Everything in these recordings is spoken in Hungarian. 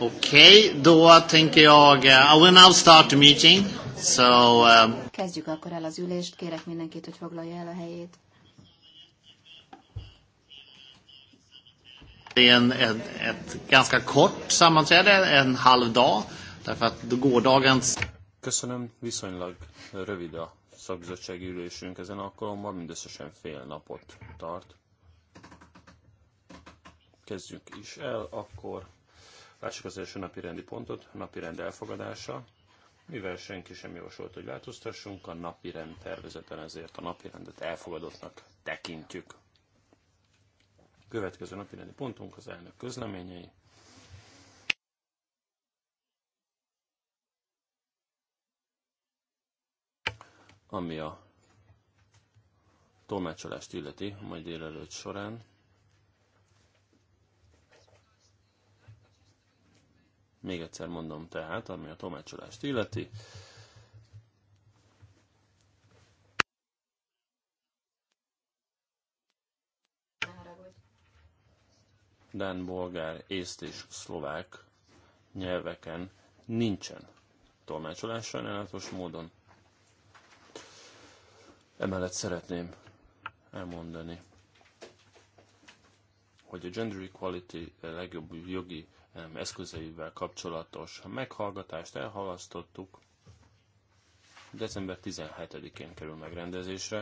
okay, do tänker think Uh, I will now start the meeting. So, um... Kezdjük akkor el az ülést. Kérek mindenkit, hogy foglalja el a helyét. Det är ett, ett ganska kort sammanträde, en halv dag, därför att gårdagens... Köszönöm, viszonylag rövid a szakbizottsági ülésünk ezen alkalommal, mindösszesen fél napot tart. Kezdjük is el, akkor Lássuk az első napi rendi pontot, napi rend elfogadása. Mivel senki sem javasolt, hogy változtassunk, a napi rend tervezeten ezért a napi rendet elfogadottnak tekintjük. Következő napi rendi pontunk az elnök közleményei. Ami a tolmácsolást illeti, majd délelőtt során Még egyszer mondom tehát, ami a tolmácsolást illeti. Dán, bolgár, észt és szlovák nyelveken nincsen tolmácsolás sajnálatos módon. Emellett szeretném elmondani, hogy a Gender Equality legjobb jogi eszközeivel kapcsolatos meghallgatást elhalasztottuk. December 17-én kerül megrendezésre.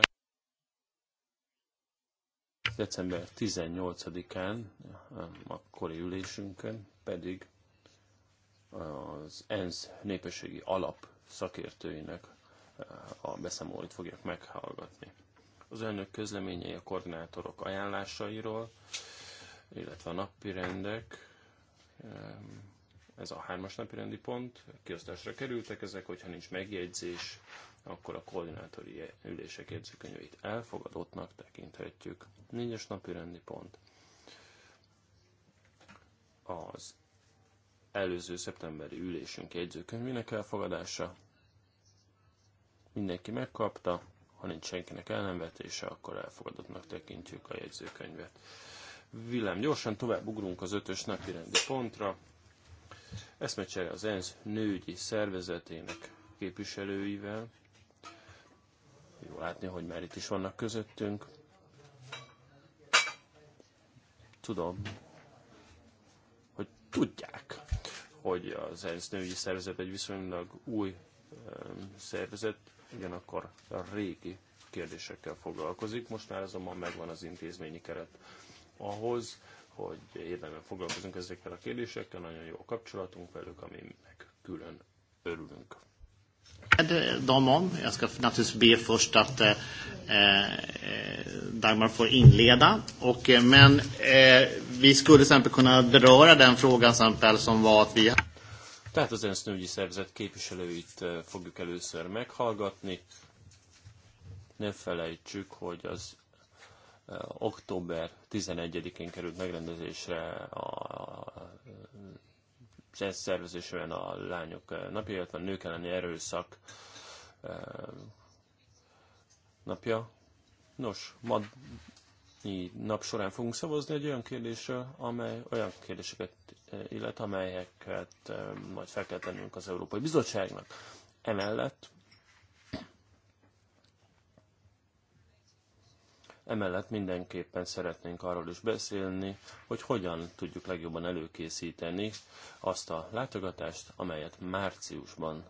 December 18-án a kori ülésünkön pedig az ENSZ népességi alap szakértőinek eh, a beszámolóit fogják meghallgatni. Az önök közleményei a koordinátorok ajánlásairól, illetve a napi rendek ez a hármas napi rendi pont, kiosztásra kerültek ezek, hogyha nincs megjegyzés, akkor a koordinátori ülések jegyzőkönyveit elfogadottnak tekinthetjük. Négyes napi rendi pont az előző szeptemberi ülésünk jegyzőkönyvének elfogadása. Mindenki megkapta, ha nincs senkinek ellenvetése, akkor elfogadottnak tekintjük a jegyzőkönyvet. Villám, gyorsan tovább ugrunk az ötös napi rendi pontra. Eszmecsere az ENSZ nőgyi szervezetének képviselőivel. Jó látni, hogy már itt is vannak közöttünk. Tudom, hogy tudják, hogy az ENSZ nőgyi szervezet egy viszonylag új szervezet, ugyanakkor a régi kérdésekkel foglalkozik. Most már azonban megvan az intézményi keret ahhoz, hogy érdemben foglalkozunk ezekkel a kérdésekkel, nagyon jó a kapcsolatunk velük, aminek külön örülünk. Hát, eh, Dem om. Jag ska naturligtvis be först att eh, eh Dagmar får inleda. Och, eh, men eh, vi skulle till exempel kunna beröra den frågan exempel, som var att vi... Tehát az ENSZ nőgyi szervezet képviselőit fogjuk először meghallgatni. Ne felejtsük, hogy az október 11-én került megrendezésre a ez szervezésben a lányok napja, illetve a nők elleni erőszak e, napja. Nos, ma nap során fogunk szavazni egy olyan kérdésről, amely olyan kérdéseket e, illet, amelyeket e, majd fel kell tennünk az Európai Bizottságnak. Emellett Emellett mindenképpen szeretnénk arról is beszélni, hogy hogyan tudjuk legjobban előkészíteni azt a látogatást, amelyet márciusban,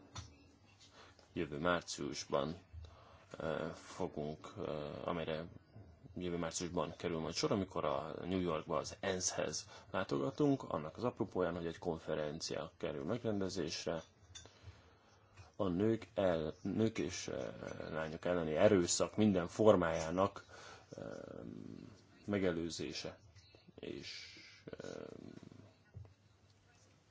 jövő márciusban eh, fogunk, eh, amire jövő márciusban kerül majd sor, amikor a New Yorkba az ENSZ-hez látogatunk, annak az apropóján, hogy egy konferencia kerül megrendezésre, a nők, el, nők és eh, lányok elleni erőszak minden formájának megelőzése és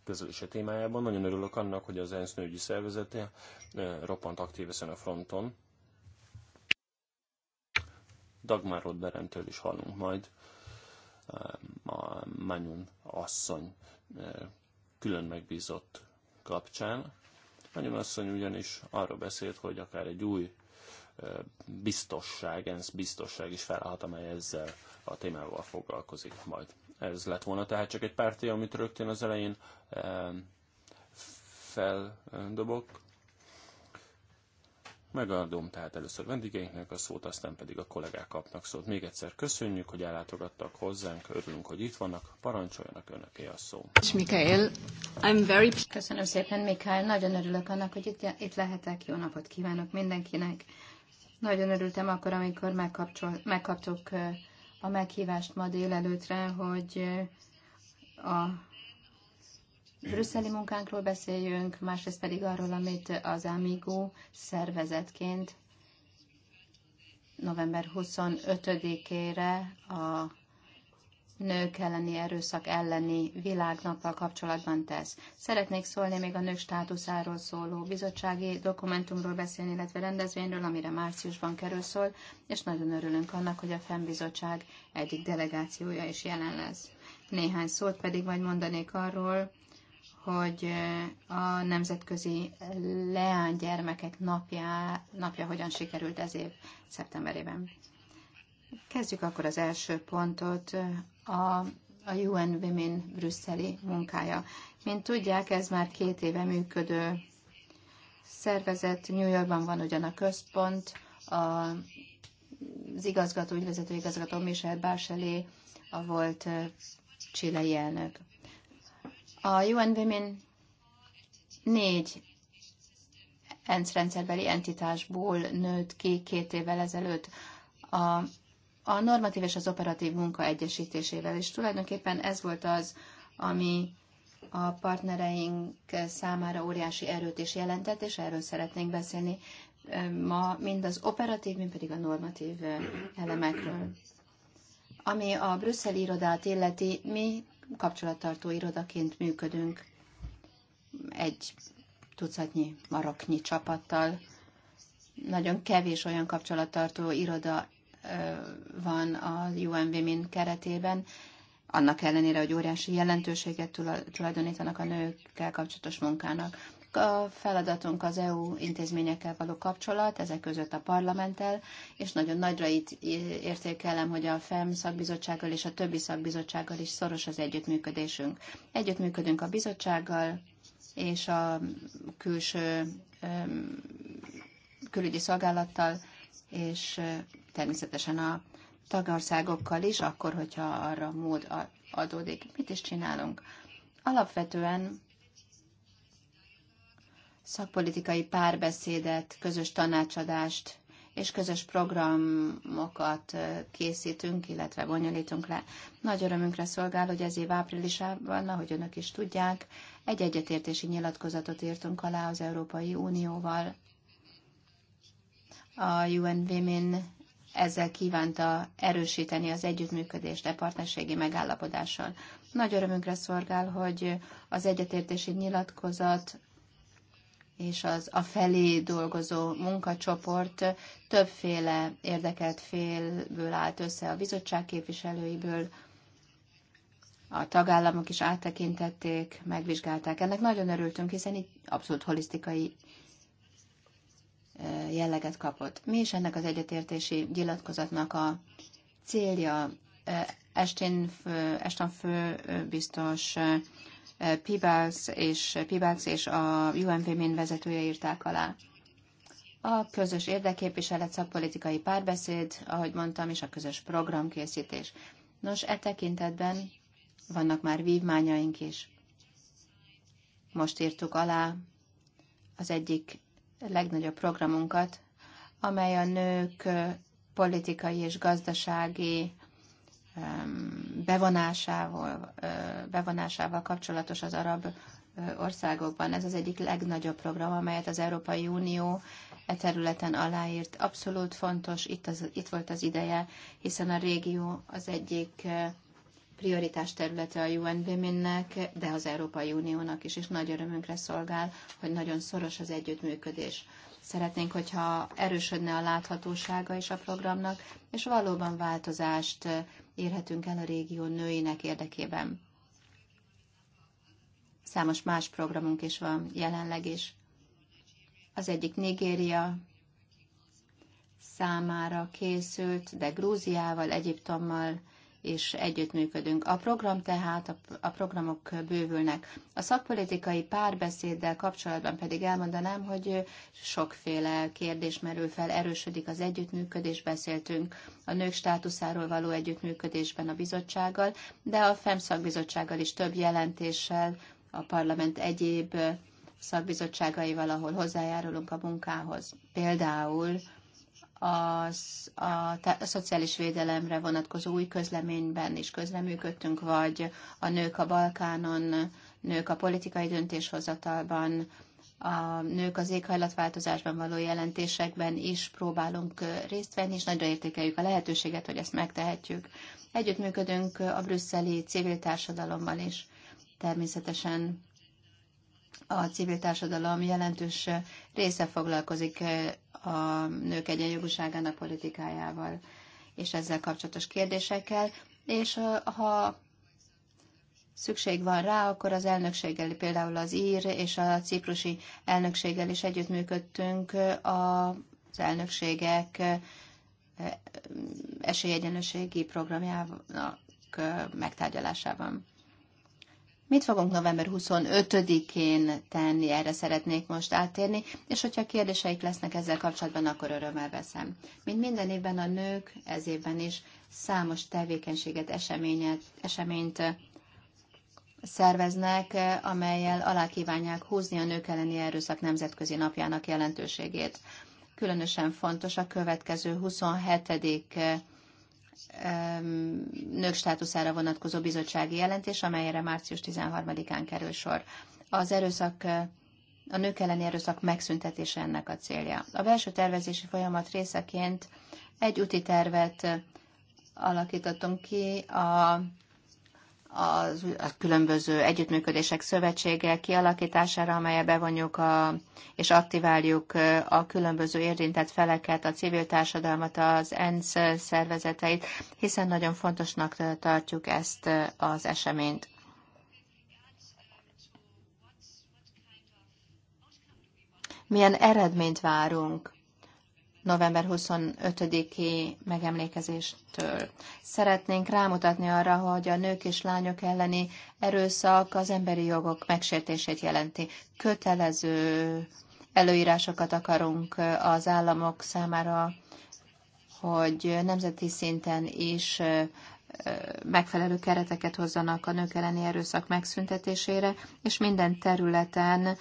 kezelése témájában. Nagyon örülök annak, hogy az ENSZ nőgyi szervezete roppant aktív a fronton. Dagmar Rodberentől is hallunk majd. A Manyun asszony külön megbízott kapcsán. Manyun asszony ugyanis arról beszélt, hogy akár egy új biztosság, ENSZ biztosság is felállhat, amely ezzel a témával foglalkozik majd. Ez lett volna tehát csak egy párti, amit rögtön az elején feldobok. Megadom tehát először vendégeinknek a szót, aztán pedig a kollégák kapnak szót. Még egyszer köszönjük, hogy ellátogattak hozzánk, örülünk, hogy itt vannak, parancsoljanak önöké a szó. Mikael, I'm very... Köszönöm szépen, Mikael, nagyon örülök annak, hogy itt, itt lehetek, jó napot kívánok mindenkinek. Nagyon örültem akkor, amikor megkaptuk a meghívást ma délelőtre, hogy a brüsszeli munkánkról beszéljünk, másrészt pedig arról, amit az Amigo szervezetként november 25-ére a nők elleni erőszak elleni világnappal kapcsolatban tesz. Szeretnék szólni még a nők státuszáról szóló bizottsági dokumentumról beszélni, illetve rendezvényről, amire márciusban kerül szól, és nagyon örülünk annak, hogy a FEM bizottság egyik delegációja is jelen lesz. Néhány szót pedig majd mondanék arról, hogy eh, a Nemzetközi Leánygyermekek napja, napja hogyan sikerült ez év szeptemberében. Kezdjük akkor az első pontot, a, a UN Women brüsszeli munkája. Mint tudják, ez már két éve működő szervezet. New Yorkban van ugyan a központ, a, az igazgató, ügyvezető igazgató Michel Bachelet, a volt csilei elnök. A UN Women négy ENSZ rendszerbeli entitásból nőtt ki két évvel ezelőtt. A a normatív és az operatív munka egyesítésével, és tulajdonképpen ez volt az, ami a partnereink számára óriási erőt is jelentett, és erről szeretnénk beszélni ma mind az operatív, mind pedig a normatív elemekről. Ami a brüsszeli irodát illeti, mi kapcsolattartó irodaként működünk egy tucatnyi maroknyi csapattal. Nagyon kevés olyan kapcsolattartó iroda van a UN min keretében, annak ellenére, hogy óriási jelentőséget tulajdonítanak a nőkkel kapcsolatos munkának. A feladatunk az EU intézményekkel való kapcsolat, ezek között a parlamenttel, és nagyon nagyra itt értékelem, hogy a FEM szakbizottsággal és a többi szakbizottsággal is szoros az együttműködésünk. Együttműködünk a bizottsággal és a külső külügyi szolgálattal, és természetesen a tagországokkal is, akkor, hogyha arra mód adódik. Mit is csinálunk? Alapvetően szakpolitikai párbeszédet, közös tanácsadást és közös programokat készítünk, illetve bonyolítunk le. Nagy örömünkre szolgál, hogy ez év áprilisában, ahogy önök is tudják, egy egyetértési nyilatkozatot írtunk alá az Európai Unióval. A UN Women ezzel kívánta erősíteni az együttműködést a e partnerségi megállapodással. Nagy örömünkre szolgál, hogy az egyetértési nyilatkozat és az a felé dolgozó munkacsoport többféle érdekelt félből állt össze a bizottság képviselőiből, a tagállamok is áttekintették, megvizsgálták. Ennek nagyon örültünk, hiszen itt abszolút holisztikai jelleget kapott. Mi is ennek az egyetértési gyilatkozatnak a célja? Estén fő, Eston fő biztos Pibals és, Pibals és a UMV min vezetője írták alá. A közös érdekképviselet, szakpolitikai párbeszéd, ahogy mondtam, és a közös programkészítés. Nos, e tekintetben vannak már vívmányaink is. Most írtuk alá az egyik legnagyobb programunkat, amely a nők politikai és gazdasági bevonásával, bevonásával kapcsolatos az arab országokban. Ez az egyik legnagyobb program, amelyet az Európai Unió e területen aláírt. Abszolút fontos, itt, az, itt volt az ideje, hiszen a régió az egyik prioritás területe a UN Women-nek, de az Európai Uniónak is, és nagy örömünkre szolgál, hogy nagyon szoros az együttműködés. Szeretnénk, hogyha erősödne a láthatósága is a programnak, és valóban változást érhetünk el a régió nőinek érdekében. Számos más programunk is van jelenleg is. Az egyik Nigéria számára készült, de Grúziával, Egyiptommal, és együttműködünk. A program tehát, a, a programok bővülnek. A szakpolitikai párbeszéddel kapcsolatban pedig elmondanám, hogy sokféle kérdés merül fel, erősödik az együttműködés, beszéltünk a nők státuszáról való együttműködésben a bizottsággal, de a FEM szakbizottsággal is több jelentéssel, a parlament egyéb szakbizottságaival, ahol hozzájárulunk a munkához. Például az, a, a, a szociális védelemre vonatkozó új közleményben is közreműködtünk, vagy a nők a Balkánon, nők a politikai döntéshozatalban, a nők az éghajlatváltozásban való jelentésekben is próbálunk részt venni, és nagyra értékeljük a lehetőséget, hogy ezt megtehetjük. Együttműködünk a brüsszeli civil társadalommal is. Természetesen a civil társadalom jelentős része foglalkozik a nők egyenjogúságának politikájával és ezzel kapcsolatos kérdésekkel, és ha szükség van rá, akkor az elnökséggel, például az ír és a ciprusi elnökséggel is együttműködtünk az elnökségek esélyegyenlőségi programjának megtárgyalásában. Mit fogunk november 25-én tenni, erre szeretnék most áttérni, és hogyha kérdéseik lesznek ezzel kapcsolatban, akkor örömmel veszem. Mint minden évben a nők, ez évben is számos tevékenységet, eseményet, eseményt szerveznek, amelyel alá kívánják húzni a nők elleni erőszak nemzetközi napjának jelentőségét. Különösen fontos a következő 27 nők státuszára vonatkozó bizottsági jelentés, amelyre március 13-án kerül sor. Az erőszak a nők elleni erőszak megszüntetése ennek a célja. A belső tervezési folyamat részeként egy úti tervet alakítottunk ki a az, a különböző együttműködések szövetsége kialakítására, amelybe bevonjuk a, és aktiváljuk a különböző érintett feleket, a civil társadalmat, az ENSZ szervezeteit, hiszen nagyon fontosnak tartjuk ezt az eseményt. Milyen eredményt várunk? november 25-i megemlékezéstől. Szeretnénk rámutatni arra, hogy a nők és lányok elleni erőszak az emberi jogok megsértését jelenti. Kötelező előírásokat akarunk az államok számára, hogy nemzeti szinten is megfelelő kereteket hozzanak a nők elleni erőszak megszüntetésére, és minden területen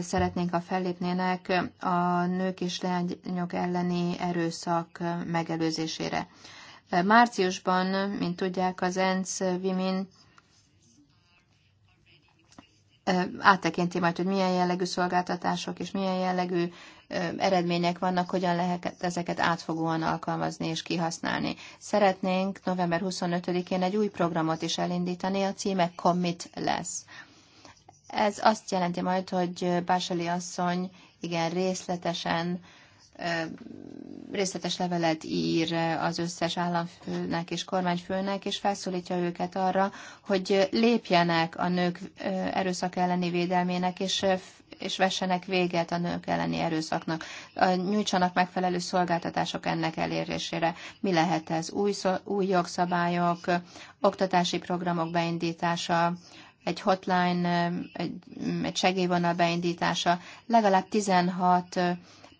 szeretnénk, ha fellépnének a nők és leányok elleni erőszak megelőzésére. Márciusban, mint tudják, az ENSZ Vimin áttekinti majd, hogy milyen jellegű szolgáltatások és milyen jellegű eredmények vannak, hogyan lehet ezeket átfogóan alkalmazni és kihasználni. Szeretnénk november 25-én egy új programot is elindítani, a címe Commit lesz. Ez azt jelenti majd, hogy Básali asszony igen részletesen részletes levelet ír az összes államfőnek és kormányfőnek, és felszólítja őket arra, hogy lépjenek a nők erőszak elleni védelmének, és, és vessenek véget a nők elleni erőszaknak. Nyújtsanak megfelelő szolgáltatások ennek elérésére. Mi lehet ez? Új, új jogszabályok, oktatási programok beindítása, egy hotline, um, egy, um, egy segélyvonal beindítása. Legalább 16 uh,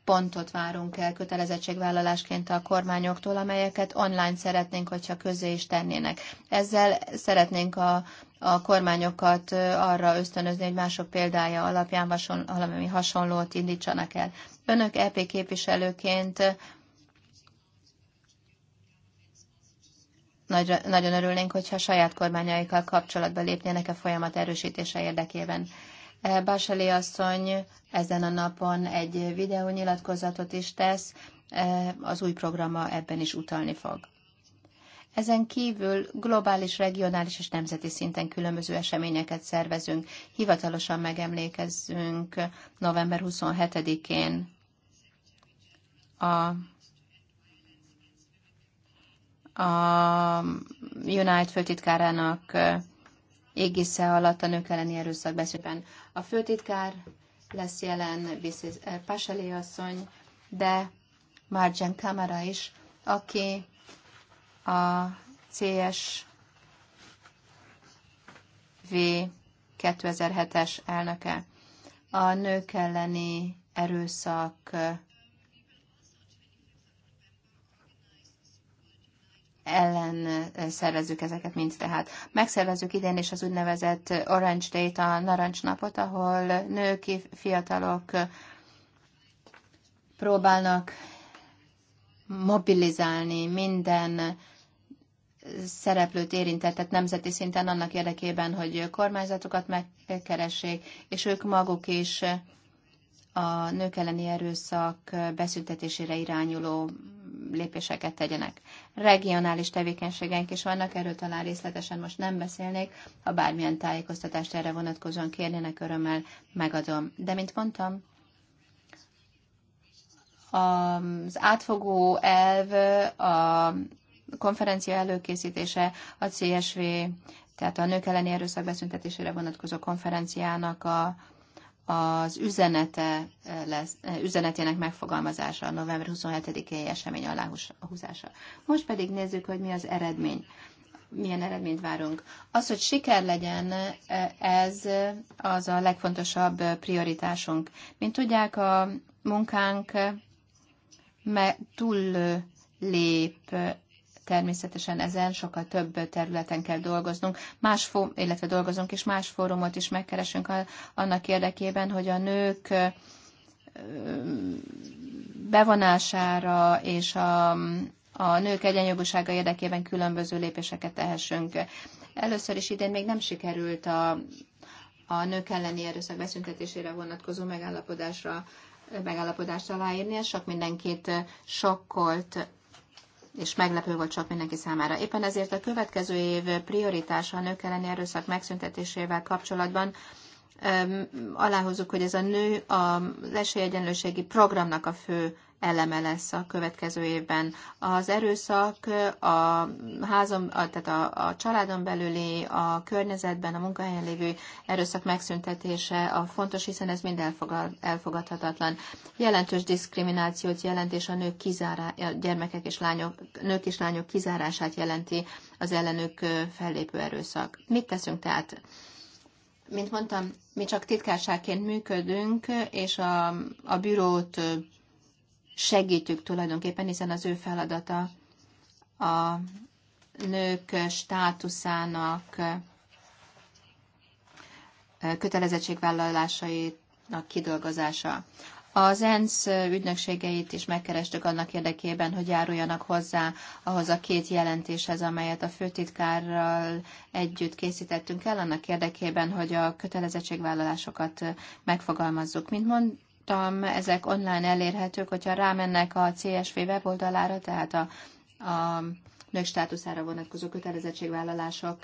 pontot várunk el kötelezettségvállalásként a kormányoktól, amelyeket online szeretnénk, hogyha közé is tennének. Ezzel szeretnénk a, a kormányokat uh, arra ösztönözni, hogy mások példája alapján valami hasonlót indítsanak el. Önök EP képviselőként Nagy, nagyon örülnénk, hogyha saját kormányaikkal kapcsolatba lépnének a folyamat erősítése érdekében. E, Báseli asszony ezen a napon egy videónyilatkozatot is tesz, e, az új programma ebben is utalni fog. Ezen kívül globális, regionális és nemzeti szinten különböző eseményeket szervezünk. Hivatalosan megemlékezzünk november 27-én a a United főtitkárának égisze alatt a nők elleni erőszak beszélben. A főtitkár lesz jelen Bisis Pasali asszony, de Marjan Kamara is, aki a CSV 2007-es elnöke. A nők elleni erőszak ellen szervezzük ezeket mind tehát. Megszervezzük idén is az úgynevezett Orange Day, a narancsnapot, ahol nők, fiatalok próbálnak mobilizálni minden szereplőt érintettet nemzeti szinten annak érdekében, hogy kormányzatokat megkeressék, és ők maguk is a nők elleni erőszak beszüntetésére irányuló lépéseket tegyenek. Regionális tevékenységeink is vannak, erről talán részletesen most nem beszélnék, ha bármilyen tájékoztatást erre vonatkozóan kérnének, örömmel megadom. De mint mondtam, az átfogó elv, a konferencia előkészítése, a CSV, tehát a nők elleni erőszak beszüntetésére vonatkozó konferenciának a az üzenete lesz, üzenetének megfogalmazása, a november 27-i esemény aláhúzása. Most pedig nézzük, hogy mi az eredmény. Milyen eredményt várunk. Az, hogy siker legyen, ez az a legfontosabb prioritásunk. Mint tudják, a munkánk túl lép Természetesen ezen sokkal több területen kell dolgoznunk, más fó, illetve dolgozunk, és más fórumot is megkeresünk annak érdekében, hogy a nők bevonására és a, a nők egyenjogúsága érdekében különböző lépéseket tehessünk. Először is idén még nem sikerült a, a nők elleni erőszak beszüntetésére vonatkozó megállapodásra megállapodást aláírni, és sok mindenkit sokkolt és meglepő volt sok mindenki számára. Éppen ezért a következő év prioritása a nők elleni erőszak megszüntetésével kapcsolatban aláhozzuk, hogy ez a nő az esélyegyenlőségi programnak a fő eleme lesz a következő évben. Az erőszak a házon, tehát a, a családon belüli, a környezetben, a munkahelyen lévő erőszak megszüntetése a fontos, hiszen ez mind elfogad, elfogadhatatlan. Jelentős diszkriminációt jelent, és a nők kizárá, a gyermekek és lányok, nők és lányok kizárását jelenti az ellenük fellépő erőszak. Mit teszünk tehát? Mint mondtam, mi csak titkárságként működünk, és a, a bürót segítjük tulajdonképpen, hiszen az ő feladata a nők státuszának kötelezettségvállalásainak kidolgozása. Az ENSZ ügynökségeit is megkerestük annak érdekében, hogy járuljanak hozzá ahhoz a két jelentéshez, amelyet a főtitkárral együtt készítettünk el, annak érdekében, hogy a kötelezettségvállalásokat megfogalmazzuk. Mint mond, mondtam, ezek online elérhetők, hogyha rámennek a CSV weboldalára, tehát a, a nők státuszára vonatkozó kötelezettségvállalások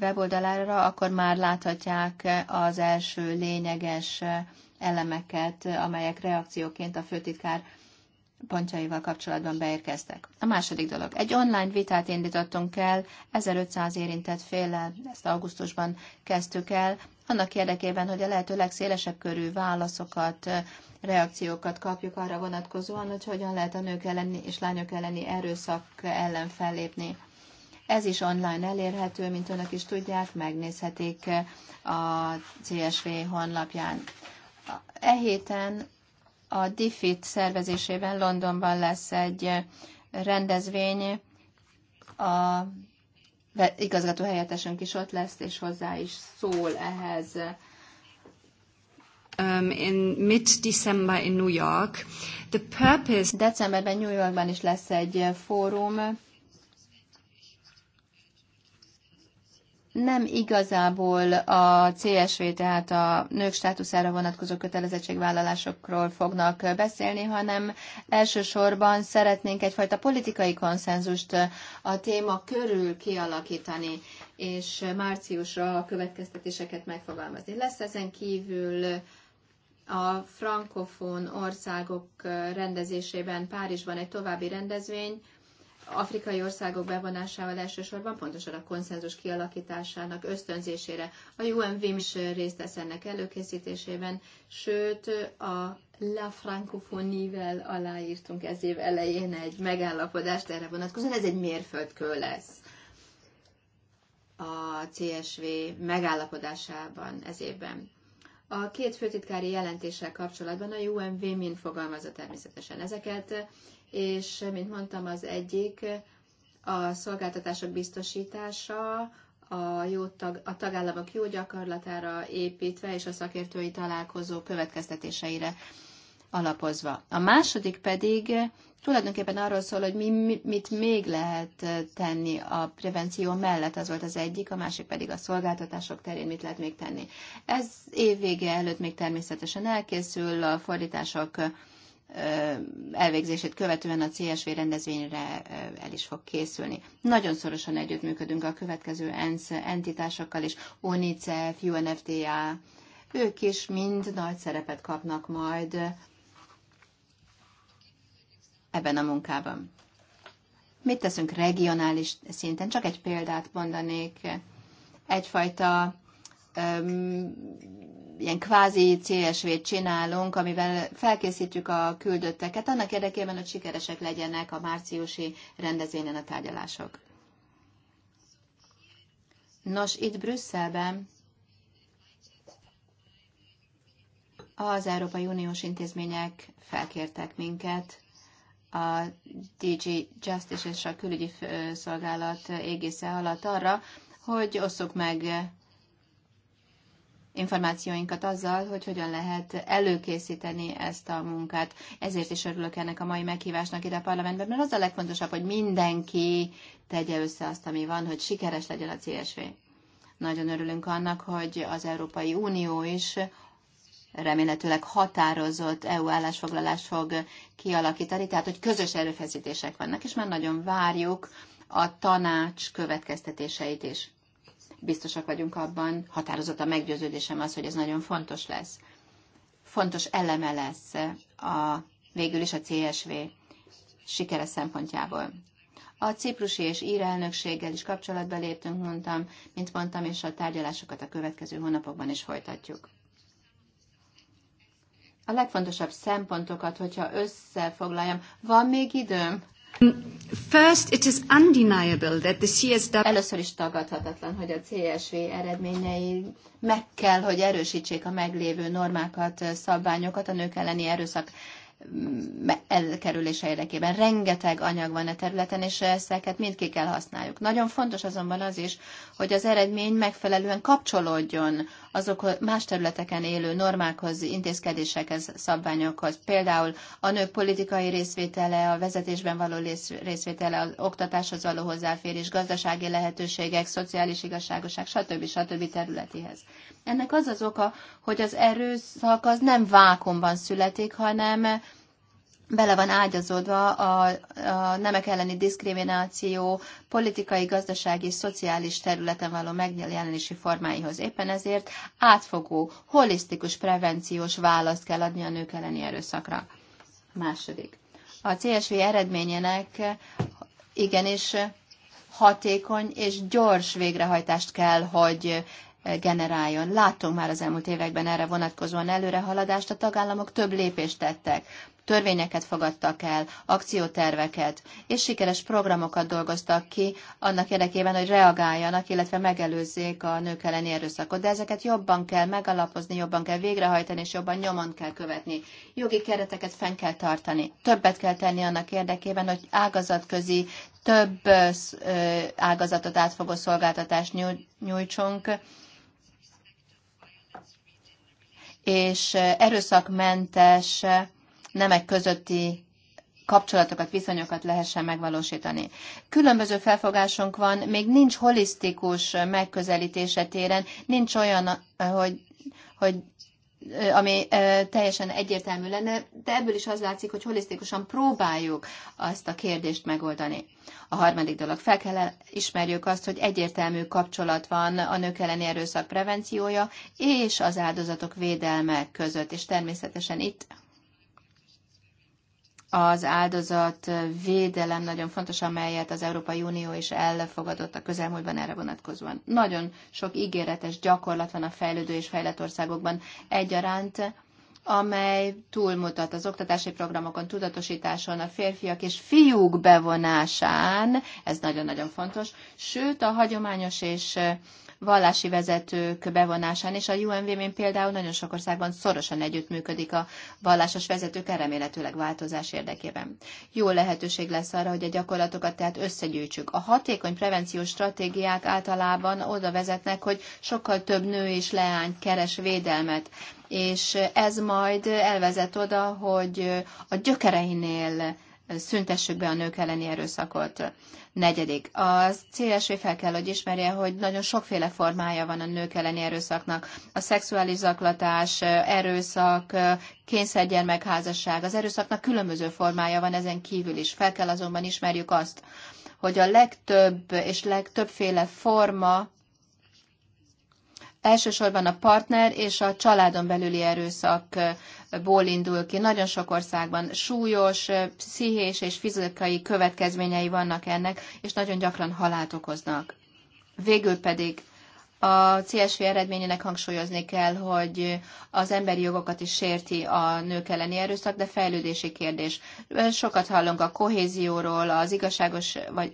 weboldalára, akkor már láthatják az első lényeges elemeket, amelyek reakcióként a főtitkár pontjaival kapcsolatban beérkeztek. A második dolog. Egy online vitát indítottunk el, 1500 érintett féllel, ezt augusztusban kezdtük el, annak érdekében, hogy a lehető legszélesebb körű válaszokat, reakciókat kapjuk arra vonatkozóan, hogy hogyan lehet a nők elleni és lányok elleni erőszak ellen fellépni. Ez is online elérhető, mint önök is tudják, megnézhetik a CSV honlapján. E héten a DIFIT szervezésében Londonban lesz egy rendezvény a igazgató helyettesünk is ott lesz, és hozzá is szól ehhez. Um, in mid-December in New York. The purpose... Decemberben New Yorkban is lesz egy fórum, nem igazából a CSV, tehát a nők státuszára vonatkozó kötelezettségvállalásokról fognak beszélni, hanem elsősorban szeretnénk egyfajta politikai konszenzust a téma körül kialakítani, és márciusra a következtetéseket megfogalmazni. Lesz ezen kívül a frankofon országok rendezésében Párizsban egy további rendezvény, afrikai országok bevonásával elsősorban pontosan a konszenzus kialakításának ösztönzésére. A UNV is részt vesz ennek előkészítésében, sőt a La Francophonie-vel aláírtunk ez év elején egy megállapodást erre vonatkozóan, ez egy mérföldkő lesz a CSV megállapodásában ez évben. A két főtitkári jelentéssel kapcsolatban a UNV Women fogalmazza természetesen ezeket, és mint mondtam, az egyik a szolgáltatások biztosítása, a, jó tag, a tagállamok jó gyakorlatára építve és a szakértői találkozó következtetéseire alapozva. A második pedig tulajdonképpen arról szól, hogy mi, mit még lehet tenni a prevenció mellett, az volt az egyik, a másik pedig a szolgáltatások terén mit lehet még tenni. Ez évvége előtt még természetesen elkészül, a fordítások elvégzését követően a CSV rendezvényre el is fog készülni. Nagyon szorosan együttműködünk a következő ENSZ entitásokkal is, UNICEF, UNFTA, ők is mind nagy szerepet kapnak majd ebben a munkában. Mit teszünk regionális szinten? Csak egy példát mondanék. Egyfajta ilyen kvázi CSV-t csinálunk, amivel felkészítjük a küldötteket, annak érdekében, hogy sikeresek legyenek a márciusi rendezvényen a tárgyalások. Nos, itt Brüsszelben az Európai Uniós intézmények felkértek minket a DG Justice és a külügyi szolgálat égésze alatt arra, hogy osszuk meg információinkat azzal, hogy hogyan lehet előkészíteni ezt a munkát. Ezért is örülök ennek a mai meghívásnak ide a parlamentben, mert az a legfontosabb, hogy mindenki tegye össze azt, ami van, hogy sikeres legyen a CSV. Nagyon örülünk annak, hogy az Európai Unió is remélhetőleg határozott EU állásfoglalást fog kialakítani, tehát hogy közös erőfeszítések vannak, és már nagyon várjuk a tanács következtetéseit is biztosak vagyunk abban, határozott a meggyőződésem az, hogy ez nagyon fontos lesz. Fontos eleme lesz a, végül is a CSV sikere szempontjából. A ciprusi és ír elnökséggel is kapcsolatba léptünk, mondtam, mint mondtam, és a tárgyalásokat a következő hónapokban is folytatjuk. A legfontosabb szempontokat, hogyha összefoglaljam, van még időm? First, it is undeniable that the CSW... Először is tagadhatatlan, hogy a CSV eredményei meg kell, hogy erősítsék a meglévő normákat, szabványokat a nők elleni erőszak elkerülése érdekében. Rengeteg anyag van a területen, és ezeket mind ki kell használjuk. Nagyon fontos azonban az is, hogy az eredmény megfelelően kapcsolódjon azok más területeken élő normákhoz, intézkedésekhez, szabványokhoz. Például a nők politikai részvétele, a vezetésben való részvétele, az oktatáshoz való hozzáférés, gazdasági lehetőségek, szociális igazságoság, stb. stb. területéhez. Ennek az az oka, hogy az erőszak az nem vákumban születik, hanem bele van ágyazódva a, a nemek elleni diszkrimináció politikai, gazdasági és szociális területen való megjelenési formáihoz. Éppen ezért átfogó, holisztikus, prevenciós választ kell adni a nők elleni erőszakra. Második. A CSV eredményének igenis hatékony és gyors végrehajtást kell, hogy generáljon. Láttunk már az elmúlt években erre vonatkozóan előrehaladást, a tagállamok több lépést tettek, törvényeket fogadtak el, akcióterveket, és sikeres programokat dolgoztak ki annak érdekében, hogy reagáljanak, illetve megelőzzék a nők elleni erőszakot. De ezeket jobban kell megalapozni, jobban kell végrehajtani, és jobban nyomon kell követni. Jogi kereteket fenn kell tartani. Többet kell tenni annak érdekében, hogy ágazatközi több ágazatot átfogó szolgáltatást nyújtsunk, és erőszakmentes nemek közötti kapcsolatokat, viszonyokat lehessen megvalósítani. Különböző felfogásunk van, még nincs holisztikus megközelítése téren, nincs olyan, hogy, hogy ami teljesen egyértelmű lenne, de ebből is az látszik, hogy holisztikusan próbáljuk azt a kérdést megoldani. A harmadik dolog, fel kell ismerjük azt, hogy egyértelmű kapcsolat van a nők elleni erőszak prevenciója és az áldozatok védelme között, és természetesen itt az áldozat védelem nagyon fontos, amelyet az Európai Unió is elfogadott a közelmúltban erre vonatkozóan. Nagyon sok ígéretes gyakorlat van a fejlődő és fejlett országokban egyaránt, amely túlmutat az oktatási programokon, tudatosításon, a férfiak és fiúk bevonásán, ez nagyon-nagyon fontos, sőt a hagyományos és vallási vezetők bevonásán, és a UNVM-én például nagyon sok országban szorosan együttműködik a vallásos vezetők remélhetőleg változás érdekében. Jó lehetőség lesz arra, hogy a gyakorlatokat tehát összegyűjtsük. A hatékony prevenciós stratégiák általában oda vezetnek, hogy sokkal több nő és leány keres védelmet és ez majd elvezet oda, hogy a gyökereinél szüntessük be a nők elleni erőszakot. Negyedik. A CSV fel kell, hogy ismerje, hogy nagyon sokféle formája van a nők elleni erőszaknak. A szexuális zaklatás, erőszak, kényszergyermekházasság. Az erőszaknak különböző formája van ezen kívül is. Fel kell azonban ismerjük azt, hogy a legtöbb és legtöbbféle forma elsősorban a partner és a családon belüli erőszakból indul ki. Nagyon sok országban súlyos, pszichés és fizikai következményei vannak ennek, és nagyon gyakran halált okoznak. Végül pedig a CSV eredményének hangsúlyozni kell, hogy az emberi jogokat is sérti a nők elleni erőszak, de fejlődési kérdés. Sokat hallunk a kohézióról, az, igazságos, vagy,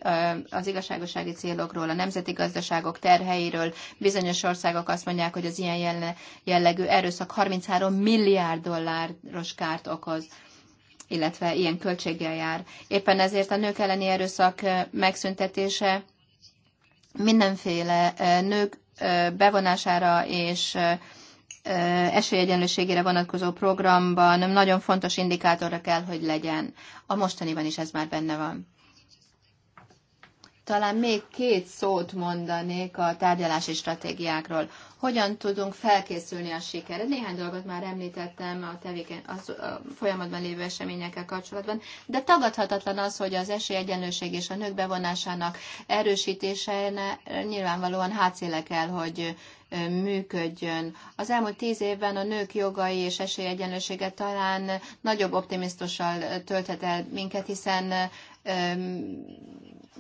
az igazságosági célokról, a nemzeti gazdaságok terheiről. Bizonyos országok azt mondják, hogy az ilyen jellegű erőszak 33 milliárd dolláros kárt okoz illetve ilyen költséggel jár. Éppen ezért a nők elleni erőszak megszüntetése mindenféle nők bevonására és esélyegyenlőségére vonatkozó programban nagyon fontos indikátorra kell, hogy legyen. A mostaniban is ez már benne van. Talán még két szót mondanék a tárgyalási stratégiákról hogyan tudunk felkészülni a sikerre. Néhány dolgot már említettem a, tevéken, az, a folyamatban lévő eseményekkel kapcsolatban, de tagadhatatlan az, hogy az esélyegyenlőség és a nők bevonásának erősítése nyilvánvalóan hátszéle kell, hogy működjön. Az elmúlt tíz évben a nők jogai és esélyegyenlősége talán nagyobb optimisztussal tölthet el minket, hiszen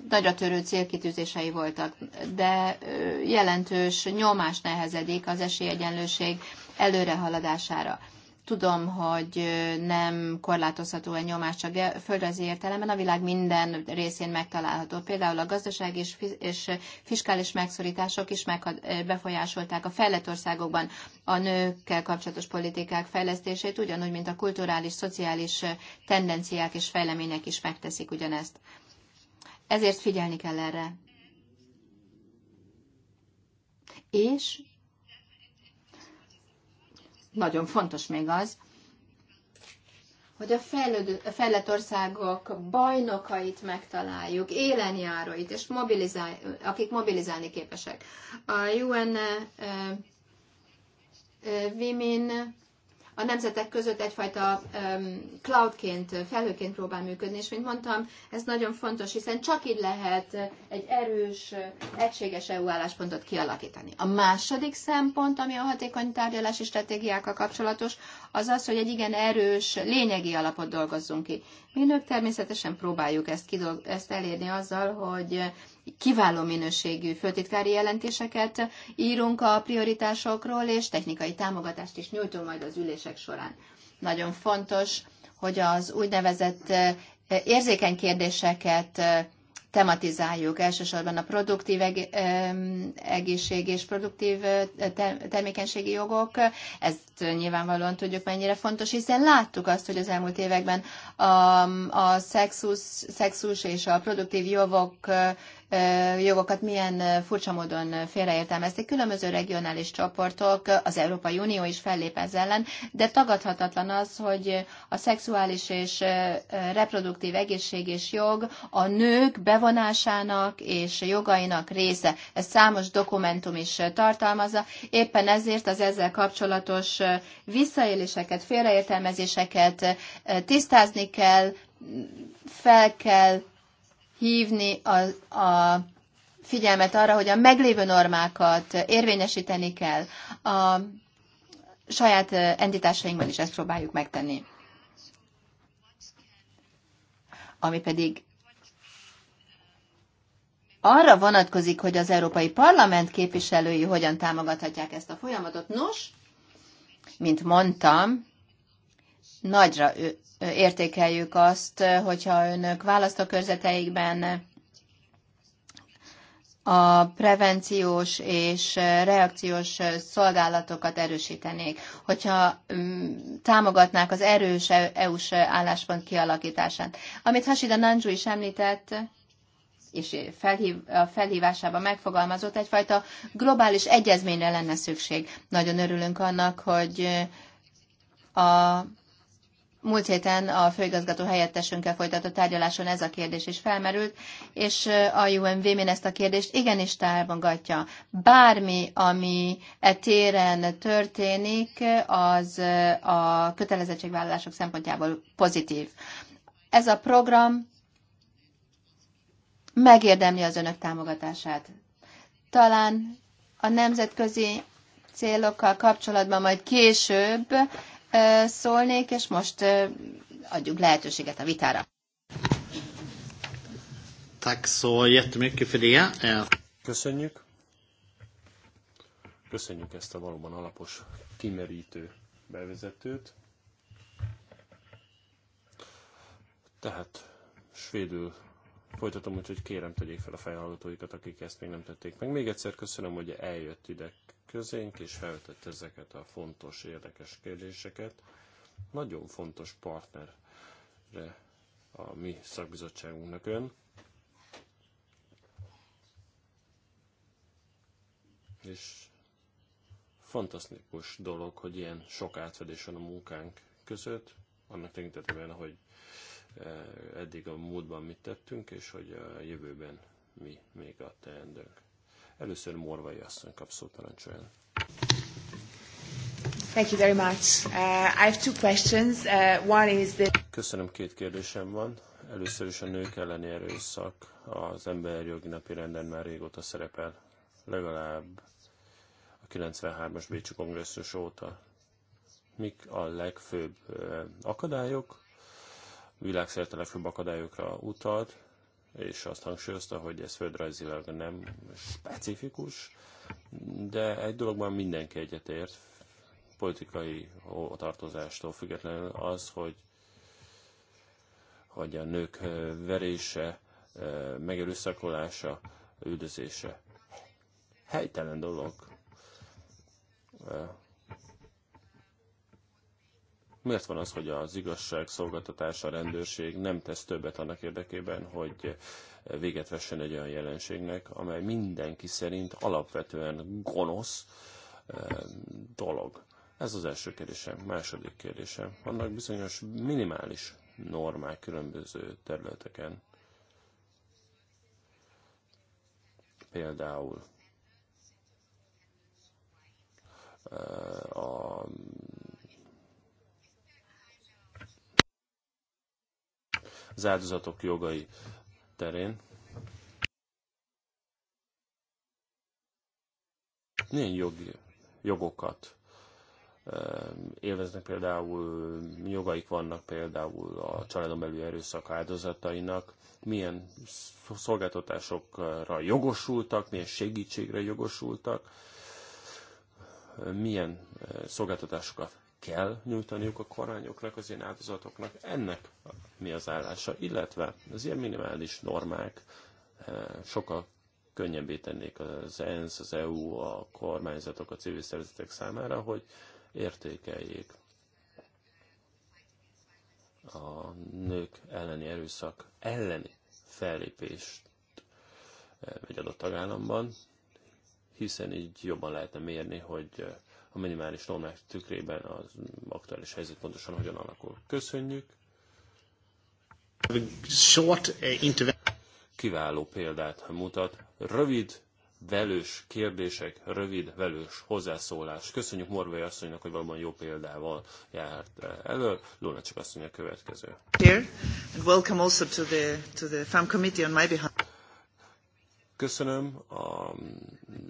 nagyra törő célkitűzései voltak, de jelentős nyomás nehezedik az esélyegyenlőség előrehaladására. Tudom, hogy nem korlátozható a nyomás csak e, földrajzi értelemben, a világ minden részén megtalálható. Például a gazdasági és, és fiskális megszorítások is meg, befolyásolták a fejlett országokban a nőkkel kapcsolatos politikák fejlesztését, ugyanúgy, mint a kulturális, szociális tendenciák és fejlemények is megteszik ugyanezt. Ezért figyelni kell erre. És nagyon fontos még az, hogy a, fejlett országok bajnokait megtaláljuk, élenjáróit, és mobilizál, akik mobilizálni képesek. A UN uh, uh, Vimin a nemzetek között egyfajta cloudként, felhőként próbál működni, és mint mondtam, ez nagyon fontos, hiszen csak így lehet egy erős, egységes EU álláspontot kialakítani. A második szempont, ami a hatékony tárgyalási stratégiákkal kapcsolatos, az az, hogy egy igen erős, lényegi alapot dolgozzunk ki. Mi nők természetesen próbáljuk ezt, kidolg- ezt elérni azzal, hogy kiváló minőségű főtitkári jelentéseket írunk a prioritásokról, és technikai támogatást is nyújtunk majd az ülések során. Nagyon fontos, hogy az úgynevezett eh, érzékeny kérdéseket eh, tematizáljuk, elsősorban a produktív egészség és produktív eh, termékenységi jogok. Ezt nyilvánvalóan tudjuk, mennyire fontos, hiszen láttuk azt, hogy az elmúlt években a, a szexus, szexus és a produktív jogok jogokat milyen furcsa módon félreértelmezték. Különböző regionális csoportok, az Európai Unió is fellép ez ellen, de tagadhatatlan az, hogy a szexuális és reproduktív egészség és jog a nők bevonásának és jogainak része. Ez számos dokumentum is tartalmazza. Éppen ezért az ezzel kapcsolatos visszaéléseket, félreértelmezéseket tisztázni kell, fel kell hívni a, a figyelmet arra, hogy a meglévő normákat érvényesíteni kell. A saját entitásainkban is ezt próbáljuk megtenni. Ami pedig arra vonatkozik, hogy az Európai Parlament képviselői hogyan támogathatják ezt a folyamatot. Nos, mint mondtam, Nagyra értékeljük azt, hogyha önök választókörzeteikben a prevenciós és reakciós szolgálatokat erősítenék, hogyha mm, támogatnák az erős e-, EU-s álláspont kialakítását. Amit Hasida Nanju is említett, és felhív, a felhívásában megfogalmazott, egyfajta globális egyezményre lenne szükség. Nagyon örülünk annak, hogy a Múlt héten a főigazgató helyettesünkkel folytatott tárgyaláson ez a kérdés is felmerült, és a UMV min ezt a kérdést igenis támogatja. Bármi, ami e téren történik, az a kötelezettségvállalások szempontjából pozitív. Ez a program megérdemli az önök támogatását. Talán a nemzetközi célokkal kapcsolatban majd később szólnék, és most adjuk lehetőséget a vitára. Tak, så jättemycket eh, Köszönjük. Köszönjük ezt a valóban alapos, kimerítő bevezetőt. Tehát svédül folytatom, úgyhogy kérem tegyék fel a fejhallgatóikat, akik ezt még nem tették meg. Még egyszer köszönöm, hogy eljött ide közénk, és feltett ezeket a fontos, érdekes kérdéseket. Nagyon fontos partnerre a mi szakbizottságunknak ön. És fantasztikus dolog, hogy ilyen sok átfedés van a munkánk között, annak tekintetében, hogy eh, eddig a múltban mit tettünk, és hogy a jövőben mi még a teendőnk. Először Morvai asszony kap szót, parancsoljon. Thank you very much. Uh, I have two questions. Uh, one is the... Köszönöm, két kérdésem van. Először is a nők elleni erőszak az jogi napi renden már régóta szerepel, legalább a 93-as Bécsi kongresszus óta. Mik a legfőbb uh, akadályok? Világszerte legfőbb akadályokra utalt, és azt hangsúlyozta, hogy ez földrajzilag nem specifikus, de egy dologban mindenki egyetért, politikai tartozástól függetlenül az, hogy, hogy a nők verése, megerőszakolása, üldözése helytelen dolog Miért van az, hogy az igazságszolgáltatása, a rendőrség nem tesz többet annak érdekében, hogy véget vessen egy olyan jelenségnek, amely mindenki szerint alapvetően gonosz eh, dolog? Ez az első kérdésem. Második kérdésem. Vannak bizonyos minimális normák különböző területeken. Például eh, a az áldozatok jogai terén. Milyen jogi, jogokat élveznek például, jogaik vannak például a családon belül erőszak áldozatainak, milyen szolgáltatásokra jogosultak, milyen segítségre jogosultak, milyen szolgáltatásokat kell nyújtaniuk a kormányoknak, az ilyen áldozatoknak. Ennek mi az állása, illetve az ilyen minimális normák eh, sokkal könnyebbé tennék az ENSZ, az EU, a kormányzatok, a civil szervezetek számára, hogy értékeljék a nők elleni erőszak elleni fellépést eh, egy adott tagállamban, hiszen így jobban lehetne mérni, hogy eh, a minimális normák tükrében az aktuális helyzet pontosan hogyan alakul. Köszönjük! Uh, Kiváló példát mutat. Rövid, velős kérdések, rövid, velős hozzászólás. Köszönjük Morvai asszonynak, hogy valóban jó példával járt eh, elő. Lóna csak mondja a következő. Here, and welcome also to the, to the FAM committee on my behalf. Köszönöm. A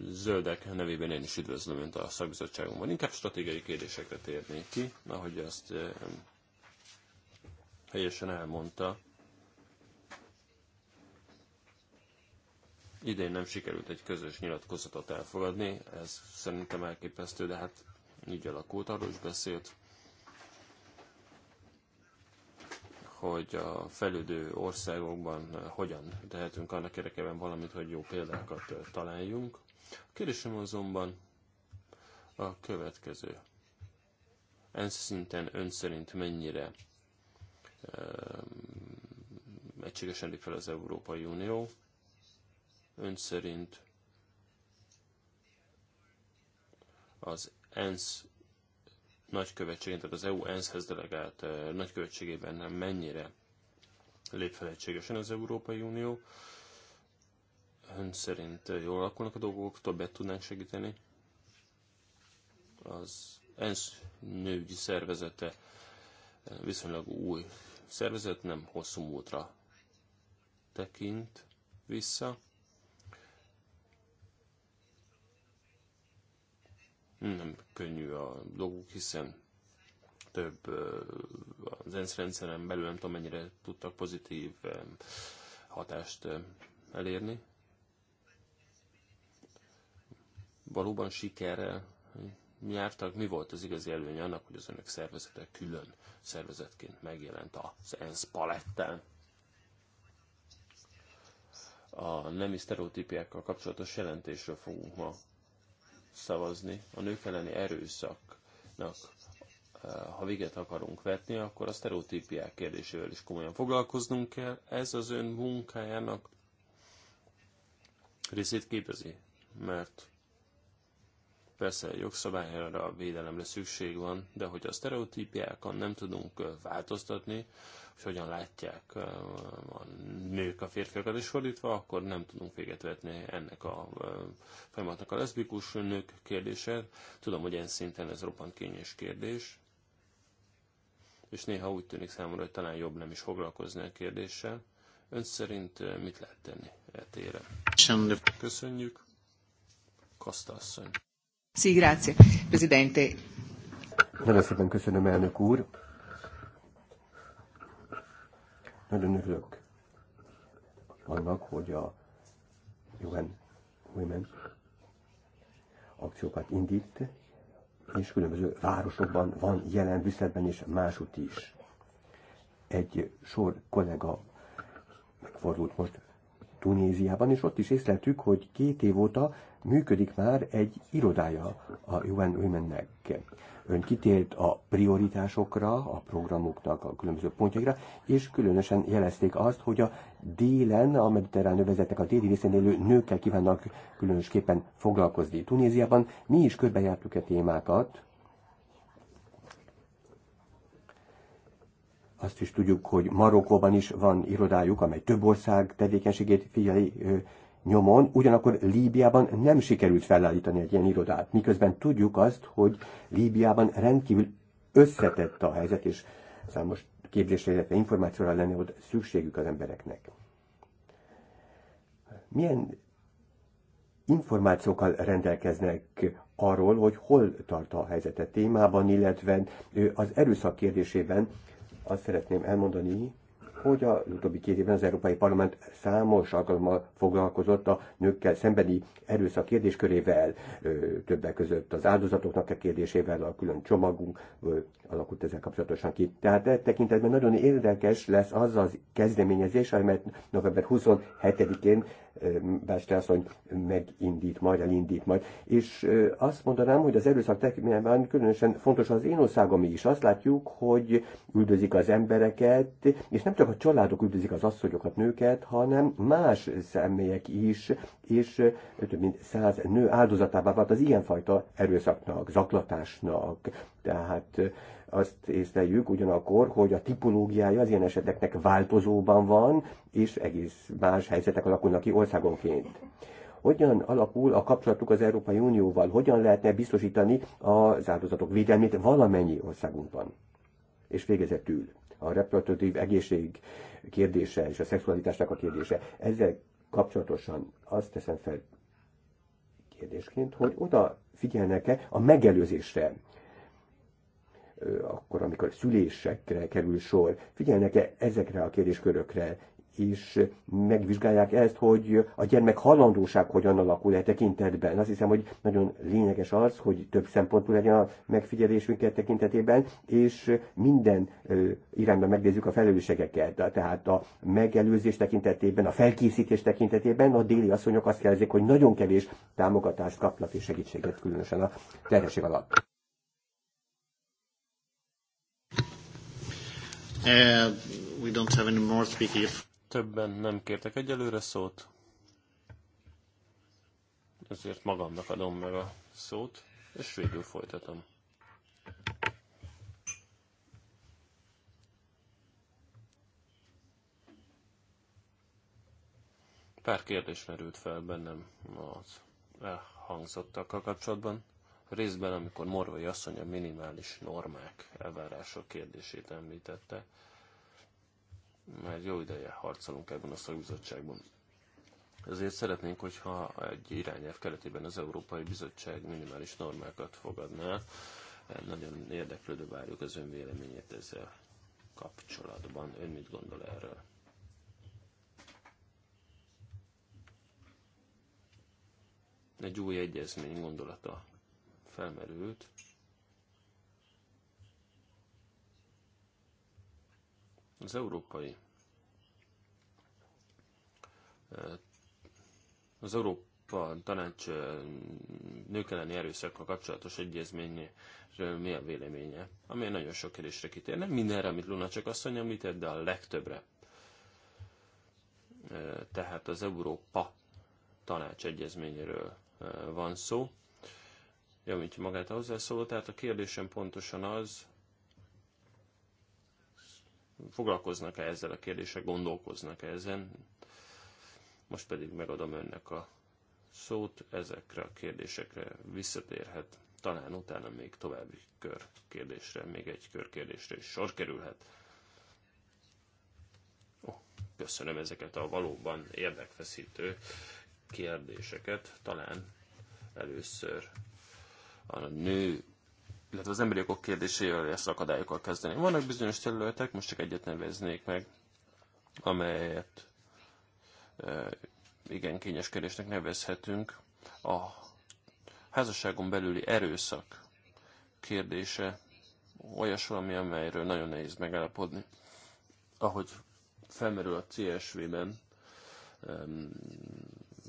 zöldek nevében én is üdvözlöm Önt a szakbizottságunkban. Inkább stratégiai kérdésekre térnék ki, ahogy azt eh, helyesen elmondta. Idén nem sikerült egy közös nyilatkozatot elfogadni, ez szerintem elképesztő, de hát így alakult, arról is beszélt. hogy a fejlődő országokban hogyan tehetünk annak érdekében valamit, hogy jó példákat találjunk. A kérdésem azonban a következő. ENSZ szinten ön szerint mennyire egységesen fel az Európai Unió. Ön szerint az ENSZ nagykövetségén, tehát az EU ENSZ-hez delegált nagykövetségében mennyire lép fel egységesen az Európai Unió. Ön szerint jól alakulnak a dolgok, többet tudnánk segíteni? Az ENSZ nőgyi szervezete viszonylag új szervezet, nem hosszú múltra tekint vissza. Nem könnyű a dolguk, hiszen több az ENSZ rendszeren belül nem tudom mennyire tudtak pozitív hatást elérni. Valóban sikerrel jártak? Mi volt az igazi előnye annak, hogy az önök szervezete külön szervezetként megjelent az ENSZ palettán? A nemi sztereotípiákkal kapcsolatos jelentésről fogunk ma szavazni a nők elleni erőszaknak. Eh, ha véget akarunk vetni, akkor a sztereotípiák kérdésével is komolyan foglalkoznunk kell. Ez az ön munkájának részét képezi, mert Persze jogszabályra védelemre szükség van, de hogy a sztereotípiákon nem tudunk változtatni, és hogyan látják a nők a férfiakat, is fordítva, akkor nem tudunk véget vetni ennek a folyamatnak a leszbikus nők kérdése. Tudom, hogy ilyen szinten ez roppant kényes kérdés, és néha úgy tűnik számomra, hogy talán jobb nem is foglalkozni a kérdéssel. Ön szerint mit lehet tenni e téren? Köszönjük. Kasta asszony. Sí, grazie, Presidente. Nagyon szépen köszönöm, elnök úr. Nagyon örülök annak, hogy a UN Women akciókat indít, és különböző városokban van jelen Brüsszelben és másút is. Egy sor kollega megfordult most Tunéziában, és ott is észleltük, hogy két év óta működik már egy irodája a UN Women-nek. Ön kitért a prioritásokra, a programoknak a különböző pontjaira, és különösen jelezték azt, hogy a délen, a mediterrán övezetnek a déli részén élő nőkkel kívánnak különösképpen foglalkozni. Tunéziában mi is körbejártuk e témákat, Azt is tudjuk, hogy Marokkóban is van irodájuk, amely több ország tevékenységét figyeli nyomon, ugyanakkor Líbiában nem sikerült felállítani egy ilyen irodát, miközben tudjuk azt, hogy Líbiában rendkívül összetett a helyzet, és számos képzésre, illetve információra lenne ott szükségük az embereknek. Milyen információkkal rendelkeznek arról, hogy hol tart a helyzet a témában, illetve az erőszak kérdésében azt szeretném elmondani, hogy az utóbbi két évben az Európai Parlament számos alkalommal foglalkozott a nőkkel szembeni erőszak kérdéskörével, többek között az áldozatoknak a kérdésével, a külön csomagunk alakult ezzel kapcsolatosan ki. Tehát e tekintetben nagyon érdekes lesz az az kezdeményezés, amelyet november 27-én Bástrászony megindít majd, elindít majd. És azt mondanám, hogy az erőszak tekintetben különösen fontos az én országom is. Azt látjuk, hogy üldözik az embereket, és nem csak csak a családok üldözik az asszonyokat, nőket, hanem más személyek is, és több mint száz nő áldozatává vált az ilyenfajta erőszaknak, zaklatásnak. Tehát azt észleljük ugyanakkor, hogy a tipológiája az ilyen eseteknek változóban van, és egész más helyzetek alakulnak ki országonként hogyan alakul a kapcsolatuk az Európai Unióval, hogyan lehetne biztosítani az áldozatok védelmét valamennyi országunkban. És végezetül a reproduktív egészség kérdése és a szexualitásnak a kérdése. Ezzel kapcsolatosan azt teszem fel kérdésként, hogy oda figyelnek-e a megelőzésre, akkor, amikor szülésekre kerül sor, figyelnek-e ezekre a kérdéskörökre, és megvizsgálják ezt, hogy a gyermek halandóság hogyan alakul e tekintetben. Azt hiszem, hogy nagyon lényeges az, hogy több szempontú legyen a megfigyelésünket tekintetében, és minden irányban megnézzük a felelősségeket. Tehát a megelőzés tekintetében, a felkészítés tekintetében a déli asszonyok azt jelzik, hogy nagyon kevés támogatást kapnak és segítséget, különösen a terhesség alatt. Uh, we don't have any more speakers többen nem kértek egyelőre szót, ezért magamnak adom meg a szót, és végül folytatom. Pár kérdés merült fel bennem az elhangzottakkal kapcsolatban. Részben, amikor Morvai asszony a minimális normák elvárások kérdését említette, már jó ideje harcolunk ebben a szakbizottságban. Ezért szeretnénk, hogyha egy irányelv keretében az Európai Bizottság minimális normákat fogadná. Nagyon érdeklődő várjuk az ön véleményét ezzel kapcsolatban. Ön mit gondol erről? Egy új egyezmény gondolata felmerült, Az európai az Európa Tanács nők elleni erőszakkal kapcsolatos egyezményről mi a véleménye, ami nagyon sok kérdésre kitér. Nem mindenre, amit Luna csak mondja, amit de a legtöbbre. Tehát az Európa Tanács egyezményéről van szó. mint magát a hozzászóló, tehát a kérdésem pontosan az, foglalkoznak-e ezzel a kérdéssel, gondolkoznak -e ezen. Most pedig megadom önnek a szót, ezekre a kérdésekre visszatérhet, talán utána még további kör kérdésre, még egy kör kérdésre is sor kerülhet. Ó, köszönöm ezeket a valóban érdekfeszítő kérdéseket. Talán először a nő illetve az emberi jogok kérdésével ezt akadályokkal kezdeni. Vannak bizonyos területek, most csak egyet neveznék meg, amelyet e, igen kényes nevezhetünk. A házasságon belüli erőszak kérdése olyas valami, amelyről nagyon nehéz megállapodni. Ahogy felmerül a CSV-ben,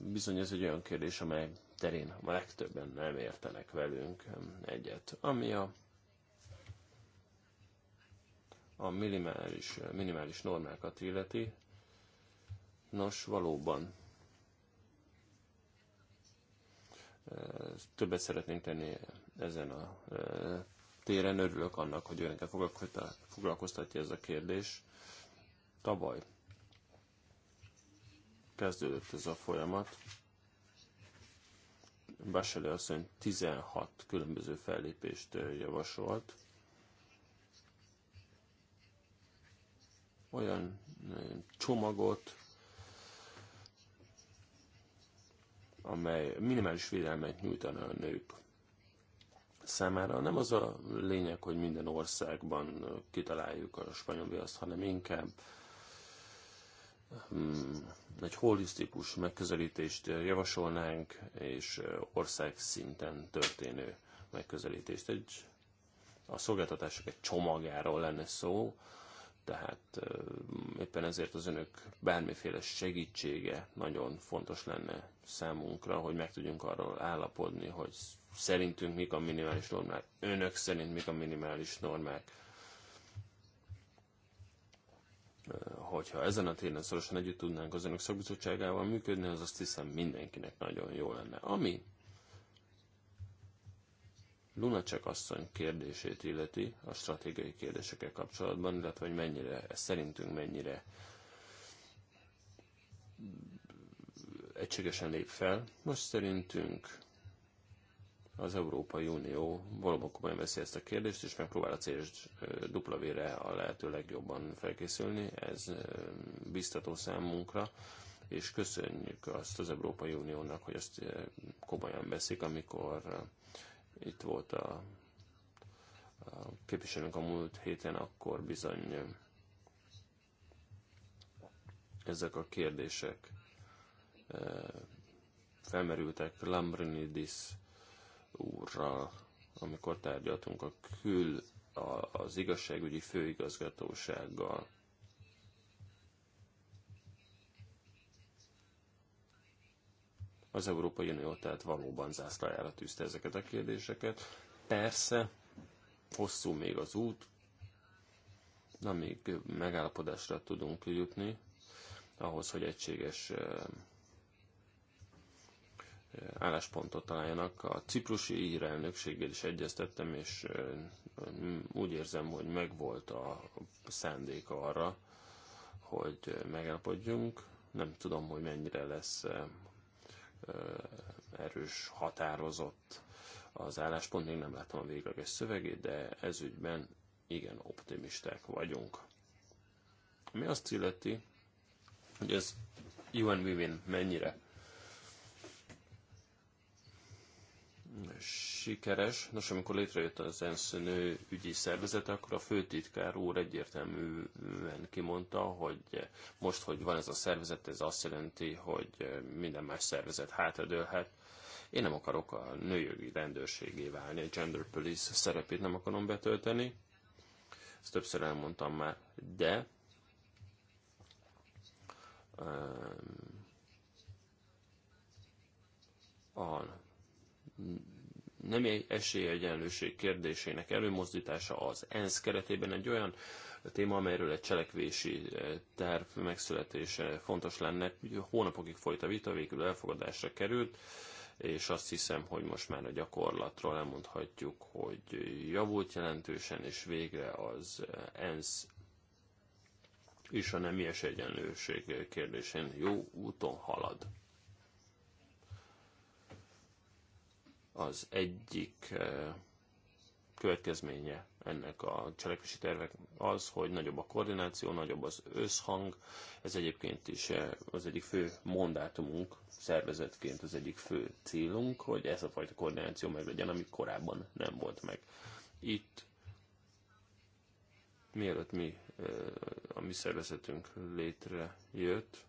bizony ez egy olyan kérdés, amely terén a legtöbben nem értenek velünk egyet. Ami a, a minimális, minimális normákat illeti, nos valóban e, többet szeretnénk tenni ezen a e, téren. Örülök annak, hogy önöket foglalkoztatja ez a kérdés. Tavaly kezdődött ez a folyamat. Bachelet asszony 16 különböző fellépést javasolt. Olyan csomagot, amely minimális védelmet nyújtana a nők számára. Nem az a lényeg, hogy minden országban kitaláljuk a spanyol viaszt, hanem inkább Hmm, egy holisztikus megközelítést javasolnánk, és ország szinten történő megközelítést. Egy, a szolgáltatások egy csomagáról lenne szó, tehát éppen ezért az önök bármiféle segítsége nagyon fontos lenne számunkra, hogy meg tudjunk arról állapodni, hogy szerintünk mik a minimális normák, önök szerint mik a minimális normák, hogyha ezen a téren szorosan együtt tudnánk az önök szakbizottságával működni, az azt hiszem mindenkinek nagyon jó lenne. Ami Lunacek asszony kérdését illeti a stratégiai kérdésekkel kapcsolatban, illetve hogy mennyire, ez szerintünk mennyire egységesen lép fel. Most szerintünk az Európai Unió valóban komolyan veszi ezt a kérdést, és megpróbál a célos duplavére a lehető legjobban felkészülni. Ez biztató számunkra, és köszönjük azt az Európai Uniónak, hogy ezt komolyan veszik, amikor itt volt a, a képviselőnk a múlt héten, akkor bizony ezek a kérdések felmerültek Lambrinidis úrral, amikor tárgyaltunk a kül, a, az igazságügyi főigazgatósággal. Az Európai Unió tehát valóban zászlajára tűzte ezeket a kérdéseket. Persze, hosszú még az út, amíg megállapodásra tudunk jutni, ahhoz, hogy egységes eh, álláspontot találjanak. A ciprusi ír is egyeztettem, és úgy érzem, hogy megvolt a szándéka arra, hogy megállapodjunk. Nem tudom, hogy mennyire lesz erős, határozott az álláspont, még nem láttam a végleges szövegét, de ezügyben igen optimisták vagyunk. Ami azt illeti, hogy ez UN Women mennyire sikeres. Nos, amikor létrejött az ENSZ nő ügyi szervezete, akkor a főtitkár úr egyértelműen kimondta, hogy most, hogy van ez a szervezet, ez azt jelenti, hogy minden más szervezet hátradőlhet. Én nem akarok a nőjogi rendőrségé válni, a gender police szerepét nem akarom betölteni. Ezt többször elmondtam már, de um, a nem esélyegyenlőség kérdésének előmozdítása az ENSZ keretében egy olyan téma, amelyről egy cselekvési eh, terv megszületése fontos lenne. Hónapokig folyt a vita, végül elfogadásra került, és azt hiszem, hogy most már a gyakorlatról elmondhatjuk, hogy javult jelentősen, és végre az eh, ENSZ és a nemies egyenlőség kérdésén jó úton halad. Az egyik eh, következménye ennek a cselekvési tervek az, hogy nagyobb a koordináció, nagyobb az összhang. Ez egyébként is eh, az egyik fő mandátumunk, szervezetként az egyik fő célunk, hogy ez a fajta koordináció meg legyen, ami korábban nem volt meg. Itt mielőtt mi, eh, a mi szervezetünk létrejött,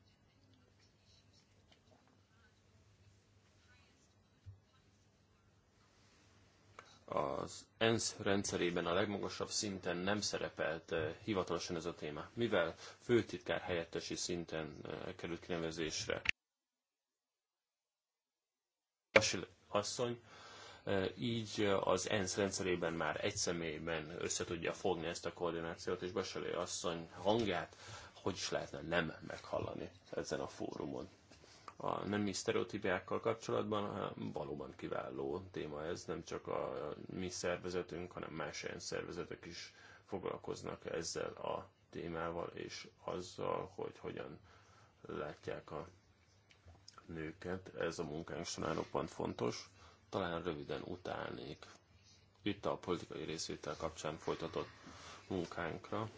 az ENSZ rendszerében a legmagasabb szinten nem szerepelt eh, hivatalosan ez a téma, mivel főtitkár helyettesi szinten eh, került kinevezésre. asszony eh, így az ENSZ rendszerében már egy személyben összetudja fogni ezt a koordinációt, és Baselé asszony hangját hogy is lehetne nem meghallani ezen a fórumon a nemi sztereotípiákkal kapcsolatban valóban kiváló téma ez, nem csak a mi szervezetünk, hanem más ilyen szervezetek is foglalkoznak ezzel a témával, és azzal, hogy hogyan látják a nőket. Ez a munkánk során fontos. Talán röviden utálnék itt a politikai részvétel kapcsán folytatott munkánkra,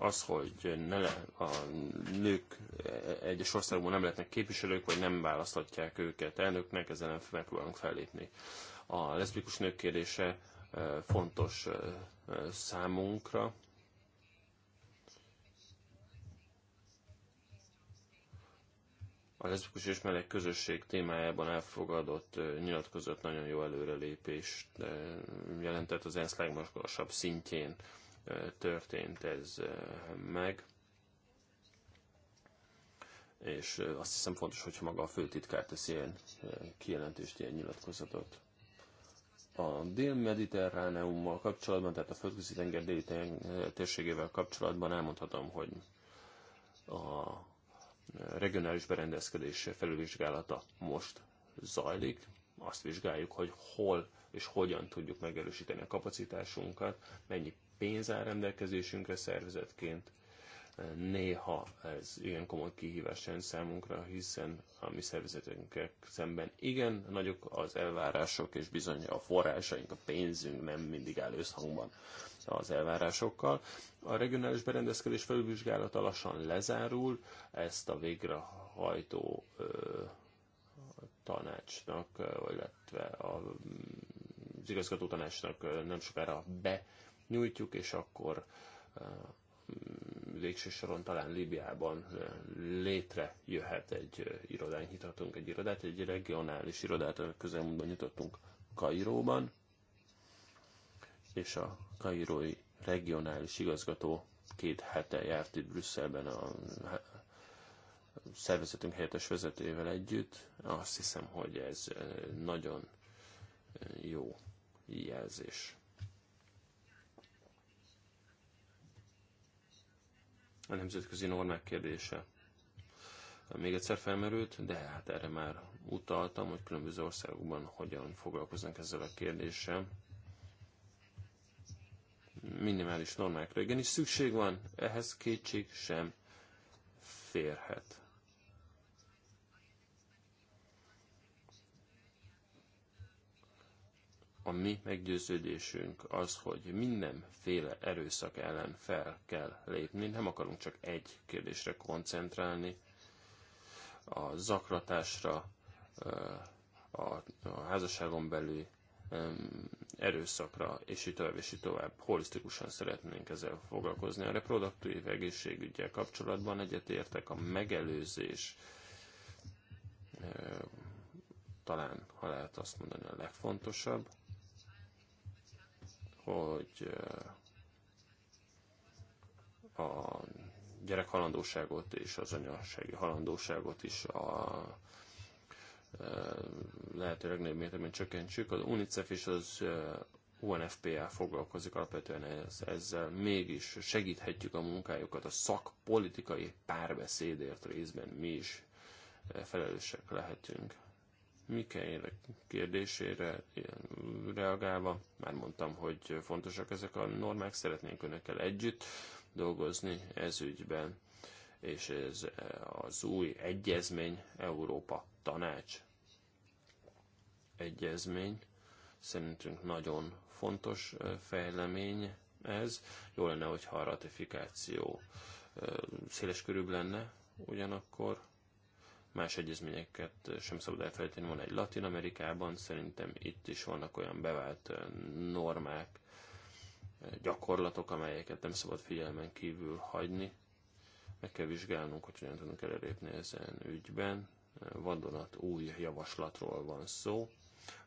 az, hogy ne le, a nők egyes országban nem lehetnek képviselők, vagy nem választhatják őket elnöknek, ezzel nem megpróbálunk fellépni. A leszbikus nők kérdése fontos számunkra. A leszbikus és meleg közösség témájában elfogadott nyilatkozat nagyon jó előrelépést jelentett az ENSZ legmagasabb szintjén történt ez meg. És azt hiszem fontos, hogyha maga a főtitkár tesz ilyen kijelentést, ilyen nyilatkozatot. A dél-mediterráneummal kapcsolatban, tehát a földközi tenger déli térségével kapcsolatban elmondhatom, hogy a regionális berendezkedés felülvizsgálata most zajlik. Azt vizsgáljuk, hogy hol és hogyan tudjuk megerősíteni a kapacitásunkat, mennyi pénz áll rendelkezésünkre szervezetként. Néha ez ilyen komoly kihívás számunkra, hiszen a mi szervezetünkkel szemben igen, nagyok az elvárások, és bizony a forrásaink, a pénzünk nem mindig áll összhangban az elvárásokkal. A regionális berendezkedés felülvizsgálata lassan lezárul, ezt a végrehajtó ö, a tanácsnak, illetve a, mm, az igazgató tanácsnak nem sokára be nyújtjuk, és akkor végső soron talán Líbiában létrejöhet egy irodánk, nyithatunk egy irodát, egy regionális irodát közelmúltban nyitottunk Kairóban, és a kairói regionális igazgató két hete járt itt Brüsszelben a szervezetünk helyettes vezetőjével együtt. Azt hiszem, hogy ez nagyon jó jelzés. a nemzetközi normák kérdése még egyszer felmerült, de hát erre már utaltam, hogy különböző országokban hogyan foglalkoznak ezzel a kérdéssel. Minimális normákra igenis szükség van, ehhez kétség sem férhet. A mi meggyőződésünk az, hogy mindenféle erőszak ellen fel kell lépni, nem akarunk csak egy kérdésre koncentrálni, a zaklatásra, a házasságon belül erőszakra, és így tovább, és így tovább. Holisztikusan szeretnénk ezzel foglalkozni. A reproduktív egészségügyel kapcsolatban egyetértek a megelőzés talán, ha lehet azt mondani, a legfontosabb hogy a gyerekhalandóságot és az anyasági halandóságot is a lehető legnagyobb mértékben csökkentsük. Az UNICEF és az UNFPA foglalkozik alapvetően ez, ezzel, mégis segíthetjük a munkájukat a szakpolitikai párbeszédért részben mi is felelősek lehetünk. Mikael kérdésére reagálva, már mondtam, hogy fontosak ezek a normák, szeretnénk önökkel együtt dolgozni ez ügyben, és ez az új egyezmény Európa Tanács egyezmény, szerintünk nagyon fontos fejlemény ez. Jó lenne, hogyha a ratifikáció széles körül lenne, ugyanakkor más egyezményeket eh, sem szabad elfelejteni. Van egy Latin Amerikában, szerintem itt is vannak olyan bevált eh, normák, eh, gyakorlatok, amelyeket nem szabad figyelmen kívül hagyni. Meg kell vizsgálnunk, hogy hogyan tudunk előrépni ezen ügyben. Vadonat új javaslatról van szó.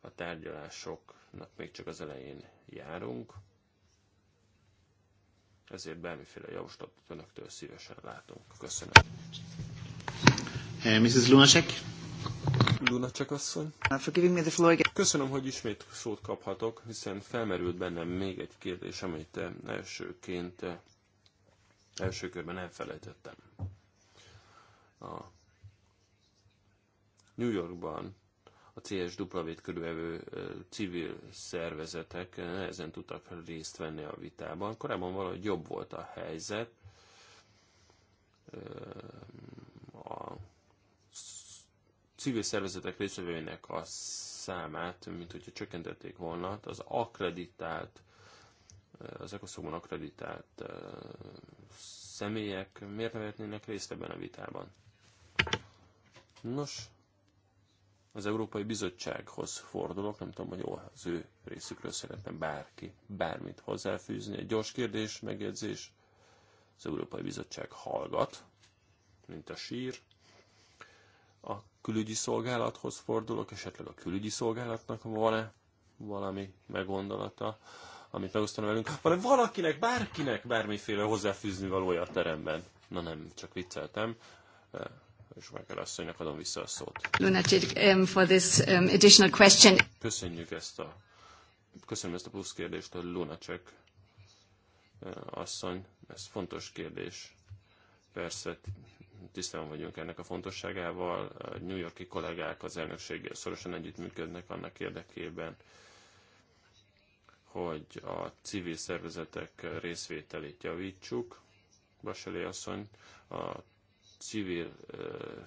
A tárgyalásoknak még csak az elején járunk, ezért bármiféle javaslatot önöktől szívesen látunk. Köszönöm. Eh, Mrs. Lunacek. Lunacek asszony. Uh, Köszönöm, hogy ismét szót kaphatok, hiszen felmerült bennem még egy kérdés, amit eh, elsőként, eh, első körben elfelejtettem. A New Yorkban a CSW-t körülvevő civil szervezetek nehezen tudtak részt venni a vitában. Korábban valahogy jobb volt a helyzet. A civil szervezetek részvevőinek a számát, mint hogyha csökkentették volna, az akreditált, az ecoszom akreditált személyek miért vehetnének részt ebben a vitában? Nos, az Európai Bizottsághoz fordulok, nem tudom, hogy jó, az ő részükről szeretne bárki bármit hozzáfűzni. Egy gyors kérdés, megjegyzés. Az Európai Bizottság hallgat, mint a sír a külügyi szolgálathoz fordulok, esetleg a külügyi szolgálatnak van-e valami meggondolata, amit megosztanom velünk. Van valakinek, bárkinek bármiféle hozzáfűzni valója a teremben? Na nem, csak vicceltem. És eh, Merkel asszonynak adom vissza a szót. Lunatic, um, for this um, additional question. Köszönjük ezt a, köszönöm ezt a plusz kérdést a Lunacek eh, asszony. Ez fontos kérdés. Persze tisztában vagyunk ennek a fontosságával. A New Yorki kollégák az elnökséggel szorosan együttműködnek annak érdekében, hogy a civil szervezetek részvételét javítsuk. Baseli asszony a civil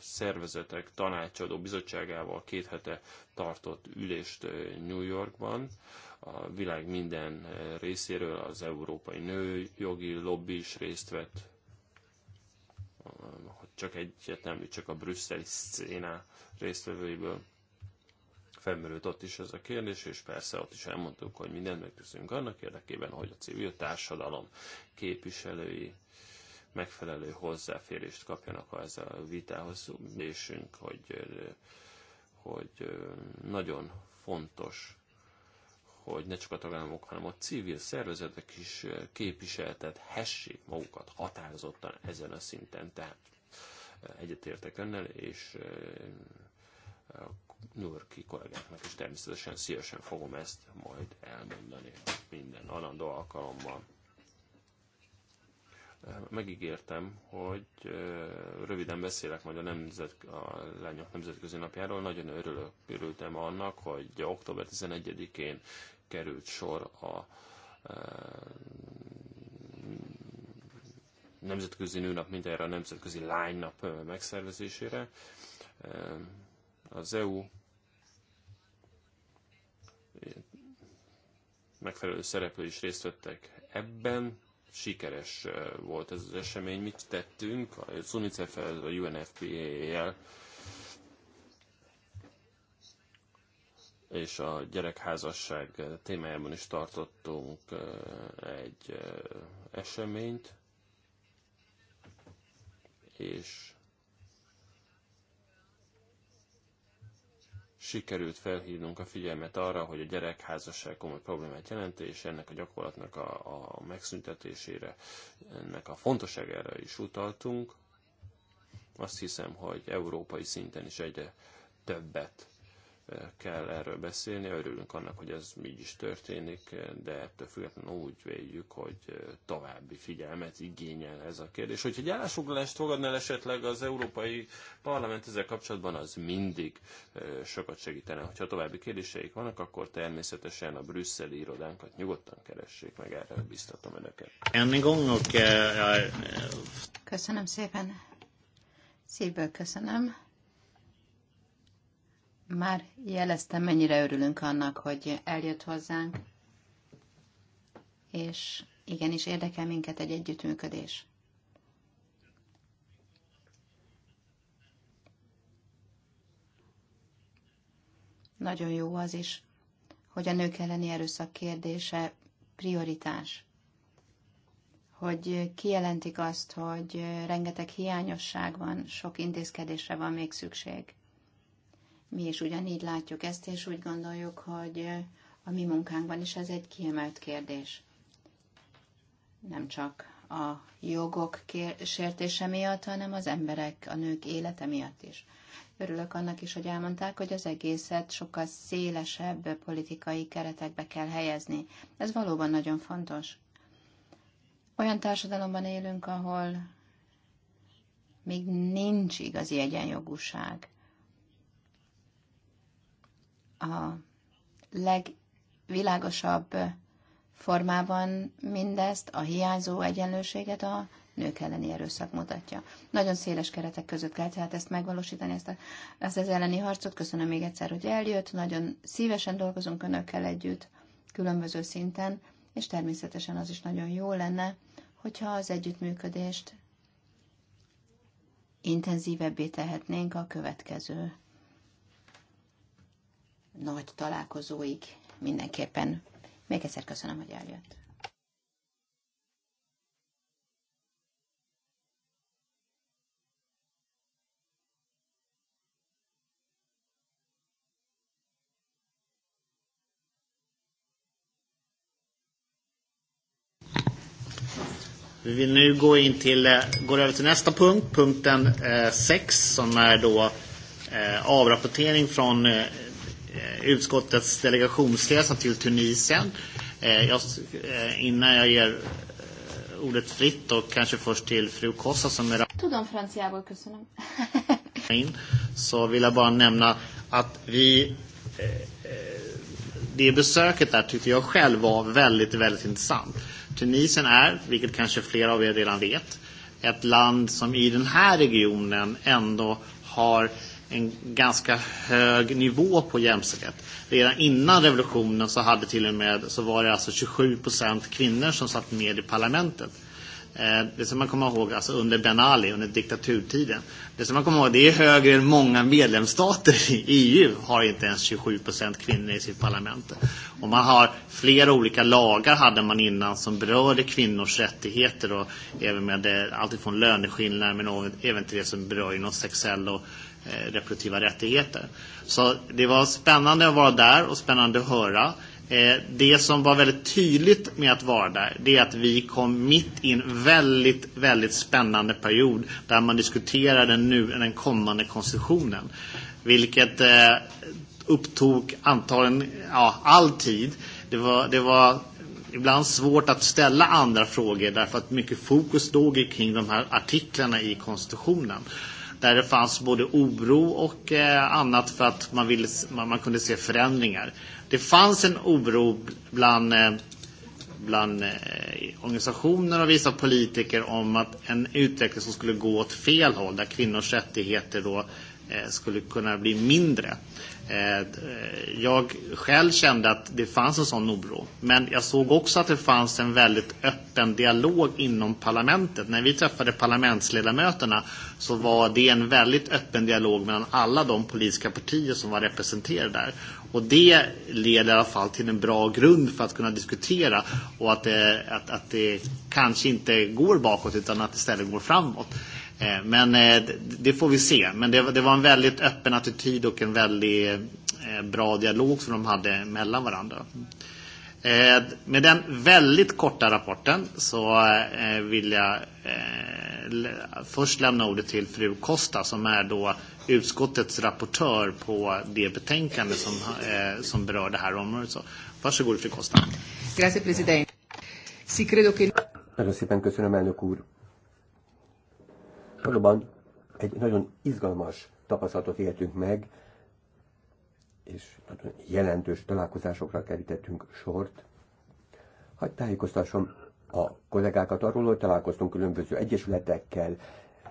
szervezetek tanácsadó bizottságával két hete tartott ülést New Yorkban. A világ minden részéről az európai nőjogi lobby is részt vett hogy csak egyet nem, csak a brüsszeli szcéná résztvevőiből felmerült ott is ez a kérdés, és persze ott is elmondtuk, hogy mindent megteszünk annak érdekében, hogy a civil társadalom képviselői megfelelő hozzáférést kapjanak az a vitához, és hogy, hogy nagyon fontos hogy ne csak a tagállamok, hanem a civil szervezetek is képviseltethessék magukat határozottan ezen a szinten. Tehát eh, egyetértek önnel, és eh, a New Yorki kollégáknak is természetesen szívesen fogom ezt majd elmondani minden alandó alkalommal. Eh, megígértem, hogy röviden beszélek majd a, nemzet, a lányok nemzetközi napjáról. Nagyon örülök, örültem annak, hogy október 11-én került sor a e, Nemzetközi Nőnap, mint erre a Nemzetközi Lánynap e, megszervezésére. E, az EU megfelelő szereplő is részt vettek ebben. Sikeres volt ez az esemény. Mit tettünk? a UNICEF-el, a UNFPA-jel és a gyerekházasság témájában is tartottunk egy eseményt, és sikerült felhívnunk a figyelmet arra, hogy a gyerekházasság komoly problémát jelenti, és ennek a gyakorlatnak a, a megszüntetésére, ennek a fontosságára is utaltunk. Azt hiszem, hogy európai szinten is egyre többet kell erről beszélni. Örülünk annak, hogy ez így is történik, de ettől függetlenül úgy véljük, hogy további figyelmet igényel ez a kérdés. Hogyha egy állásfoglalást fogadnál esetleg az Európai Parlament ezzel kapcsolatban, az mindig sokat segítene. Hogyha további kérdéseik vannak, akkor természetesen a brüsszeli irodánkat nyugodtan keressék meg, erre biztatom önöket. Eh, eh, köszönöm szépen. Szívből köszönöm. Már jeleztem, mennyire örülünk annak, hogy eljött hozzánk, és igenis érdekel minket egy együttműködés. Nagyon jó az is, hogy a nők elleni erőszak kérdése prioritás. Hogy kijelentik azt, hogy rengeteg hiányosság van, sok intézkedésre van még szükség. Mi is ugyanígy látjuk ezt, és úgy gondoljuk, hogy a mi munkánkban is ez egy kiemelt kérdés. Nem csak a jogok kér- sértése miatt, hanem az emberek, a nők élete miatt is. Örülök annak is, hogy elmondták, hogy az egészet sokkal szélesebb politikai keretekbe kell helyezni. Ez valóban nagyon fontos. Olyan társadalomban élünk, ahol még nincs igazi egyenjogúság a legvilágosabb formában mindezt, a hiányzó egyenlőséget a nők elleni erőszak mutatja. Nagyon széles keretek között kell tehát ezt megvalósítani, ezt, a, ezt az elleni harcot. Köszönöm még egyszer, hogy eljött. Nagyon szívesen dolgozunk önökkel együtt, különböző szinten, és természetesen az is nagyon jó lenne, hogyha az együttműködést intenzívebbé tehetnénk a következő nagy találkozóig mindenképpen. Még egyszer köszönöm, hogy eljött. Vi vill nu gå in till, eh, går över till nästa punkt, punkten 6 eh, som är då eh, avrapportering från eh, Eh, utskottets delegationsresa till Tunisien. Eh, Jag, eh, innan jag ger eh, ordet fritt och kanske först till fru Kossa som är Tudom franciából, köszönöm. in, så vill jag bara nämna att vi eh, eh, det besöket där tyckte jag själv var väldigt, väldigt intressant. Tunisien är, vilket kanske flera av er redan vet, ett land som i den här regionen ändå har eh, en ganska hög nivå på jämställdhet. Redan innan revolutionen så hade till och med så var det alltså 27 procent kvinnor som satt med i parlamentet. Eh, det som man kommer ihåg alltså under Ben Ali, under diktaturtiden. Det som man kommer ihåg, det är högre än många medlemsstater i EU har inte ens 27 procent kvinnor i sitt parlament. Och man har flera olika lagar hade man innan som berörde kvinnors rättigheter och även med eh, allt från löneskillnader men även till det som berör inom sexuell och eh, reproduktiva rättigheter. Så det var spännande att vara där och spännande att höra. Eh, det som var väldigt tydligt med att vara där, det är att vi kom mitt i en väldigt, väldigt spännande period där man diskuterar den, nu, den kommande konstitutionen. Vilket eh, upptog antagligen ja, all tid. Det var, det var ibland svårt att ställa andra frågor därför att mycket fokus låg kring de här artiklarna i konstitutionen där det fanns både oro och eh, annat för att man, ville, man, man kunde se förändringar. Det fanns en oro bland, eh, bland eh, organisationer och vissa politiker om att en utveckling som skulle gå åt fel håll, där kvinnors rättigheter då eh, skulle kunna bli mindre eh, jag själv kände att det fanns en sån oro. Men jag såg också att det fanns en väldigt öppen dialog inom parlamentet. När vi träffade parlamentsledamöterna så var det en väldigt öppen dialog mellan alla de politiska partier som var representerade där. Och det leder i alla fall till en bra grund för att kunna diskutera och att det, att, att det kanske inte går bakåt utan att det istället går framåt. Eh, men eh, det får vi se. Men det var en väldigt öppen attityd och en väldigt eh, bra dialog som de hade mellan varandra. Med den väldigt korta rapporten så vill jag först lämna ordet till fru Kosta som är då utskottets rapportör på det betänkande som, som berör det här området. Så varsågod fru Kosta. Grazie, president. Sì, credo che... Nagyon szépen köszönöm, elnök úr. Valóban egy nagyon izgalmas tapasztalatot éltünk meg, és nagyon jelentős találkozásokra kerítettünk sort. Hagy tájékoztassam a kollégákat arról, hogy találkoztunk különböző egyesületekkel,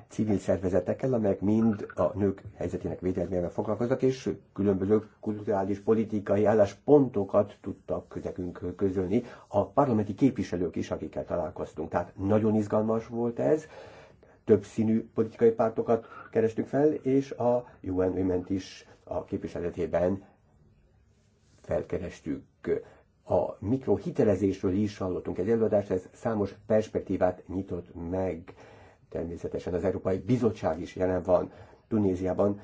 civil szervezetekkel, amelyek mind a nők helyzetének védelmével foglalkoznak, és különböző kulturális, politikai álláspontokat tudtak nekünk közölni a parlamenti képviselők is, akikkel találkoztunk. Tehát nagyon izgalmas volt ez, többszínű politikai pártokat kerestük fel, és a UN women is a képviseletében felkerestük. A mikrohitelezésről is hallottunk egy előadást, ez számos perspektívát nyitott meg. Természetesen az Európai Bizottság is jelen van Tunéziában,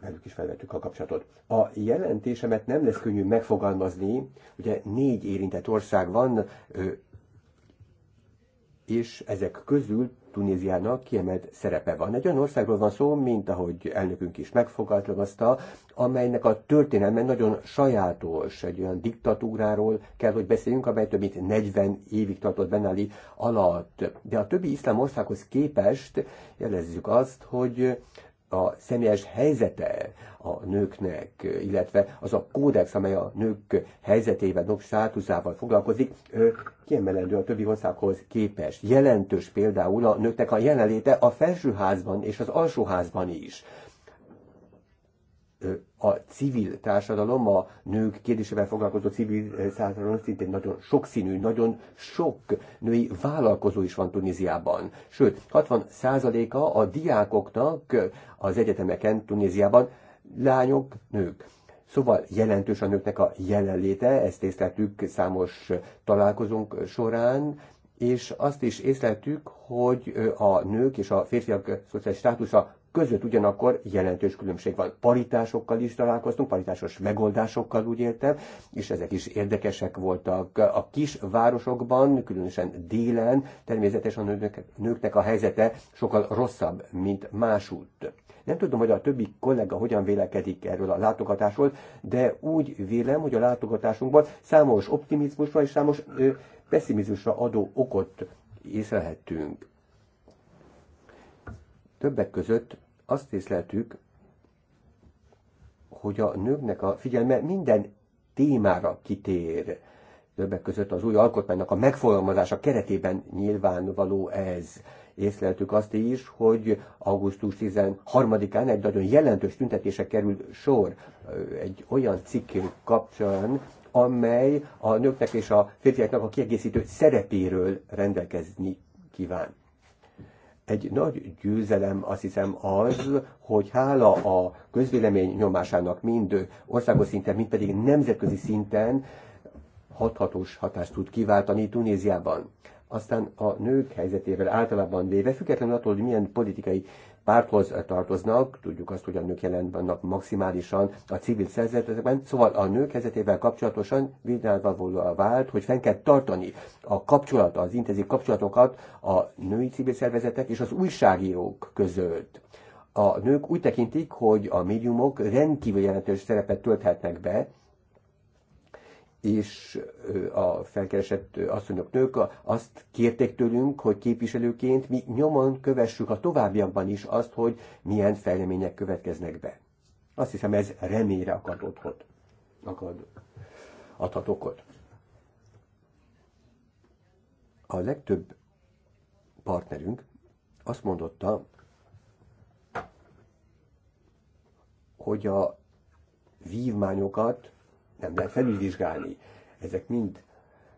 velük is felvettük a kapcsolatot. A jelentésemet nem lesz könnyű megfogalmazni, ugye négy érintett ország van, és ezek közül Tunéziának kiemelt szerepe van. Egy olyan országról van szó, mint ahogy elnökünk is megfogalmazta, amelynek a történelme nagyon sajátos, egy olyan diktatúráról kell, hogy beszéljünk, amely több mint 40 évig tartott Benali alatt. De a többi iszlám országhoz képest jelezzük azt, hogy a személyes helyzete a nőknek, illetve az a kódex, amely a nők helyzetével, nők státuszával foglalkozik, kiemelendő a többi országhoz képes. Jelentős például a nőknek a jelenléte a felsőházban és az alsóházban is a civil társadalom, a nők kérdésével foglalkozó civil társadalom szintén nagyon sokszínű, nagyon sok női vállalkozó is van Tunéziában. Sőt, 60%-a a diákoknak az egyetemeken Tunéziában lányok, nők. Szóval jelentős a nőknek a jelenléte, ezt észleltük számos találkozónk során, és azt is észleltük, hogy a nők és a férfiak szociális státusza között ugyanakkor jelentős különbség van. Paritásokkal is találkoztunk, paritásos megoldásokkal úgy értem, és ezek is érdekesek voltak. A kis városokban, különösen délen, természetesen a nők, nőknek a helyzete sokkal rosszabb, mint másút. Nem tudom, hogy a többi kollega hogyan vélekedik erről a látogatásról, de úgy vélem, hogy a látogatásunkban számos optimizmusra és számos ö, pessimizmusra adó okot észrehettünk. Többek között azt észleltük, hogy a nőknek a figyelme minden témára kitér. Többek között az új alkotmánynak a megfogalmazása keretében nyilvánvaló ez. Észleltük azt is, hogy augusztus 13-án egy nagyon jelentős tüntetése kerül sor egy olyan cikk kapcsán, amely a nőknek és a férfiaknak a kiegészítő szerepéről rendelkezni kíván egy nagy győzelem azt hiszem az, hogy hála a közvélemény nyomásának mind országos szinten, mind pedig nemzetközi szinten hathatós hatást tud kiváltani Tunéziában. Aztán a nők helyzetével általában véve, függetlenül attól, hogy milyen politikai párthoz tartoznak, tudjuk azt, hogy a nők jelen vannak maximálisan a civil szervezetekben, szóval a nők helyzetével kapcsolatosan vizsgálva vált, hogy fenn kell tartani a kapcsolat, az intenzív kapcsolatokat a női civil szervezetek és az újságírók között. A nők úgy tekintik, hogy a médiumok rendkívül jelentős szerepet tölthetnek be, és a felkeresett asszonyok, nők azt kérték tőlünk, hogy képviselőként mi nyomon kövessük a továbbiakban is azt, hogy milyen fejlemények következnek be. Azt hiszem ez remére akad otthot. Akad, adhat okot. A legtöbb partnerünk azt mondotta, hogy a vívmányokat nem lehet felülvizsgálni. Ezek mind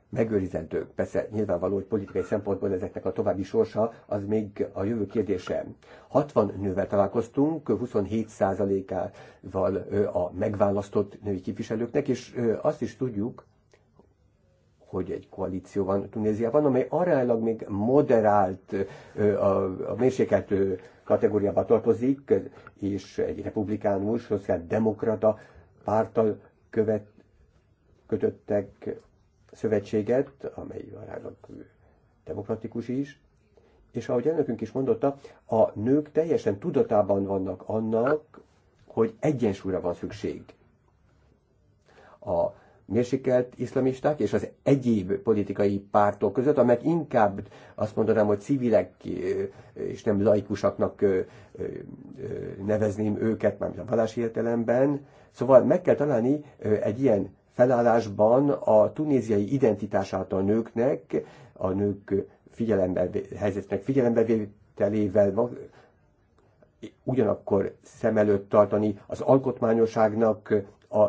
megőrizendők. Persze nyilvánvaló, hogy politikai szempontból ezeknek a további sorsa az még a jövő kérdése. 60 nővel találkoztunk, 27%-ával a megválasztott női képviselőknek, és azt is tudjuk, hogy egy koalíció van Tunéziában, amely aránylag még moderált, a, a mérsékelt kategóriába tartozik, és egy republikánus, szociáldemokrata pártal követ, kötöttek szövetséget, amely aránylag demokratikus is, és ahogy elnökünk is mondotta, a nők teljesen tudatában vannak annak, hogy egyensúlyra van szükség. A mérsékelt iszlamisták és az egyéb politikai pártok között, amelyek inkább azt mondanám, hogy civilek és nem laikusaknak nevezném őket, mármint a vallás értelemben. Szóval meg kell találni egy ilyen felállásban a tunéziai identitását a nőknek, a nők figyelembe, helyzetnek figyelembevételével ugyanakkor szem előtt tartani az alkotmányosságnak a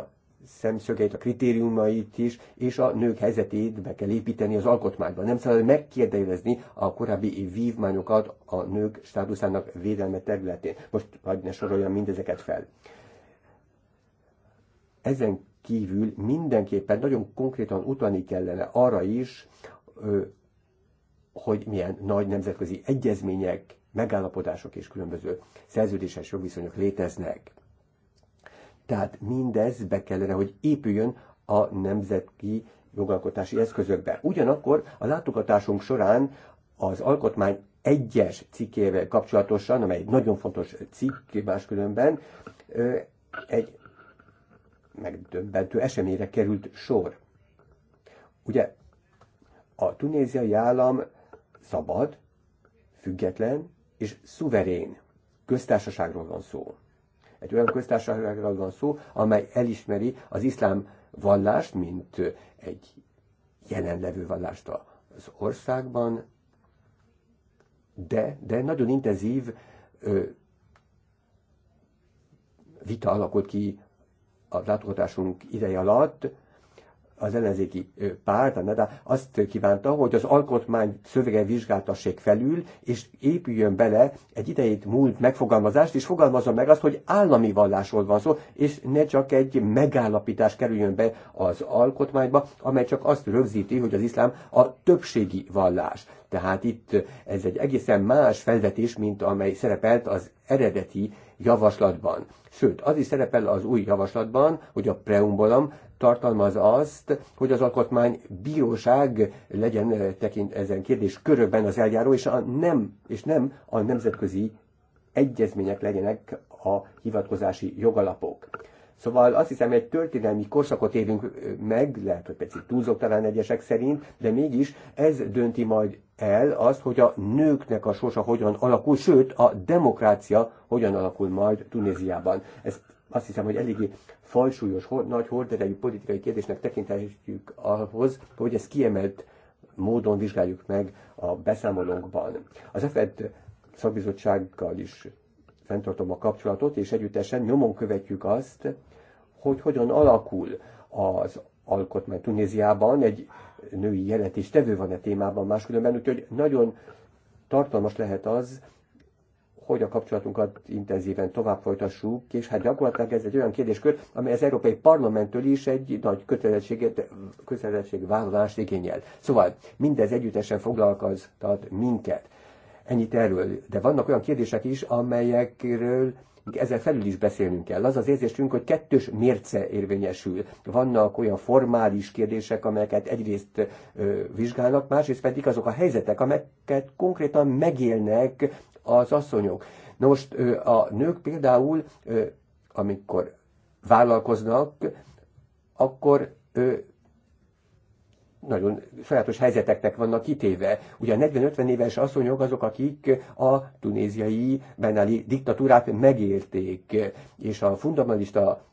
szemszögeit, a kritériumait is, és a nők helyzetét be kell építeni az alkotmányba. Nem szabad megkérdezni a korábbi vívmányokat a nők státuszának védelme területén. Most hagyd ne soroljam mindezeket fel. Ezen kívül mindenképpen nagyon konkrétan utalni kellene arra is, hogy milyen nagy nemzetközi egyezmények, megállapodások és különböző szerződéses jogviszonyok léteznek. Tehát mindez be kellene, hogy épüljön a nemzetki jogalkotási eszközökbe. Ugyanakkor a látogatásunk során az alkotmány egyes cikkével kapcsolatosan, amely egy nagyon fontos cikk máskülönben, egy megdöbbentő eseményre került sor. Ugye a tunéziai állam szabad, független és szuverén köztársaságról van szó. Egy olyan köztársaságról van szó, amely elismeri az iszlám vallást, mint egy jelenlevő vallást az országban, de, de nagyon intenzív ö, vita alakult ki a látogatásunk ideje alatt az ellenzéki párt, a NEDA azt kívánta, hogy az alkotmány szövege vizsgáltassék felül, és épüljön bele egy idejét múlt megfogalmazást, és fogalmazza meg azt, hogy állami vallásról van szó, és ne csak egy megállapítás kerüljön be az alkotmányba, amely csak azt rögzíti, hogy az iszlám a többségi vallás. Tehát itt ez egy egészen más felvetés, mint amely szerepelt az eredeti javaslatban. Sőt, az is szerepel az új javaslatban, hogy a preumbolom tartalmaz azt, hogy az alkotmány bíróság legyen eh, tekint ezen kérdés körökben az eljáró, és, a nem, és nem a nemzetközi egyezmények legyenek a hivatkozási jogalapok. Szóval azt hiszem, egy történelmi korszakot élünk meg, lehet, hogy picit túlzok talán egyesek szerint, de mégis ez dönti majd el azt, hogy a nőknek a sorsa hogyan alakul, sőt, a demokrácia hogyan alakul majd Tunéziában. Ez azt hiszem, hogy eléggé falsúlyos, nagy horderejű politikai kérdésnek tekinthetjük ahhoz, hogy ezt kiemelt módon vizsgáljuk meg a beszámolónkban. Az EFED szakbizottsággal is fenntartom a kapcsolatot, és együttesen nyomon követjük azt, hogy hogyan alakul az alkotmány Tunéziában. Egy női tevő van a témában máskülönben, úgyhogy nagyon tartalmas lehet az, hogy a kapcsolatunkat intenzíven tovább folytassuk, és hát gyakorlatilag ez egy olyan kérdéskör, amely az Európai Parlamenttől is egy nagy kötelezettséget, kötelezettségvállalást igényel. Szóval mindez együttesen foglalkoztat minket. Ennyit erről. De vannak olyan kérdések is, amelyekről ezzel felül is beszélnünk kell. Az az érzésünk, hogy kettős mérce érvényesül. Vannak olyan formális kérdések, amelyeket egyrészt ö, vizsgálnak, másrészt pedig azok a helyzetek, amelyeket konkrétan megélnek az asszonyok. Na most ö, a nők például, ö, amikor vállalkoznak, akkor ö, nagyon sajátos helyzeteknek vannak kitéve. Ugye a 40-50 éves asszonyok azok, akik a tunéziai benáli diktatúrát megérték, és a fundamentalista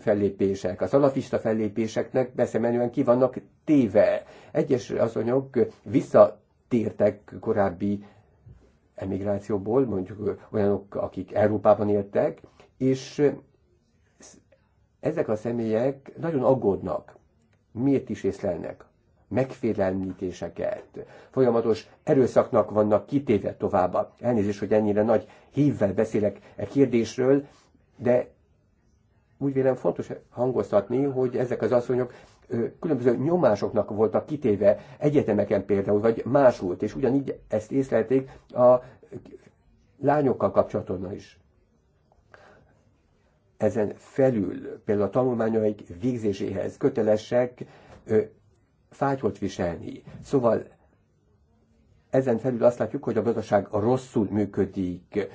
fellépések, a szalafista fellépéseknek beszemenően ki vannak téve. Egyes asszonyok visszatértek korábbi emigrációból, mondjuk olyanok, akik Európában éltek, és ezek a személyek nagyon aggódnak miért is észlelnek megfélemlítéseket. Folyamatos erőszaknak vannak kitéve továbbá. Elnézést, hogy ennyire nagy hívvel beszélek e kérdésről, de úgy vélem fontos hangoztatni, hogy ezek az asszonyok különböző nyomásoknak voltak kitéve egyetemeken például, vagy másút, és ugyanígy ezt észlelték a lányokkal kapcsolatban is. Ezen felül például a tanulmányaik végzéséhez kötelesek fájtholt viselni. Szóval ezen felül azt látjuk, hogy a gazdaság rosszul működik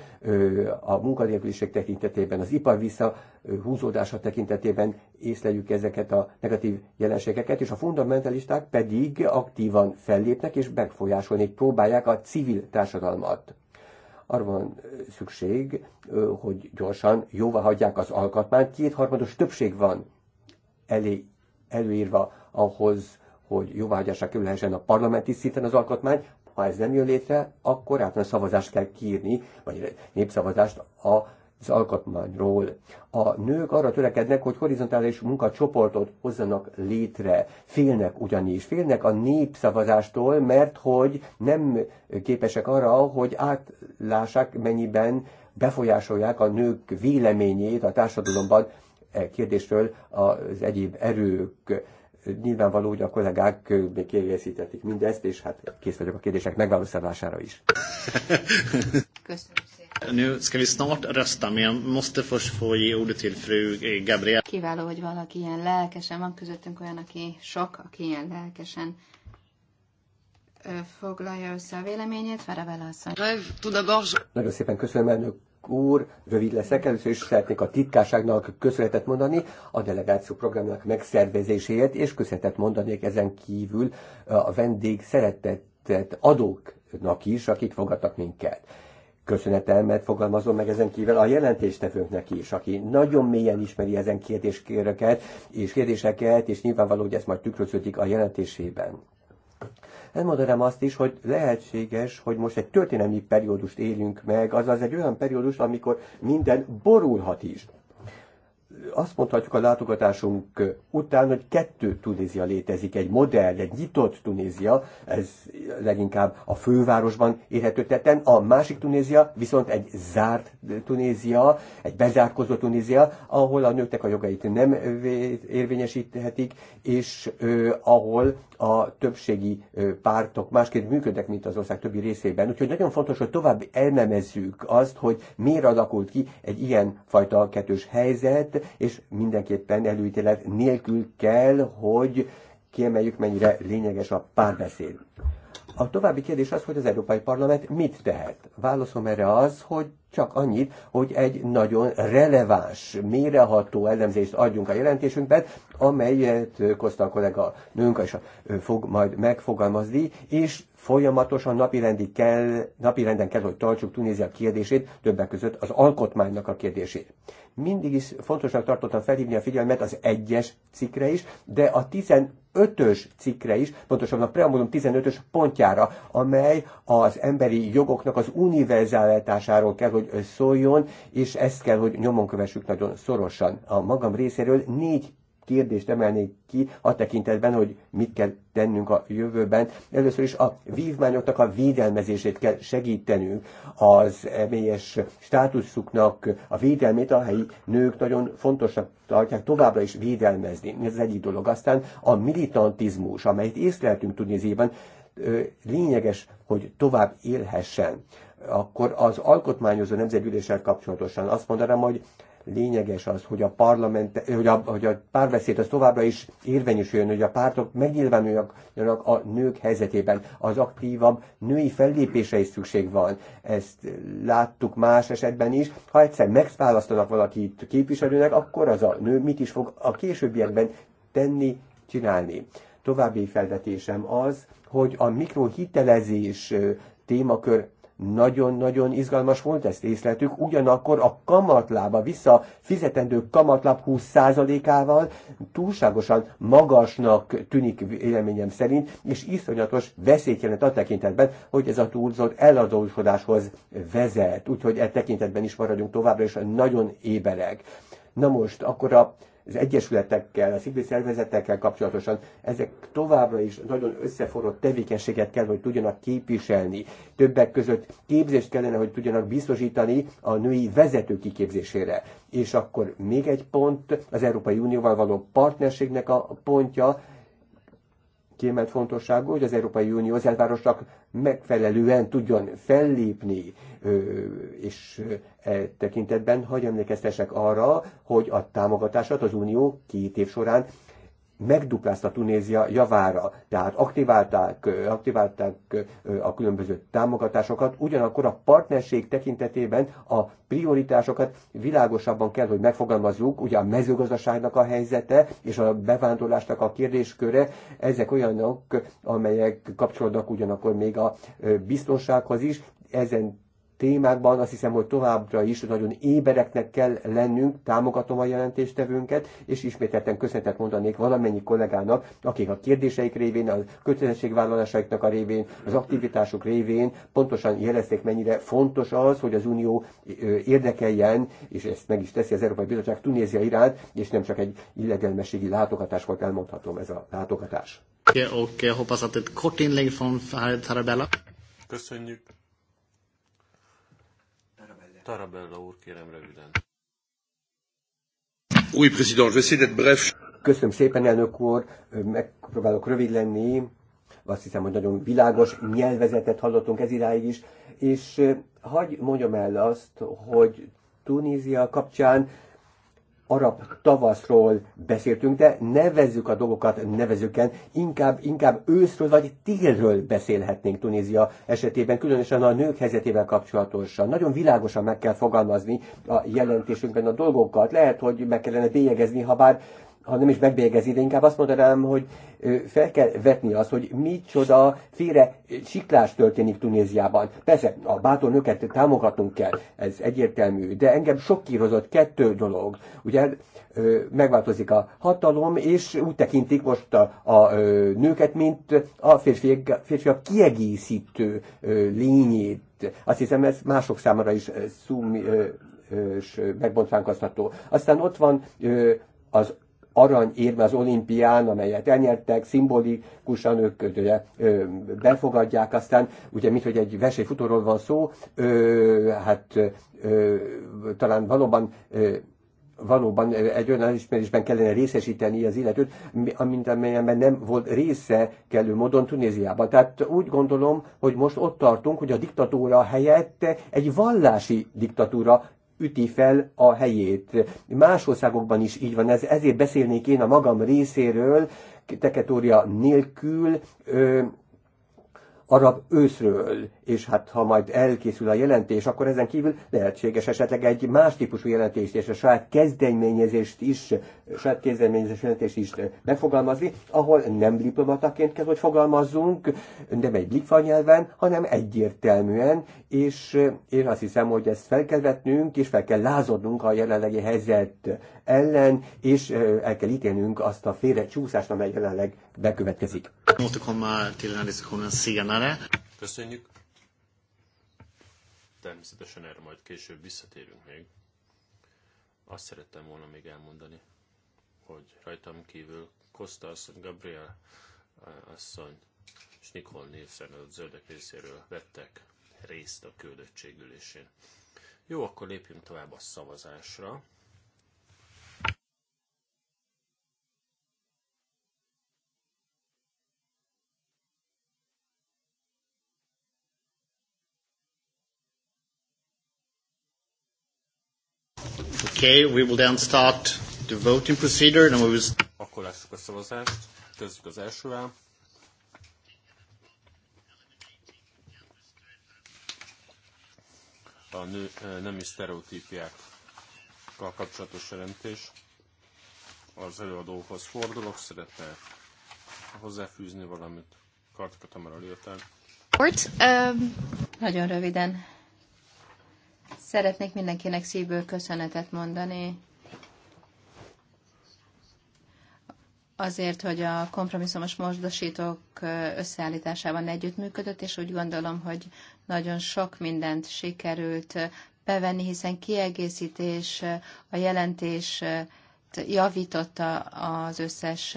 a munkanélküliség tekintetében, az ipar visszahúzódása tekintetében észleljük ezeket a negatív jelenségeket, és a fundamentalisták pedig aktívan fellépnek és megfolyásolni próbálják a civil társadalmat. Arra van szükség, hogy gyorsan jóvá hagyják az alkotmányt, kétharmados többség van elé előírva ahhoz, hogy jóvágyásra kerülhessen a parlamenti szinten az alkotmány, ha ez nem jön létre, akkor általános szavazást kell kiírni, vagy népszavazást az alkotmányról. A nők arra törekednek, hogy horizontális munkacsoportot hozzanak létre. Félnek ugyanis, félnek a népszavazástól, mert hogy nem képesek arra, hogy átlássák mennyiben befolyásolják a nők véleményét a társadalomban e kérdésről az egyéb erők nyilvánvaló, hogy a kollégák még kiegészítették mindezt, és hát kész vagyok a kérdések megválaszolására is. Köszönöm szépen. Nu ska vi snart rösta, men jag måste först få ge ordet till fru eh, Gabriel. Kiváló, hogy valaki ilyen lelkesen van közöttünk olyan, aki sok, aki ilyen lelkesen foglalja össze a véleményét, Farabella asszony. Nagyon szépen köszönöm, elnök úr, rövid leszek, először is szeretnék a titkárságnak köszönetet mondani a delegáció programnak megszervezéséért, és köszönetet mondanék ezen kívül a vendég szeretett adóknak is, akik fogadtak minket köszönetelmet fogalmazom meg ezen kívül a jelentéstevőknek is, aki nagyon mélyen ismeri ezen kérdéseket és kérdéseket, és nyilvánvaló, hogy ez majd tükröződik a jelentésében elmondanám azt is, hogy lehetséges, hogy most egy történelmi periódust élünk meg, azaz egy olyan periódus, amikor minden borulhat is. Azt mondhatjuk a látogatásunk után, hogy kettő Tunézia létezik, egy modell, egy nyitott Tunézia, ez leginkább a fővárosban érhető tetten, a másik Tunézia viszont egy zárt Tunézia, egy bezárkozó Tunézia, ahol a nőknek a jogait nem érvényesíthetik, és ö, ahol a többségi pártok másként működnek, mint az ország többi részében. Úgyhogy nagyon fontos, hogy tovább elnemezzük azt, hogy miért alakult ki egy ilyen fajta kettős helyzet, és mindenképpen előítélet nélkül kell, hogy kiemeljük, mennyire lényeges a párbeszéd. A további kérdés az, hogy az Európai Parlament mit tehet. Válaszom erre az, hogy csak annyit, hogy egy nagyon releváns, méreható elemzést adjunk a jelentésünkben, amelyet Kosta a kollega nőnk is fog majd megfogalmazni, és folyamatosan napirendi kell, napirenden kell, hogy tartsuk Tunézia kérdését, többek között az alkotmánynak a kérdését. Mindig is fontosnak tartottam felhívni a figyelmet az egyes cikre is, de a 15-ös cikre is, pontosabban a preambulum 15-ös pontjára, amely az emberi jogoknak az univerzálitásáról kell, hogy hogy szóljon, és ezt kell, hogy nyomon kövessük nagyon szorosan. A magam részéről négy kérdést emelnék ki a tekintetben, hogy mit kell tennünk a jövőben. Először is a vívmányoknak a védelmezését kell segítenünk, az emélyes státuszuknak a védelmét a helyi nők nagyon fontosnak tartják továbbra is védelmezni. Ez az egyik dolog. Aztán a militantizmus, amelyet észleltünk tudni az évben, lényeges, hogy tovább élhessen akkor az alkotmányozó nemzetgyűléssel kapcsolatosan azt mondanám, hogy lényeges az, hogy a parlament, hogy a, hogy a párbeszéd az továbbra is érvényesüljön, hogy a pártok megnyilvánuljanak a nők helyzetében. Az aktívabb női fellépése is szükség van. Ezt láttuk más esetben is. Ha egyszer megválasztanak valakit képviselőnek, akkor az a nő mit is fog a későbbiekben tenni, csinálni. További felvetésem az, hogy a mikrohitelezés témakör nagyon-nagyon izgalmas volt, ezt észletük, ugyanakkor a kamatlába, vissza fizetendő kamatláb 20%-ával túlságosan magasnak tűnik véleményem szerint, és iszonyatos veszélyt jelent a tekintetben, hogy ez a túlzott eladósodáshoz vezet. Úgyhogy e tekintetben is maradjunk továbbra, és nagyon éberek. Na most, akkor a az egyesületekkel, a civil szervezetekkel kapcsolatosan, ezek továbbra is nagyon összeforrott tevékenységet kell, hogy tudjanak képviselni. Többek között képzést kellene, hogy tudjanak biztosítani a női vezető kiképzésére. És akkor még egy pont, az Európai Unióval való partnerségnek a pontja, kiemelt fontosságú, hogy az Európai Unió az elvárosnak megfelelően tudjon fellépni, és e tekintetben hagy emlékeztesek arra, hogy a támogatását az Unió két év során megduplázta Tunézia javára, tehát aktiválták, aktiválták a különböző támogatásokat, ugyanakkor a partnerség tekintetében a prioritásokat világosabban kell, hogy megfogalmazzuk, ugye a mezőgazdaságnak a helyzete és a bevándorlásnak a kérdésköre, ezek olyanok, amelyek kapcsolódnak ugyanakkor még a biztonsághoz is, ezen témákban azt hiszem, hogy továbbra is nagyon ébereknek kell lennünk, támogatom a jelentéstevőnket, és ismételten köszönetet mondanék valamennyi kollégának, akik a kérdéseik révén, a kötelezettségvállalásaiknak a révén, az aktivitásuk révén pontosan jelezték, mennyire fontos az, hogy az Unió érdekeljen, és ezt meg is teszi az Európai Bizottság Tunézia iránt, és nem csak egy illegelmességi látogatás volt, elmondhatom ez a látogatás. Köszönjük. Tarabella úr, kérem röviden. Új président, je vais bref. Köszönöm szépen, elnök úr, megpróbálok rövid lenni. Azt hiszem, hogy nagyon világos nyelvezetet hallottunk ez idáig is, és eh, hagy mondjam el azt, hogy Tunézia kapcsán arab tavaszról beszéltünk, de nevezzük a dolgokat nevezőken, inkább, inkább őszről vagy télről beszélhetnénk Tunézia esetében, különösen a nők helyzetével kapcsolatosan. Nagyon világosan meg kell fogalmazni a jelentésünkben a dolgokat. Lehet, hogy meg kellene bélyegezni, ha bár ha nem is megbélyegezi, de inkább azt mondanám, hogy fel kell vetni azt, hogy micsoda félre siklás történik Tunéziában. Persze, a bátor nőket támogatnunk kell, ez egyértelmű, de engem kírozott kettő dolog. Ugye megváltozik a hatalom, és úgy tekintik most a, a nőket, mint a férfiak, férfiak kiegészítő lényét. Azt hiszem, ez mások számára is szum, megbontánkoztató. Aztán ott van az aranyérme az olimpián, amelyet elnyertek, szimbolikusan ők ugye, befogadják, aztán ugye, mint hogy egy versenyfutóról van szó, ö, hát ö, talán valóban ö, valóban egy olyan ismerésben kellene részesíteni az illetőt, amint amelyenben nem volt része kellő módon Tunéziában. Tehát úgy gondolom, hogy most ott tartunk, hogy a diktatúra helyett egy vallási diktatúra üti fel a helyét. Más országokban is így van ez, ezért beszélnék én a magam részéről, teketória nélkül, ö, arab őszről és hát ha majd elkészül a jelentés, akkor ezen kívül lehetséges esetleg egy más típusú jelentést és a saját kezdeményezést is, saját kezdeményezés jelentést is megfogalmazni, ahol nem diplomataként kell, hogy fogalmazzunk, nem egy blikfa nyelven, hanem egyértelműen, és eh, én azt hiszem, hogy ezt fel kell vetnünk, és fel kell lázadnunk a jelenlegi helyzet ellen, és eh, el kell ítélnünk azt a félre csúszást, amely jelenleg bekövetkezik. Köszönjük természetesen erre majd később visszatérünk még. Azt szerettem volna még elmondani, hogy rajtam kívül Costa asszony, Gabriel eh, asszony és Nikol Nielsen a zöldek részéről vettek részt a küldöttségülésén. Jó, akkor lépjünk tovább a szavazásra. Okay, we will then start the voting procedure, and we will... Akkor lesz a szavazást. Kezdjük az elsővel. A nő, nemi sztereotípiákkal kapcsolatos jelentés. Az előadóhoz fordulok, szeretne hozzáfűzni valamit. Kartka Tamara Liltán. Um, nagyon röviden Szeretnék mindenkinek szívből köszönetet mondani azért, hogy a kompromisszumos módosítók összeállításában együttműködött, és úgy gondolom, hogy nagyon sok mindent sikerült bevenni, hiszen kiegészítés, a jelentés javította az összes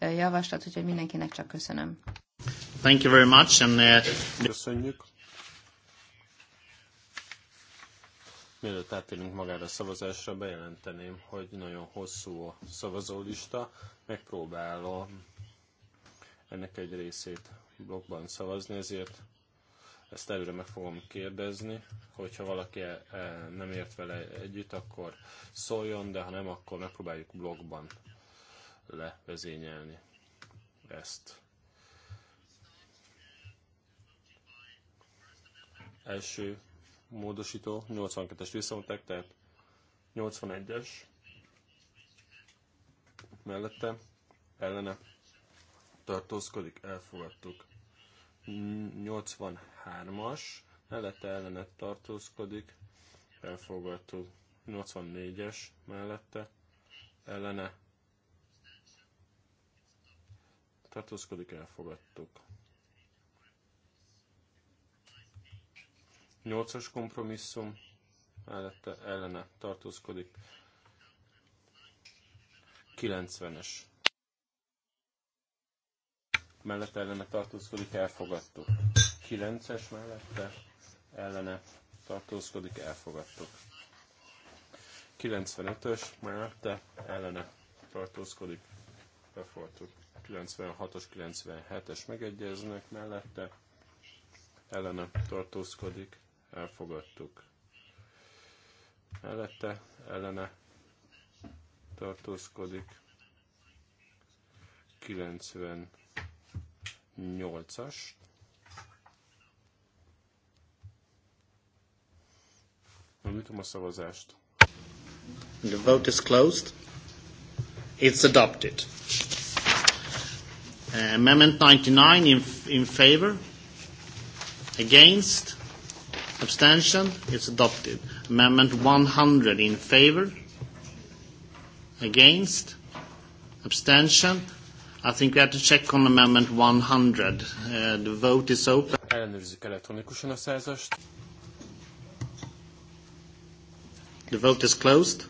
javaslat, úgyhogy mindenkinek csak köszönöm. Thank you very much, and, uh... Köszönjük. Mielőtt átérünk magára a szavazásra, bejelenteném, hogy nagyon hosszú a szavazólista. Megpróbálom ennek egy részét blogban szavazni, ezért ezt előre meg fogom kérdezni, hogyha valaki e, e, nem ért vele együtt, akkor szóljon, de ha nem, akkor megpróbáljuk blogban levezényelni ezt. Első módosító, 82-es visszamondták, tehát 81-es mellette ellene tartózkodik, elfogadtuk. 83-as mellette ellene tartózkodik, elfogadtuk. 84-es mellette ellene tartózkodik, elfogadtuk. Nyolcas kompromisszum mellette ellene tartózkodik. 90-es mellette ellene tartózkodik, elfogadtuk. 9-es mellette ellene tartózkodik, elfogadtuk. 95-ös mellette ellene tartózkodik, befogadtuk. 96-os, 97-es megegyeznek mellette, ellene tartózkodik, elfogadtuk. Mellette, ellene tartózkodik. 98-as. Nyitom a szavazást. The vote is closed. It's adopted. Uh, amendment 99 in, in favor. Against. Abstention? It's adopted. Amendment 100 in favor? Against? Abstention? I think we have to check on amendment 100. Uh, the vote is open. Ellenőrizzük elektronikusan a százast. The vote is closed.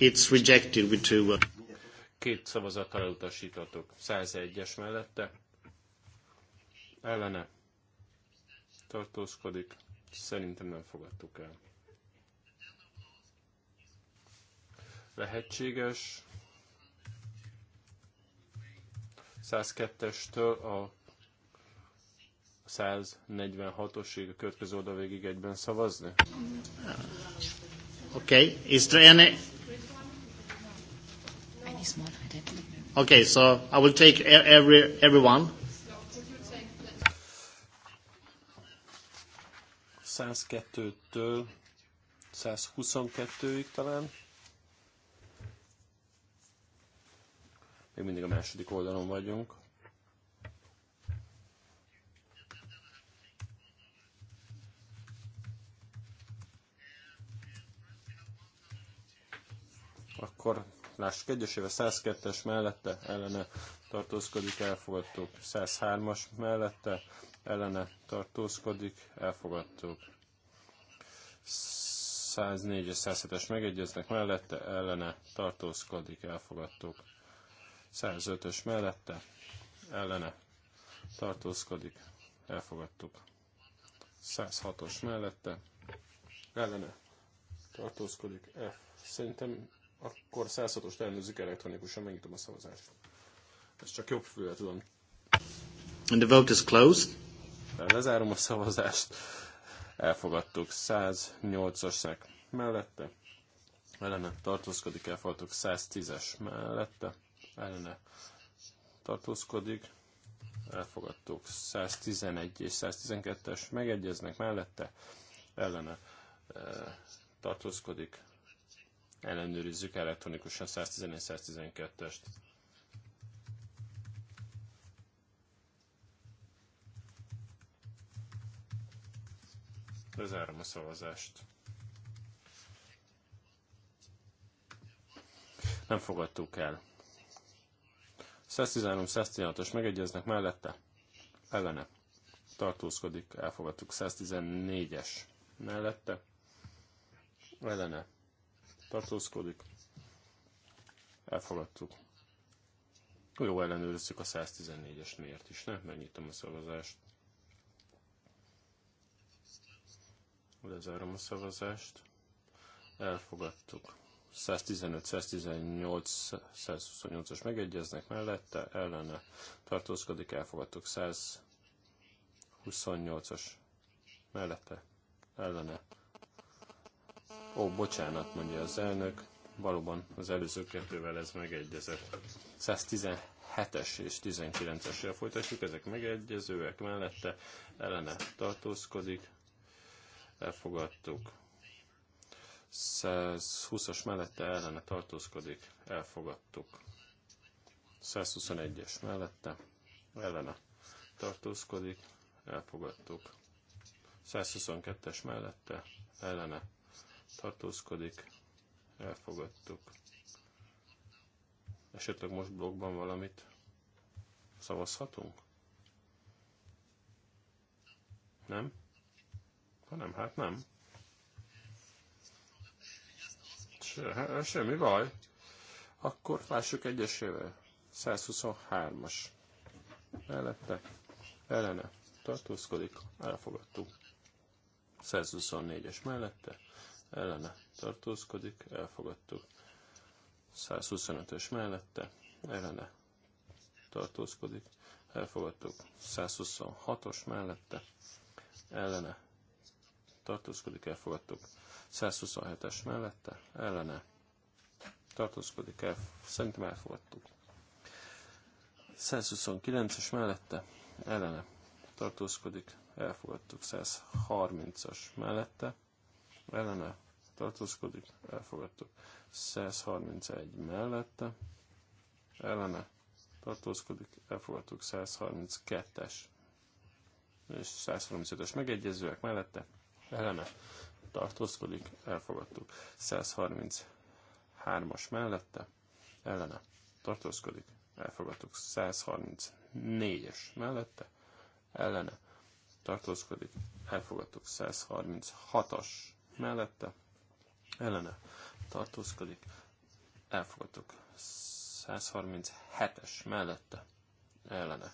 It's rejected with two votes. Két szavazattal elutasítottuk. 101-es mellette. Ellene tartózkodik. Szerintem nem fogadtuk el. Lehetséges. 102-estől a 146-osig a következő oda végig egyben szavazni? Oké, okay. is there any... Okay, so I will take e- every, everyone. 102-től 122-ig talán. Még mindig a második oldalon vagyunk. Akkor lássuk egyesével 102-es mellette ellene tartózkodik, elfogadtuk 103-as mellette ellene tartózkodik, elfogadtuk. 104 és 107-es megegyeznek mellette, ellene tartózkodik, elfogadtuk. 105-ös mellette, ellene tartózkodik, elfogadtuk. 106-os mellette, ellene tartózkodik, F. Szerintem akkor 106-ost ellenőrzik elektronikusan, megnyitom a szavazást. Ez csak jobb fülre tudom. And the vote is closed. Lezárom a szavazást. Elfogadtuk 108-asnak mellette. Ellene tartózkodik, elfogadtuk 110-es mellette. Ellene tartózkodik, elfogadtuk 111 és 112-es megegyeznek mellette. Ellene eh, tartózkodik, ellenőrizzük elektronikusan 111-112-est. Lezárom a szavazást. Nem fogadtuk el. 113-116-os megegyeznek mellette, ellene tartózkodik, elfogadtuk 114-es mellette, ellene tartózkodik, elfogadtuk. Jó, ellenőrizzük a 114-es miért is, ne? Megnyitom a szavazást. Lezárom a szavazást. Elfogadtuk. 115, 118, 128-as megegyeznek mellette, ellene tartózkodik, elfogadtuk. 128-as mellette, ellene. Ó, bocsánat, mondja az elnök, valóban az előző kettővel ez megegyezett. 117-es és 19 es folytatjuk, ezek megegyezőek mellette, ellene tartózkodik, elfogadtuk. 120-as mellette ellene tartózkodik, elfogadtuk. 121-es mellette ellene tartózkodik, elfogadtuk. 122-es mellette ellene tartózkodik, elfogadtuk. Esetleg most blogban valamit szavazhatunk? Nem? hanem hát nem. Se, hát, hát semmi baj. Akkor lássuk egyesével. 123-as. Mellette. Ellene. Tartózkodik. Elfogadtuk. 124-es mellette. Ellene. Tartózkodik. Elfogadtuk. 125-ös mellette. Ellene. Tartózkodik. Elfogadtuk. 126-os mellette. Ellene tartózkodik, elfogadtuk. 127-es mellette, ellene tartózkodik, el, szerintem elfogadtuk. 129-es mellette, ellene tartózkodik, elfogadtuk. 130-as mellette, ellene tartózkodik, elfogadtuk. 131 mellette, ellene tartózkodik, elfogadtuk 132-es és 135-ös megegyezőek mellette, ellene tartózkodik, elfogadtuk. 133-as mellette ellene tartózkodik, elfogadtuk. 134-es mellette ellene tartózkodik, elfogadtuk. 136-as mellette ellene tartózkodik, elfogadtuk. 137-es mellette ellene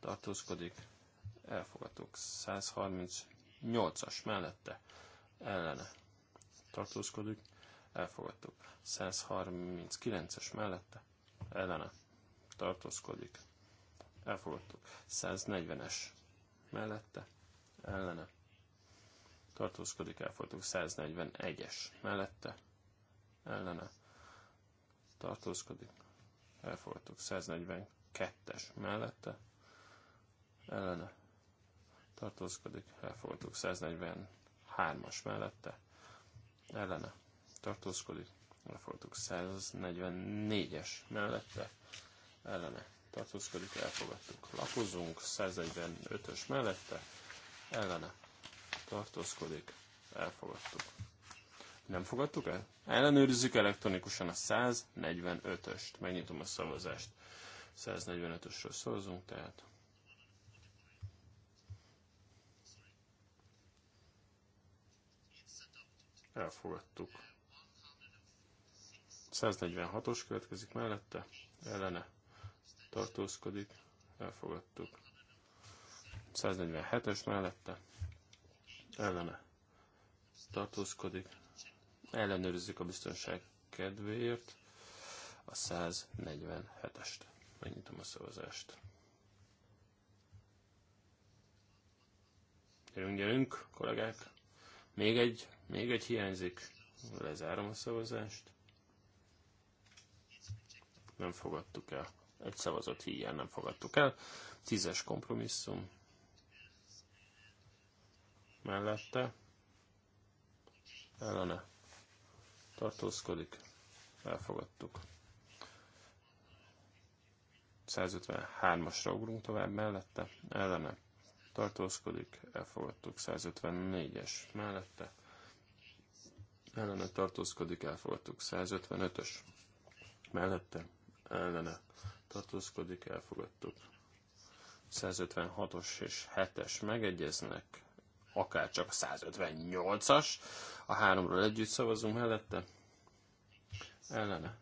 tartózkodik, elfogadtuk. 8-as mellette ellene tartózkodik, elfogadtuk. 139-es mellette ellene tartózkodik, elfogadtuk. 140-es mellette ellene tartózkodik, elfogadtuk. 141-es mellette ellene tartózkodik, elfogadtuk. 142-es mellette ellene tartózkodik, elfogadtuk 143-as mellette, ellene tartózkodik, elfogadtuk 144-es mellette, ellene tartózkodik, elfogadtuk. Lapozunk 145-ös mellette, ellene tartózkodik, elfogadtuk. Nem fogadtuk el? Ellenőrizzük elektronikusan a 145-öst. Megnyitom a szavazást. 145-ösről szavazunk, tehát elfogadtuk. 146-os következik mellette, ellene tartózkodik, elfogadtuk. 147-es mellette, ellene tartózkodik, ellenőrizzük a biztonság kedvéért a 147-est. Megnyitom a szavazást. Gyerünk, gyerünk, kollégák! Még egy, még egy hiányzik. Lezárom a szavazást. Nem fogadtuk el. Egy szavazott hiány nem fogadtuk el. Tízes kompromisszum. Mellette. Ellene. Tartózkodik. Elfogadtuk. 153-asra ugrunk tovább mellette. Ellene tartózkodik, elfogadtuk 154-es mellette, ellene tartózkodik, elfogadtuk 155-ös mellette, ellene tartózkodik, elfogadtuk 156-os és 7-es megegyeznek, akár csak 158-as, a háromról együtt szavazunk mellette, ellene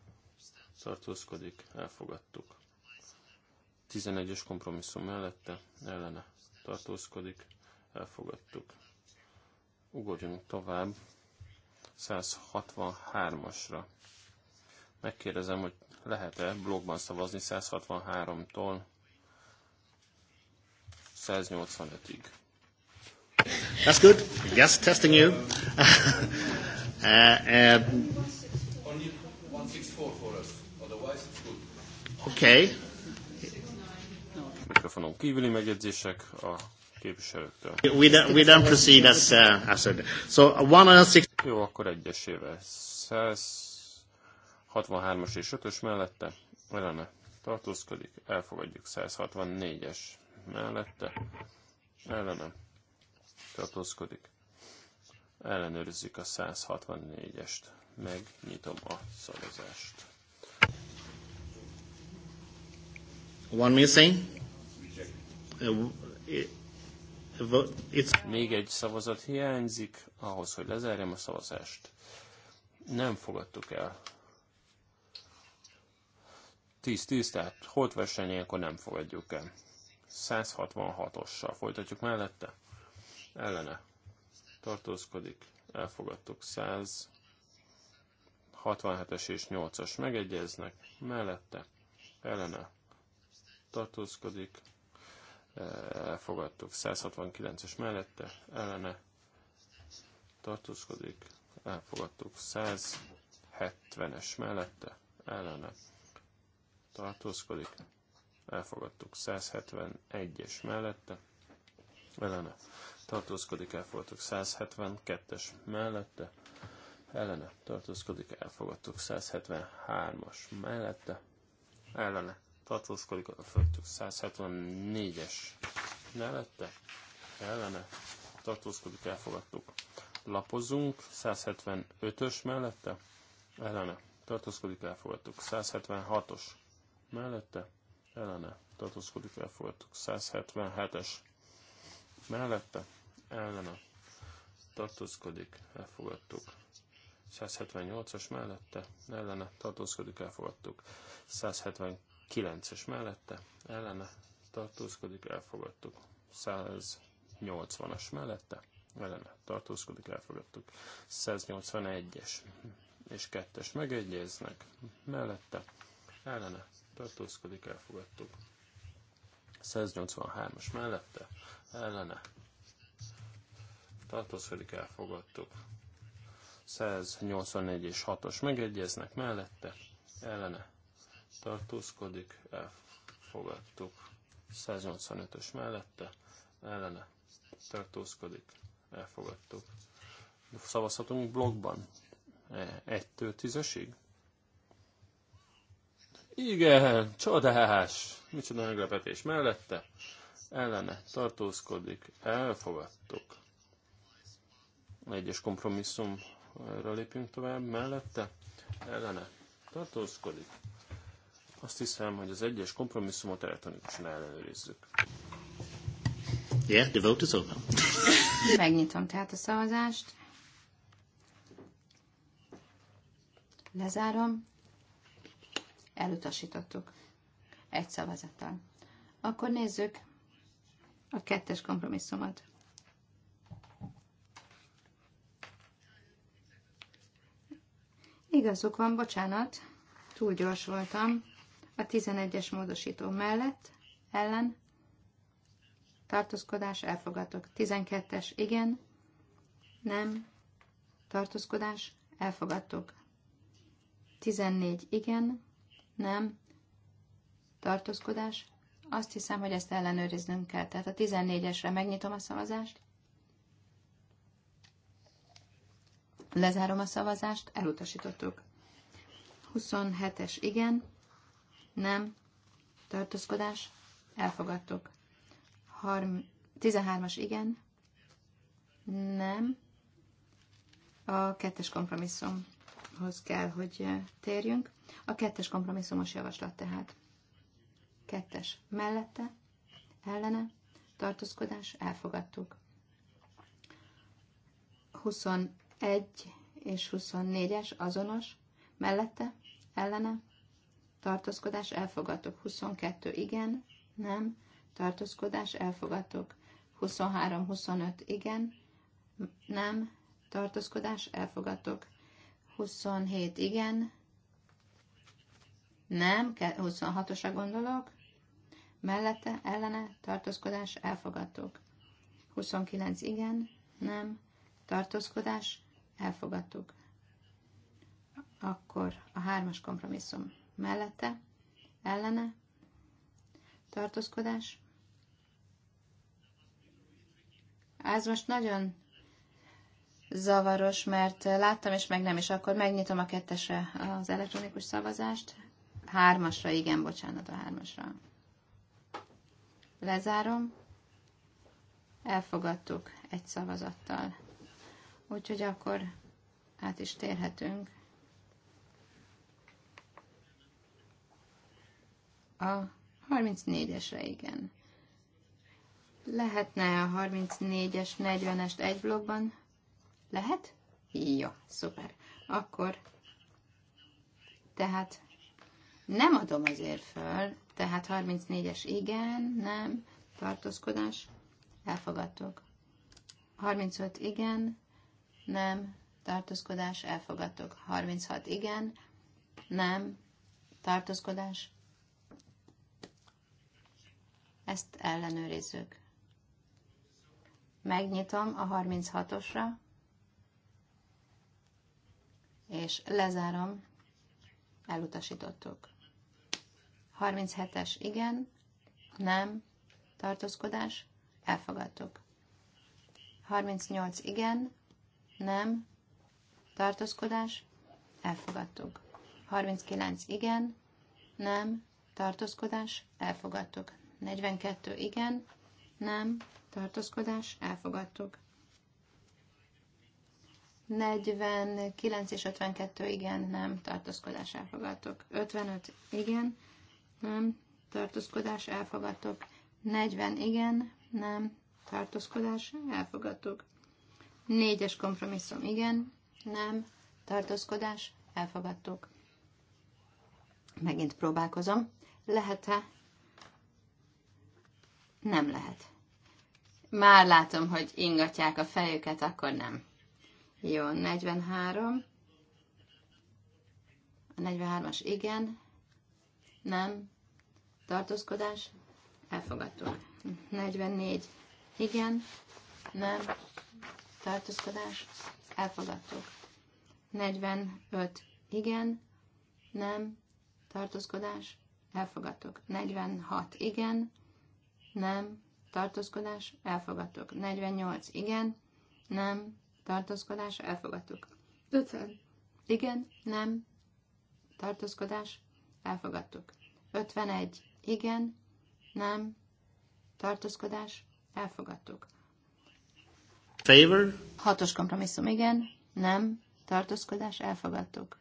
tartózkodik, elfogadtuk. 11-es kompromisszum mellette, ellene tartózkodik, elfogadtuk. Ugorjunk tovább 163-asra. Megkérdezem, hogy lehet-e blogban szavazni 163-tól 185-ig. That's good. Yes, testing you. uh, uh, Only 164 for us, otherwise it's good. Okay mikrofonon kívüli megjegyzések a képviselőktől. We don't, we don't proceed as, uh, as a, so uh, one and six... Jó, akkor egyesével. 163-as és 5-ös mellette ellene tartózkodik, elfogadjuk 164-es mellette Ellenem tartózkodik. Ellenőrizzük a 164-est. Megnyitom a szavazást. One missing. Még egy szavazat hiányzik ahhoz, hogy lezárjam a szavazást. Nem fogadtuk el. 10-10, tehát holt verseny akkor nem fogadjuk el. 166-ossal folytatjuk mellette. Ellene. Tartózkodik. Elfogadtuk. 167-es és 8-as megegyeznek. Mellette. Ellene. Tartózkodik elfogadtuk. 169-es mellette ellene tartózkodik, elfogadtuk. 170-es mellette ellene tartózkodik, elfogadtuk. 171-es mellette ellene tartózkodik, elfogadtuk. 172-es mellette ellene tartózkodik, elfogadtuk. 173-as mellette ellene tartózkodik, földtük 174-es mellette, ellene, tartózkodik, elfogadtuk. Lapozunk, 175-ös mellette, ellene, tartózkodik, elfogadtuk. 176-os mellette, ellene, tartózkodik, elfogadtuk. 177-es mellette, ellene, tartózkodik, elfogadtuk. 178-as mellette, ellene, tartózkodik, elfogadtuk. 179 9-es mellette ellene tartózkodik, elfogadtuk. 180-as mellette ellene tartózkodik, elfogadtuk. 181-es és 2-es megegyeznek, mellette ellene tartózkodik, elfogadtuk. 183-as mellette ellene tartózkodik, elfogadtuk. 184 és 6-os megegyeznek, mellette ellene tartózkodik, elfogadtuk. 185-ös mellette, ellene tartózkodik, elfogadtuk. Szavazhatunk blogban 1-től e, 10-esig? Igen, csodás! Micsoda meglepetés mellette, ellene tartózkodik, elfogadtuk. Egyes kompromisszumra lépünk tovább, mellette, ellene tartózkodik, azt hiszem, hogy az egyes kompromisszumot elektronikusan ellenőrizzük. Yeah, the vote is over. Megnyitom tehát a szavazást. Lezárom. Elutasítottuk. Egy szavazattal. Akkor nézzük a kettes kompromisszumot. Igazuk van, bocsánat, túl gyors voltam a 11-es módosító mellett, ellen, tartózkodás, elfogadok. 12-es, igen, nem, tartózkodás, elfogadtok. 14, igen, nem, tartózkodás, azt hiszem, hogy ezt ellenőriznünk kell. Tehát a 14-esre megnyitom a szavazást, lezárom a szavazást, elutasítottuk. 27-es igen, nem, tartózkodás, elfogadtuk. 13-as igen, nem, a kettes kompromisszumhoz kell, hogy eh, térjünk. A kettes kompromisszumos javaslat tehát. Kettes mellette, ellene, tartózkodás, elfogadtuk. 21 és 24-es azonos, mellette, ellene, tartózkodás elfogadok. 22 igen, nem, tartózkodás elfogadok. 23-25 igen, nem, tartózkodás elfogadok. 27 igen, nem, 26-osra gondolok, mellette, ellene, tartózkodás elfogadok. 29 igen, nem, tartózkodás elfogadok. Akkor a hármas kompromisszum mellette, ellene, tartózkodás. Ez most nagyon zavaros, mert láttam, és meg nem, és akkor megnyitom a kettesre az elektronikus szavazást. Hármasra, igen, bocsánat, a hármasra. Lezárom. Elfogadtuk egy szavazattal. Úgyhogy akkor át is térhetünk A 34-esre, igen. Lehetne a 34-es, 40-est egy blogban? Lehet? Jó, szuper. Akkor tehát nem adom azért föl, tehát 34-es igen, nem, tartózkodás, elfogadtok. 35 igen, nem, tartózkodás, elfogadtok. 36 igen, nem, tartózkodás, ezt ellenőrizzük. Megnyitom a 36-osra, és lezárom, elutasítottuk. 37-es igen, nem, tartózkodás, elfogadtuk. 38 igen, nem, tartózkodás, elfogadtuk. 39 igen, nem, tartózkodás, elfogadtuk. 42 igen, nem, tartózkodás, elfogadtuk. 49 és 52 igen, nem, tartózkodás, elfogadtuk. 55 igen, nem, tartózkodás, elfogadtuk. 40 igen, nem, tartózkodás, elfogadtuk. 4-es kompromisszum igen, nem, tartózkodás, elfogadtuk. Megint próbálkozom. Lehet-e nem lehet. Már látom, hogy ingatják a fejüket, akkor nem. Jó, 43. A 43-as igen. Nem. Tartózkodás. Elfogadtuk. 44. Igen. Nem. Tartózkodás. Elfogadtuk. 45. Igen. Nem. Tartózkodás. Elfogadtuk. 46. Igen nem, tartózkodás, elfogadtuk. 48, igen, nem, tartózkodás, elfogadtuk. 50, igen, nem, tartózkodás, elfogadtuk. 51, igen, nem, tartózkodás, elfogadtuk. Favor? Hatos kompromisszum, igen, nem, tartózkodás, elfogadtuk.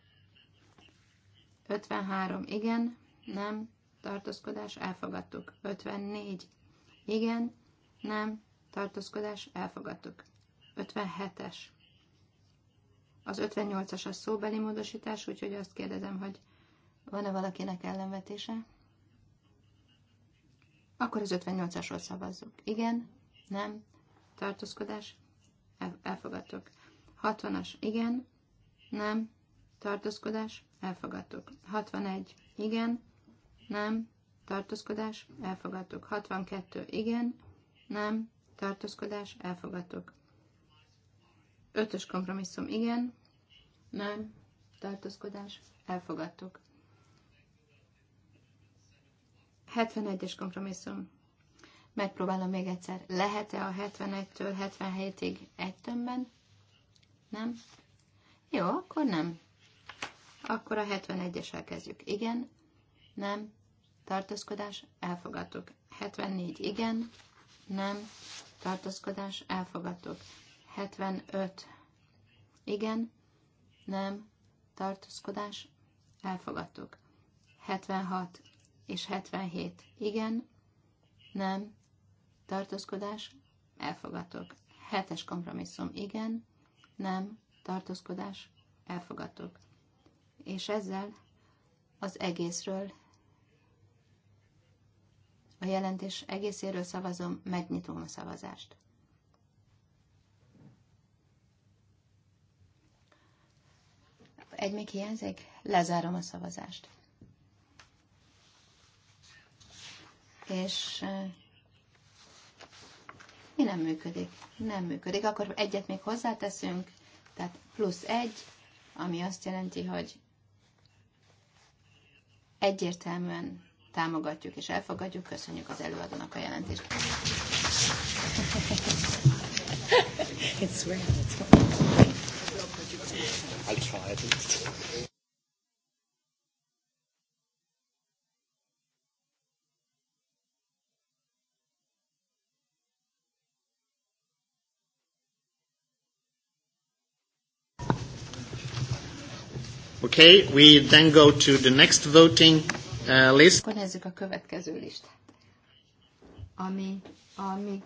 53, igen, nem, tartózkodás, elfogadtuk. 54, igen, nem, tartózkodás, elfogadtuk. 57-es. Az 58-as a szóbeli módosítás, úgyhogy azt kérdezem, hogy van-e valakinek ellenvetése? Akkor az 58-asról szavazzuk. Igen, nem, tartózkodás, elfogadtuk. 60-as, igen, nem, tartózkodás, elfogadtuk. 61, igen, nem, tartózkodás, elfogadtuk. 62, igen, nem, tartózkodás, elfogadtuk. Ötös kompromisszum, igen, nem, tartózkodás, elfogadtuk. 71-es kompromisszum. Megpróbálom még egyszer. Lehet-e a 71-től 77-ig egy tömbben? Nem? Jó, akkor nem. Akkor a 71 es kezdjük. Igen, nem, tartózkodás, elfogadtuk. 74 igen, nem, tartózkodás, elfogadtuk. 75 igen, nem, tartózkodás, elfogadtuk. 76 és 77 igen, nem, tartózkodás, elfogadtuk. 7-es kompromisszum igen, nem, tartózkodás, elfogadtuk. És ezzel az egészről a jelentés egészéről szavazom, megnyitom a szavazást. Egy még hiányzik? Lezárom a szavazást. És mi nem működik? Nem működik. Akkor egyet még hozzáteszünk, tehát plusz egy, ami azt jelenti, hogy egyértelműen támogatjuk és elfogadjuk. Köszönjük az előadónak a jelentést. It's weird. Okay, we then go to the next voting uh, list. Akkor nézzük a következő listát, ami a mi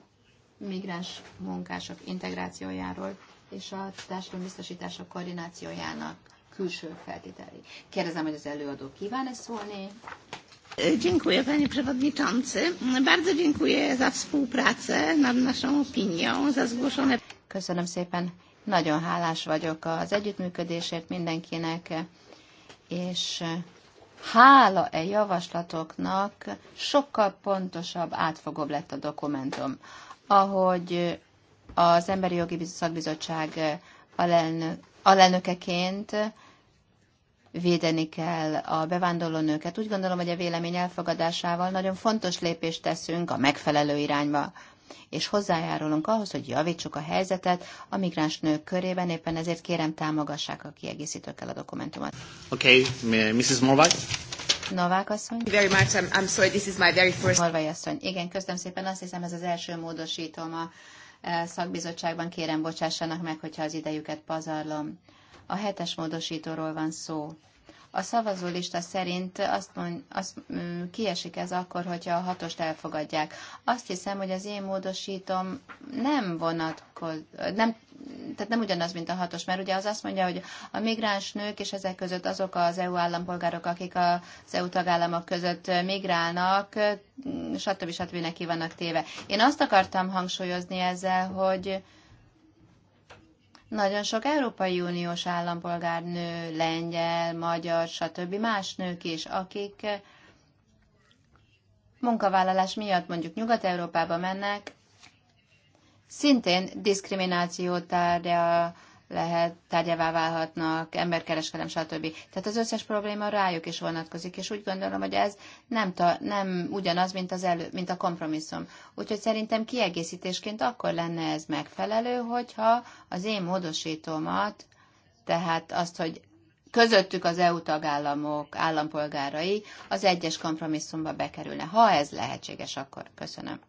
migráns munkások integrációjáról és a társadalom biztosítása koordinációjának külső feltételei. Kérdezem, hogy az előadó kíván-e szólni? E, dziękuję Panie Przewodniczący. Bardzo dziękuję za współpracę nad naszą opinią, za zgłoszone... Köszönöm szépen. Nagyon hálás vagyok az együttműködésért mindenkinek, és hála e javaslatoknak sokkal pontosabb, átfogóbb lett a dokumentum. Ahogy az Emberi Jogi Szakbizottság alelnökeként védeni kell a bevándorló nőket. Úgy gondolom, hogy a vélemény elfogadásával nagyon fontos lépést teszünk a megfelelő irányba és hozzájárulunk ahhoz, hogy javítsuk a helyzetet a migráns nők körében, éppen ezért kérem támogassák a kiegészítőkkel a dokumentumot. Okay, Mrs. Morvay? Novák asszony. Very much. I'm, I'm sorry, this is my very first... Morvay asszony. Igen, köszönöm szépen. Azt hiszem ez az első módosítom a e, szakbizottságban. Kérem, bocsássanak meg, hogyha az idejüket pazarlom. A hetes módosítóról van szó. A szavazólista szerint azt, mond, azt kiesik ez akkor, hogyha a hatost elfogadják. Azt hiszem, hogy az én módosítom nem vonatkoz, nem, tehát nem ugyanaz, mint a hatos, mert ugye az azt mondja, hogy a migráns nők és ezek között azok az EU állampolgárok, akik az EU tagállamok között migrálnak, stb. stb. stb. neki vannak téve. Én azt akartam hangsúlyozni ezzel, hogy nagyon sok Európai Uniós állampolgár nő, lengyel, magyar, stb. más nők is, akik eh, munkavállalás miatt mondjuk Nyugat-Európába mennek, szintén diszkrimináció tárgya lehet, tárgyává válhatnak, emberkereskedem, stb. Tehát az összes probléma rájuk is vonatkozik, és úgy gondolom, hogy ez nem, ta, nem ugyanaz, mint, az elő, mint a kompromisszum. Úgyhogy szerintem kiegészítésként akkor lenne ez megfelelő, hogyha az én módosítómat, tehát azt, hogy közöttük az EU tagállamok állampolgárai az egyes kompromisszumba bekerülne. Ha ez lehetséges, akkor köszönöm.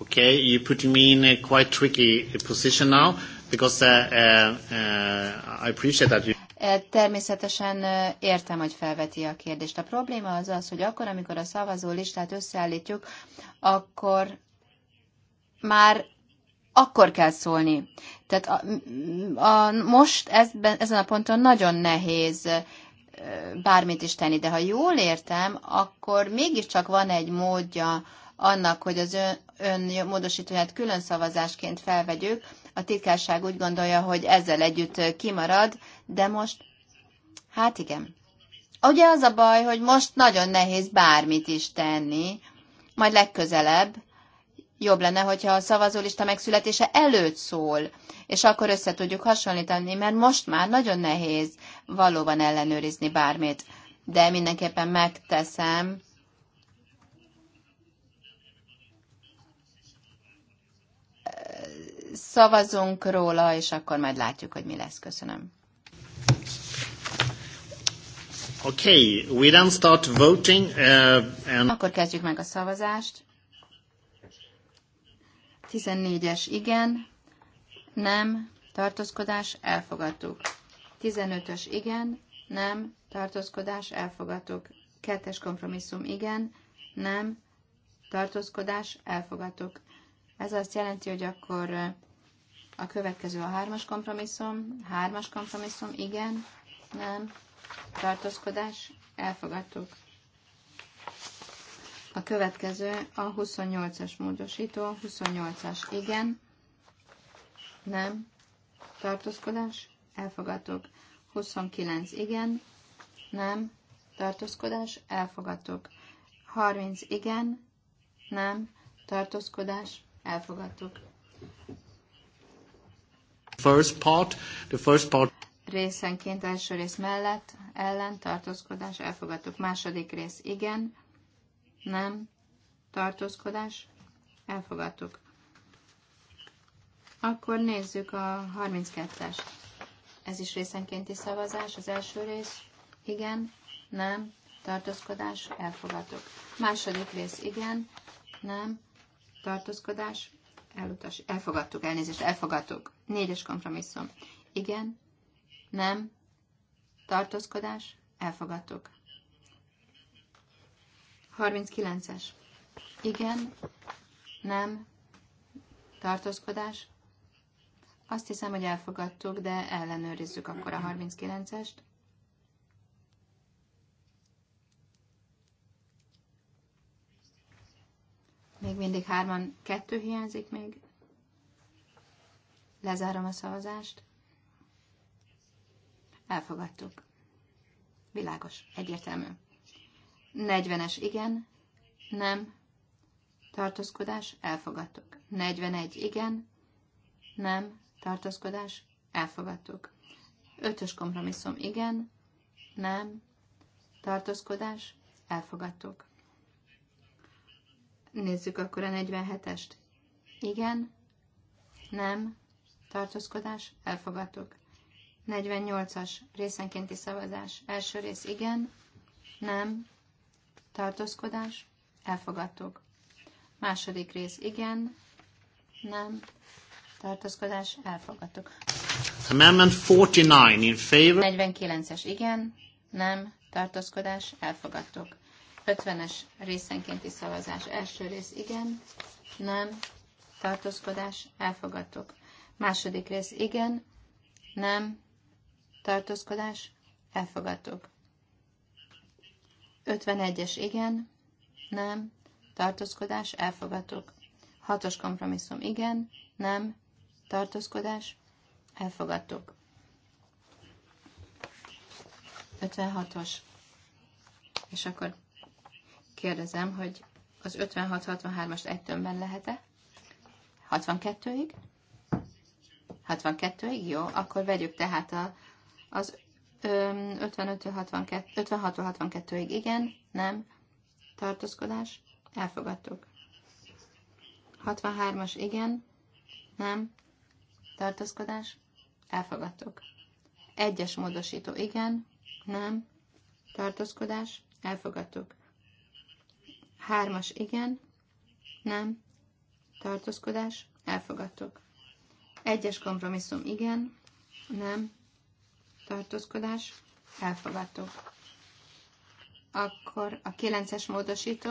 Okay, you put me in a quite tricky position now, because uh, uh, uh I appreciate that you... Természetesen értem, hogy felveti a kérdést. A probléma az az, hogy akkor, amikor a szavazó listát összeállítjuk, akkor már akkor kell szólni. Tehát a, a, most ezben, ezen a ponton nagyon nehéz bármit is tenni, de ha jól értem, akkor mégiscsak van egy módja annak, hogy az ön, ön módosítóját külön szavazásként felvegyük, a titkárság úgy gondolja, hogy ezzel együtt kimarad, de most, hát igen. Ugye az a baj, hogy most nagyon nehéz bármit is tenni, majd legközelebb jobb lenne, hogyha a szavazólista megszületése előtt szól, és akkor össze tudjuk hasonlítani, mert most már nagyon nehéz valóban ellenőrizni bármit. De mindenképpen megteszem, szavazunk róla, és akkor majd látjuk, hogy mi lesz. Köszönöm. Okay, we then start voting. Uh, and... Akkor kezdjük meg a szavazást. 14-es igen, nem, tartózkodás, elfogadtuk. 15-ös igen, nem, tartózkodás, elfogadtuk. Kettes kompromisszum igen, nem, tartózkodás, elfogadtuk. Ez azt jelenti, hogy akkor a következő a hármas kompromisszum, hármas kompromisszum, igen, nem, tartózkodás, elfogadtuk. A következő a 28-as módosító, 28-as, igen, nem, tartózkodás, elfogadtuk. 29, igen, nem, tartózkodás, elfogadtuk. 30, igen, nem, tartózkodás, Elfogadtuk. First part, the first part. Részenként első rész mellett, ellen, tartózkodás, elfogadtuk. Második rész, igen, nem, tartózkodás, elfogadtuk. Akkor nézzük a 32 es Ez is részenkénti szavazás, az első rész, igen, nem, tartózkodás, elfogadtuk. Második rész, igen, nem, tartózkodás, elutas, elfogadtuk, elnézést, elfogadtuk. Négyes kompromisszum. Igen, nem, tartózkodás, elfogadtuk. 39-es. Igen, nem, tartózkodás. Azt hiszem, hogy elfogadtuk, de ellenőrizzük akkor a 39-est. Még mindig hárman, kettő hiányzik még. Lezárom a szavazást. Elfogadtuk. Világos, egyértelmű. 40-es igen, nem, tartózkodás, elfogadtuk. 41 igen, nem, tartózkodás, elfogadtuk. Ötös kompromisszum igen, nem, tartózkodás, elfogadtuk. Nézzük akkor a 47-est. Igen, nem, tartózkodás, elfogadtuk. 48-as részenkénti szavazás. Első rész igen, nem, tartózkodás, elfogadtuk. Második rész igen, nem, tartózkodás, elfogadtuk. Amendment 49 in favor. 49-es igen, nem, tartózkodás, elfogadtuk. 50-es részenkénti szavazás. Első rész igen, nem, tartózkodás, elfogadtuk. Második rész igen, nem, tartózkodás, elfogadtuk. 51-es igen, nem, tartózkodás, elfogadtuk. Hatos kompromisszum igen, nem, tartózkodás, elfogadtuk. 56-os. És akkor Kérdezem, hogy az 56 63 as egy tömbben lehet-e? 62-ig? 62-ig? Jó, akkor vegyük tehát a, az 56-62-ig. Igen, nem, tartózkodás, elfogadtuk. 63-as igen, nem, tartózkodás, elfogadtuk. Egyes módosító igen, nem, tartózkodás, elfogadtuk. Hármas igen, nem, tartózkodás, elfogadtok. Egyes kompromisszum igen, nem, tartózkodás, elfogadtok. Akkor a kilences módosító,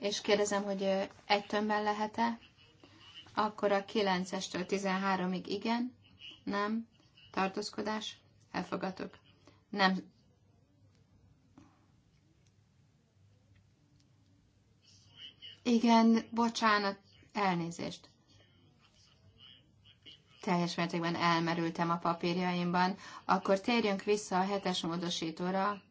és kérdezem, hogy egy tömbben lehet-e, akkor a 9-estől 13-ig igen, nem, tartózkodás, elfogadok. Nem, Igen, bocsánat, elnézést. Teljes mértékben elmerültem a papírjaimban. Akkor térjünk vissza a hetes módosítóra.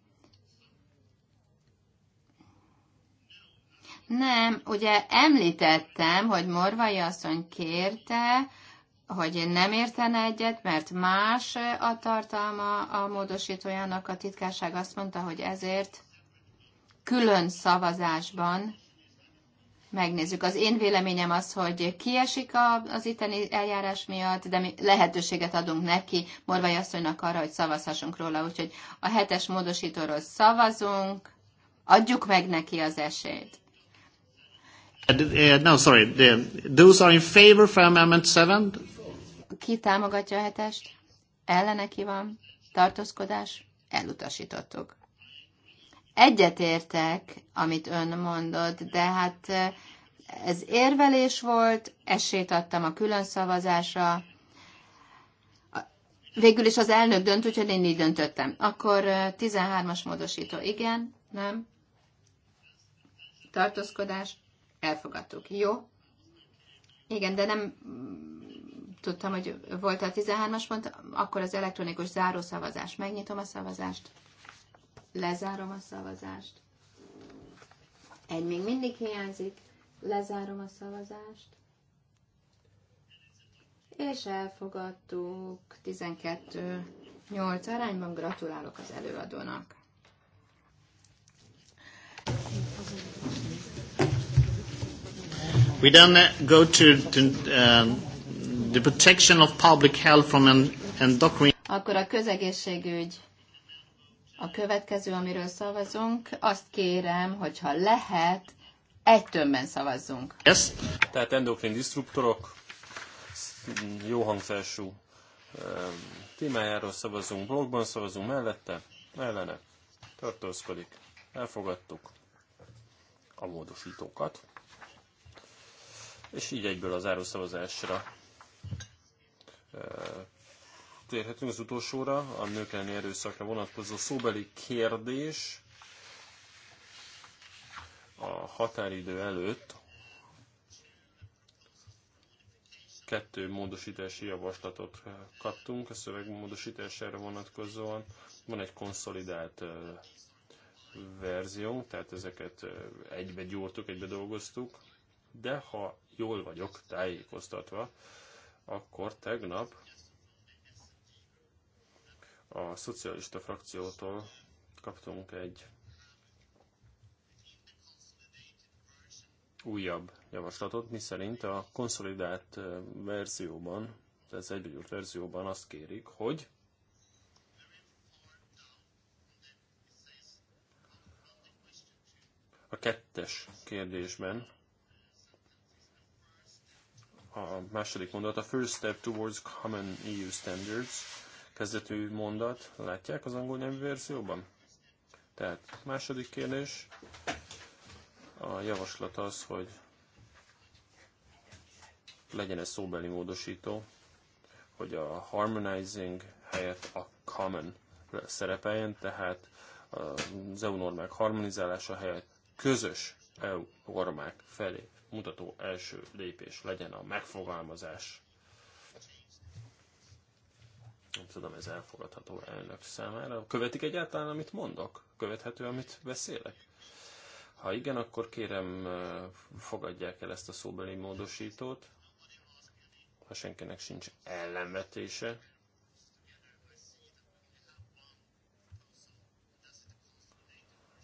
Nem, ugye említettem, hogy Morvai asszony kérte, hogy nem értene egyet, mert más a tartalma a módosítójának. A titkárság azt mondta, hogy ezért külön szavazásban megnézzük. Az én véleményem az, hogy kiesik az itteni eljárás miatt, de mi lehetőséget adunk neki, Morvai asszonynak arra, hogy szavazhassunk róla. Úgyhogy a hetes módosítóról szavazunk, adjuk meg neki az esélyt. Uh, no, sorry. those are in favor for amendment 7. Ki támogatja a hetest? Ellene ki van? Tartózkodás? Elutasítottuk. Egyetértek, amit ön mondott, de hát ez érvelés volt, esélyt adtam a külön szavazásra. Végül is az elnök dönt, úgyhogy én így döntöttem. Akkor 13-as módosító, igen, nem, tartózkodás, elfogadtuk. Jó? Igen, de nem mm, tudtam, hogy volt a 13-as pont, akkor az elektronikus zárószavazás. Megnyitom a szavazást. Lezárom a szavazást. Egy még mindig hiányzik. Lezárom a szavazást. És elfogadtuk 12-8 arányban. Gratulálok az előadónak. We then uh, go to, to um, the protection of public health from an endocrine. Akkor a közegészségügy a következő, amiről szavazunk, azt kérem, hogyha lehet, egy tömbben szavazzunk. Yes. Tehát endokrin disruptorok, jó hangzású témájáról szavazunk, blogban szavazunk mellette, ellene, tartózkodik, elfogadtuk a módosítókat, és így egyből az áruszavazásra térhetünk az utolsóra, a nők elleni erőszakra vonatkozó szóbeli kérdés a határidő előtt kettő módosítási javaslatot kaptunk a szöveg módosítására vonatkozóan. Van egy konszolidált verziónk, tehát ezeket egybe gyúrtuk, egybe dolgoztuk, de ha jól vagyok tájékoztatva, akkor tegnap a szocialista frakciótól kaptunk egy újabb javaslatot, szerint a konszolidált verzióban, tehát az egybegyúrt verzióban azt kérik, hogy a kettes kérdésben a második mondat, a first step towards common EU standards, kezdetű mondat. Látják az angol nyelvű verzióban? Tehát második kérdés. A javaslat az, hogy legyen ez szóbeli módosító, hogy a harmonizing helyett a common szerepeljen, tehát az EU normák harmonizálása helyett közös EU normák felé mutató első lépés legyen a megfogalmazás. Nem tudom, ez elfogadható elnök számára. Követik egyáltalán, amit mondok? Követhető, amit beszélek? Ha igen, akkor kérem, fogadják el ezt a szóbeli módosítót. Ha senkinek sincs ellenvetése,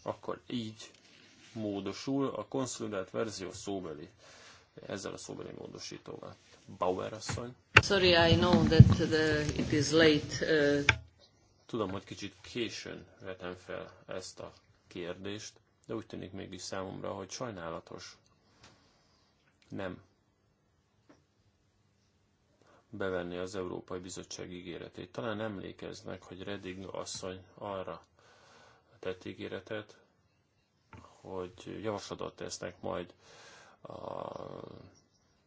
akkor így módosul a konszolidált verzió szóbeli ezzel a szóbeli módosítóval. Bauer asszony. Sorry, I know that the, it is late. Uh, Tudom, hogy kicsit későn vetem fel ezt a kérdést, de úgy tűnik mégis számomra, hogy sajnálatos nem bevenni az Európai Bizottság ígéretét. Talán emlékeznek, hogy Redding asszony arra tett ígéretet, hogy javaslatot tesznek majd a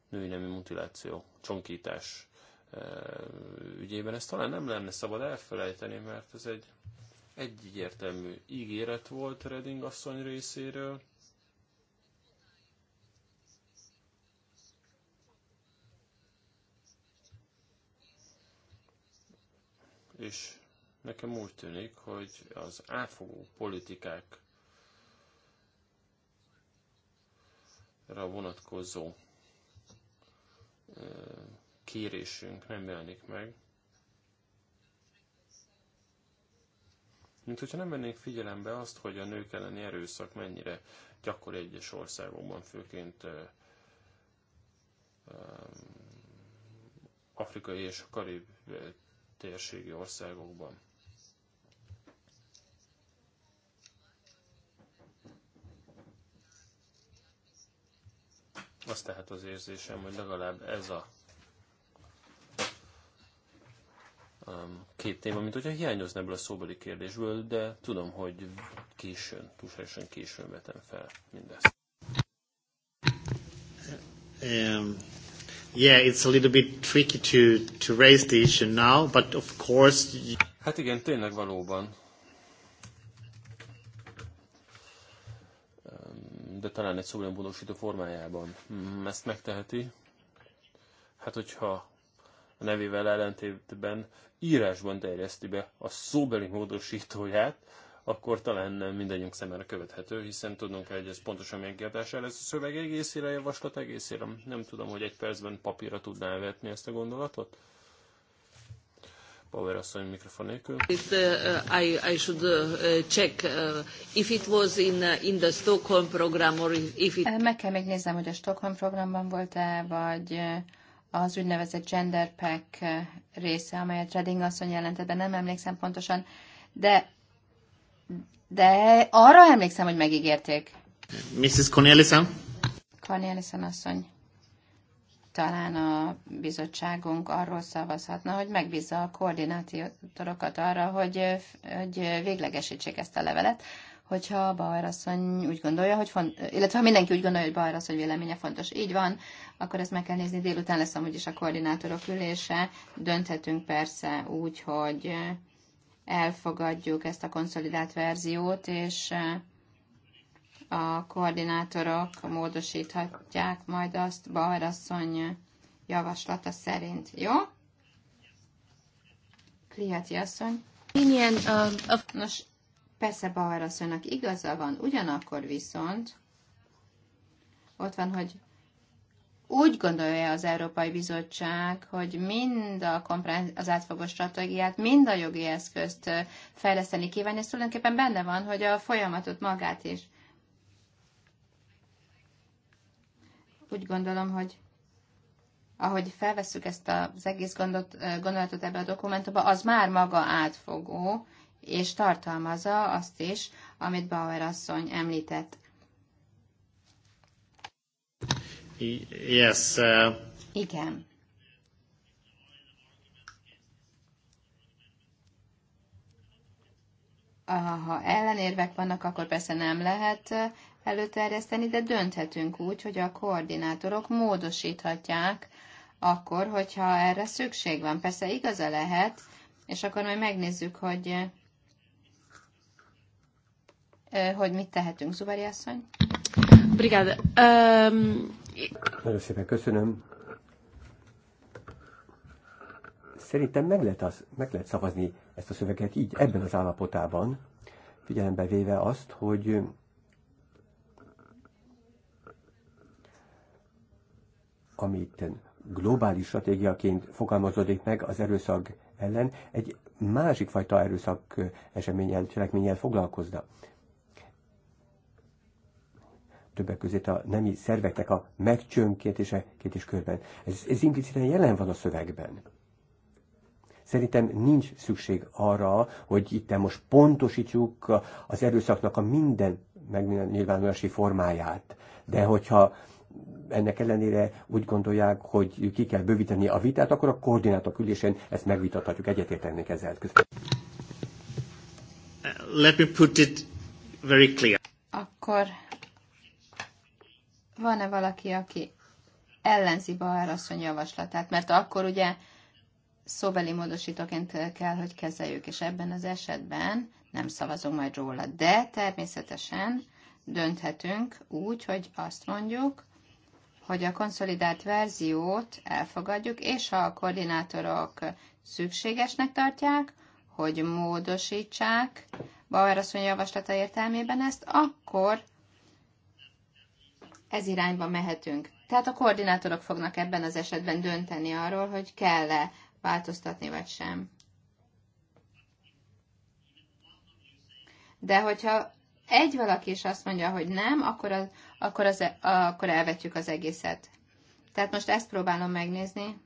női nemi mutiláció, csonkítás e, ügyében. Ezt talán nem lenne szabad elfelejteni, mert ez egy egyértelmű ígéret volt Reding asszony részéről. És nekem úgy tűnik, hogy az átfogó politikák ra vonatkozó kérésünk nem jelenik meg. Mint hogyha nem vennénk figyelembe azt, hogy a nők elleni erőszak mennyire gyakori egyes országokban, főként afrikai és karib térségi országokban. Azt tehát az érzésem, hogy legalább ez a um, két téma, mint hogyha hiányozna ebből a szóbeli kérdésből, de tudom, hogy későn, túlságosan későn vetem fel mindezt. Um, yeah, it's a little bit tricky to, to raise the issue now, but of course... Hát igen, tényleg valóban talán egy szobrémódosító formájában. Mhm, ezt megteheti. Hát, hogyha a nevével ellentétben írásban terjeszti be a szóbeli módosítóját, akkor talán nem mindannyiunk szemére követhető, hiszen tudnunk kell, hogy ez pontosan megértással lesz a szöveg egészére, a javaslat egészére. Nem tudom, hogy egy percben papírra tudná vetni ezt a gondolatot. Power uh, uh, I, should uh, check if it was in, in the Stockholm program or if it... Meg kell még néznem, hogy a Stockholm programban volt-e, vagy az úgynevezett gender pack része, amelyet Redding asszony jelentette, nem emlékszem pontosan, de, de arra emlékszem, hogy megígérték. Mrs. Cornelison? Cornelison asszony talán a bizottságunk arról szavazhatna, hogy megbízza a koordinátorokat arra, hogy, hogy véglegesítsék ezt a levelet, hogyha a Bajraszony úgy gondolja, hogy font, illetve ha mindenki úgy gondolja, hogy Bajraszony véleménye fontos, így van, akkor ezt meg kell nézni, délután lesz amúgy is a koordinátorok ülése, dönthetünk persze úgy, hogy elfogadjuk ezt a konszolidált verziót, és a koordinátorok módosíthatják majd azt Balrasszony javaslata szerint. Jó? Kliheti asszony. Milyen, uh, a... Nos, persze Balrasszonynak igaza van, ugyanakkor viszont ott van, hogy úgy gondolja az Európai Bizottság, hogy mind a az átfogó stratégiát, mind a jogi eszközt fejleszteni kívánja, ez tulajdonképpen benne van, hogy a folyamatot magát is Úgy gondolom, hogy ahogy felveszük ezt az egész gondot, gondolatot ebbe a dokumentumba, az már maga átfogó, és tartalmazza azt is, amit Bauer asszony említett. Yes. Uh... Igen. Ha ellenérvek vannak, akkor persze nem lehet előterjeszteni, de dönthetünk úgy, hogy a koordinátorok módosíthatják akkor, hogyha erre szükség van. Persze igaza lehet, és akkor majd megnézzük, hogy hogy mit tehetünk, Zubari asszony. Brigáda. Um... Nagyon szépen köszönöm. Szerintem meg lehet, az, meg lehet szavazni ezt a szöveget így, ebben az állapotában, figyelembe véve azt, hogy amit globális stratégiaként fogalmazódik meg az erőszak ellen, egy másik fajta erőszak eseményel, cselekménnyel foglalkozna. Többek között a nemi szerveknek a megcsönkétése két is körben. Ez, ez impliciten jelen van a szövegben. Szerintem nincs szükség arra, hogy itt most pontosítsuk az erőszaknak a minden megnyilvánulási formáját. De hogyha ennek ellenére úgy gondolják, hogy ki kell bővíteni a vitát, akkor a koordinátok ülésén ezt megvitathatjuk, egyetértenék ezzel. Köszönöm. Uh, let me put it very clear. Akkor van-e valaki, aki ellenzi Baharasszony javaslatát? Mert akkor ugye szóbeli módosítóként kell, hogy kezeljük, és ebben az esetben nem szavazunk majd róla. De természetesen dönthetünk úgy, hogy azt mondjuk, hogy a konszolidált verziót elfogadjuk, és ha a koordinátorok szükségesnek tartják, hogy módosítsák Bauer asszony javaslata értelmében ezt, akkor ez irányba mehetünk. Tehát a koordinátorok fognak ebben az esetben dönteni arról, hogy kell-e változtatni vagy sem. De hogyha egy valaki is azt mondja, hogy nem, akkor, az, akkor, az, akkor elvetjük az egészet. Tehát most ezt próbálom megnézni.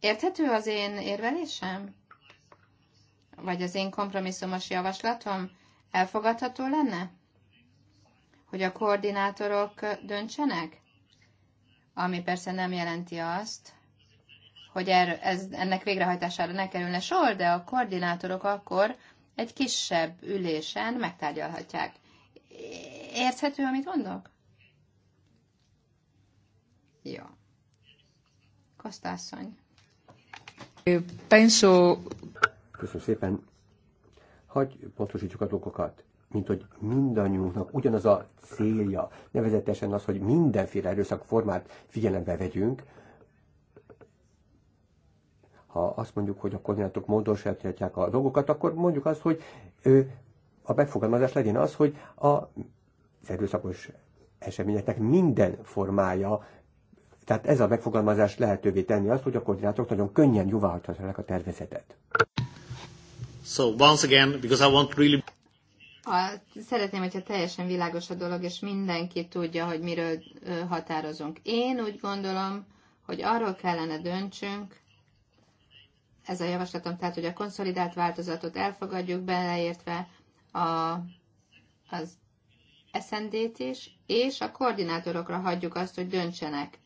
Érthető az én érvelésem? Vagy az én kompromisszumos javaslatom elfogadható lenne? Hogy a koordinátorok döntsenek? Ami persze nem jelenti azt, hogy er, ez, ennek végrehajtására ne kerülne sor, de a koordinátorok akkor egy kisebb ülésen megtárgyalhatják. Érthető, amit mondok? Jó. Ja. Kosztászony. Penso... Köszönöm szépen. Hagy pontosítsuk a dolgokat mint hogy mindannyiunknak ugyanaz a célja, nevezetesen az, hogy mindenféle erőszak formát figyelembe vegyünk, ha azt mondjuk, hogy a koordinátok módosítják a dolgokat, akkor mondjuk azt, hogy a megfogalmazás legyen az, hogy a erőszakos eseményeknek minden formája, tehát ez a megfogalmazás lehetővé tenni azt, hogy a koordinátok nagyon könnyen jóváhagyhatják a tervezetet. So once again, because I want really... A, szeretném, hogyha teljesen világos a dolog, és mindenki tudja, hogy miről ö, határozunk. Én úgy gondolom, hogy arról kellene döntsünk, ez a javaslatom, tehát hogy a konszolidált változatot elfogadjuk, beleértve a, az SND-t is, és a koordinátorokra hagyjuk azt, hogy döntsenek.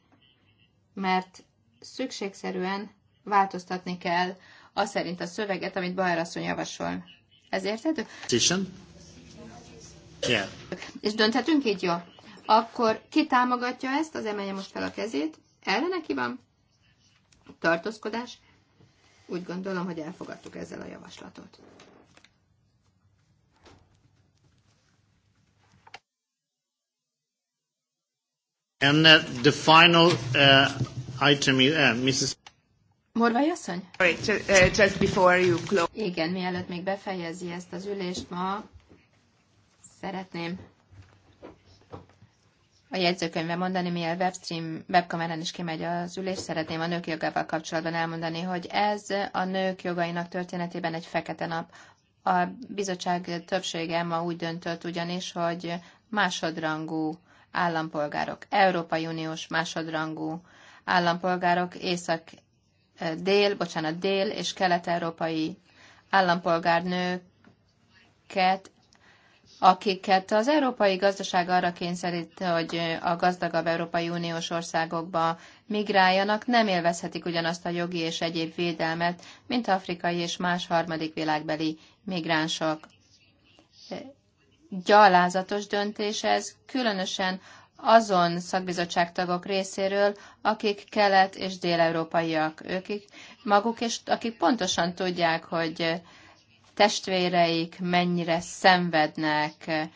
Mert szükségszerűen változtatni kell az szerint a szöveget, amit Bajer asszony javasol. Ez érthető? Yeah. És dönthetünk így, jó? Akkor ki támogatja ezt? Az emelje most fel a kezét. Ellene ki van? Tartózkodás? Úgy gondolom, hogy elfogadtuk ezzel a javaslatot. And uh, the final uh, item is uh, Mrs. Morvai asszony? Uh, just before you close. Igen, mielőtt még befejezi ezt az ülést ma, szeretném a jegyzőkönyve mondani, mivel webstream, webkamerán is kimegy az ülés, szeretném a nők jogával kapcsolatban elmondani, hogy ez a nők jogainak történetében egy fekete nap. A bizottság többsége ma úgy döntött ugyanis, hogy másodrangú állampolgárok, Európai Uniós másodrangú állampolgárok, észak dél, bocsánat, dél és kelet-európai állampolgárnőket akiket az európai gazdaság arra kényszerít, hogy a gazdagabb Európai Uniós országokba migráljanak, nem élvezhetik ugyanazt a jogi és egyéb védelmet, mint afrikai és más harmadik világbeli migránsok. Gyalázatos döntés ez, különösen azon szakbizottságtagok részéről, akik kelet- és déleurópaiak, ők maguk, és akik pontosan tudják, hogy testvéreik mennyire szenvednek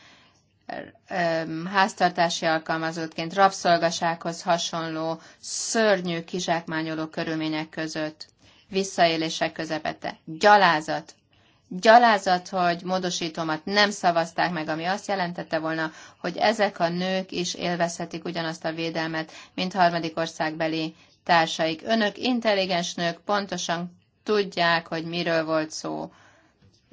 háztartási alkalmazottként rabszolgasághoz hasonló szörnyű kizsákmányoló körülmények között, visszaélések közepette, gyalázat, gyalázat, hogy módosítómat nem szavazták meg, ami azt jelentette volna, hogy ezek a nők is élvezhetik ugyanazt a védelmet, mint harmadik országbeli társaik. Önök intelligens nők pontosan tudják, hogy miről volt szó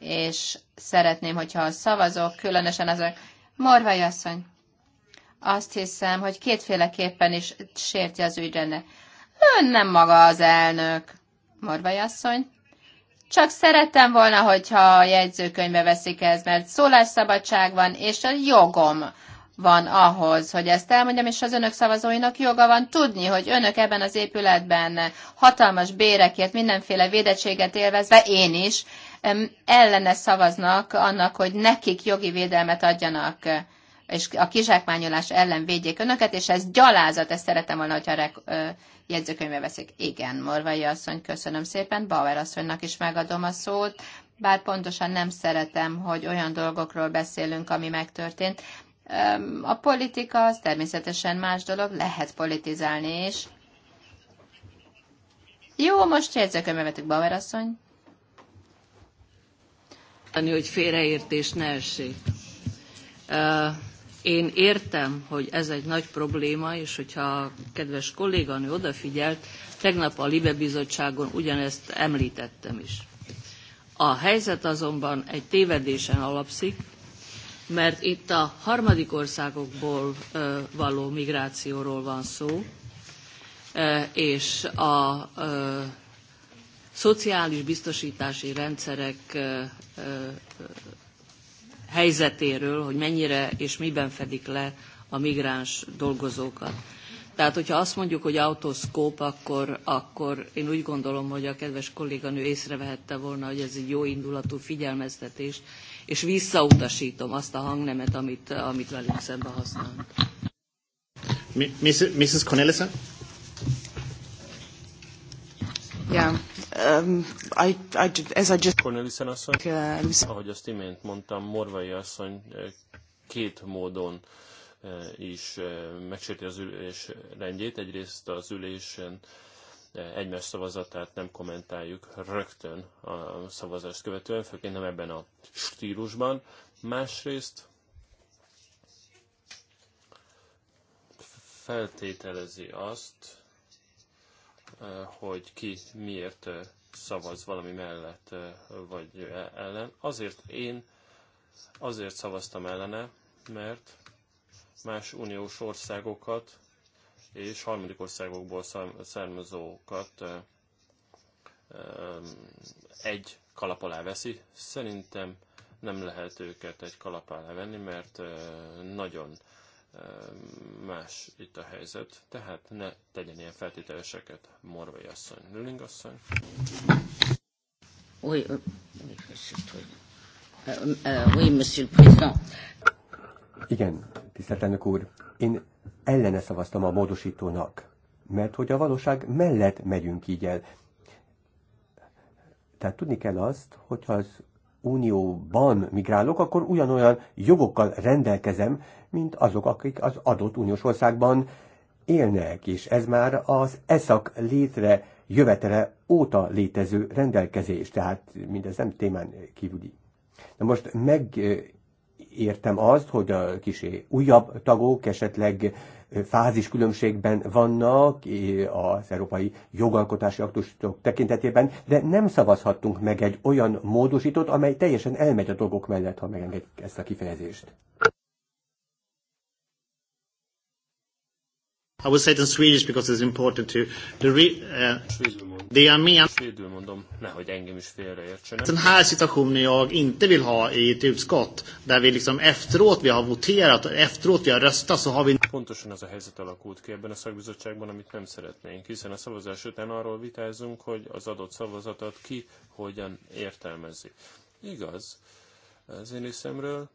és szeretném, hogyha a szavazók, különösen azok, Morvai asszony, azt hiszem, hogy kétféleképpen is sérti az ügyrendnek. Ön nem maga az elnök, Morvai asszony. Csak szerettem volna, hogyha a jegyzőkönyvbe veszik ez, mert szólásszabadság van, és a jogom van ahhoz, hogy ezt elmondjam, és az önök szavazóinak joga van tudni, hogy önök ebben az épületben hatalmas bérekért, mindenféle védettséget élvezve, én is, ellene szavaznak annak, hogy nekik jogi védelmet adjanak és a kizsákmányolás ellen védjék önöket, és ez gyalázat, ezt szeretem volna, hogyha jegyzőkönyvbe veszik. Igen, Morvai asszony, köszönöm szépen, Bauer asszonynak is megadom a szót, bár pontosan nem szeretem, hogy olyan dolgokról beszélünk, ami megtörtént. A politika az természetesen más dolog, lehet politizálni is. Jó, most jegyzőkönyvbe vetük, Bauer asszony hogy félreértés ne essék. Én értem, hogy ez egy nagy probléma, és hogyha a kedves kolléganő odafigyelt, tegnap a Libe Bizottságon ugyanezt említettem is. A helyzet azonban egy tévedésen alapszik, mert itt a harmadik országokból való migrációról van szó, és a szociális biztosítási rendszerek helyzetéről, hogy mennyire és miben fedik le a migráns dolgozókat. Tehát, hogyha azt mondjuk, hogy autoszkóp, akkor, akkor én úgy gondolom, hogy a kedves kolléganő észrevehette volna, hogy ez egy jó indulatú figyelmeztetés, és visszautasítom azt a hangnemet, amit, amit velünk szemben használunk. Mrs. Cornelissen? Yeah. Um, Cornelissen asszony, uh, ahogy azt imént mondtam, Morvai asszony uh, két módon uh, is megsérti az ülés rendjét. Egyrészt az ülésen egymás szavazatát nem kommentáljuk rögtön a szavazást követően, főként nem ebben a stílusban. Másrészt feltételezi azt, hogy ki miért szavaz valami mellett vagy e-, ellen. Azért én azért szavaztam ellene, mert más uniós országokat és harmadik országokból származókat egy kalap alá veszi. Szerintem nem lehet őket egy kalap alá venni, mert nagyon más itt a helyzet, tehát ne tegyen ilyen feltételeseket Morvai asszony, Lüling asszony. Oui, euh, euh, oui, monsieur le président. Igen, tisztelt elnök úr, én ellene szavaztam a módosítónak, mert hogy a valóság mellett megyünk így el. Tehát tudni kell azt, hogyha az Unióban migrálok, akkor ugyanolyan jogokkal rendelkezem, mint azok, akik az adott uniós országban élnek, és ez már az ESZAK létre jövetele óta létező rendelkezés, tehát mindez nem témán kívüli. Na most megértem azt, hogy a kisé újabb tagok esetleg fázis különbségben vannak az európai jogalkotási aktusok tekintetében, de nem szavazhattunk meg egy olyan módosítót, amely teljesen elmegy a dolgok mellett, ha megengedik ezt a kifejezést. I will say it in Swedish because it's important to the re, uh, det jag menar. Svédul mondom, nehogy engem is félreértsenek. Den här situationen jag inte vill ha i ett utskott där vi liksom efteråt vi har voterat och efteråt vi har röstat så har vi... Pontosan az a helyzet alakult ki ebben a szakbizottságban, amit nem szeretnénk, hiszen a szavazás után arról vitázunk, hogy az adott szavazatot ki hogyan értelmezi. Igaz, az én részemről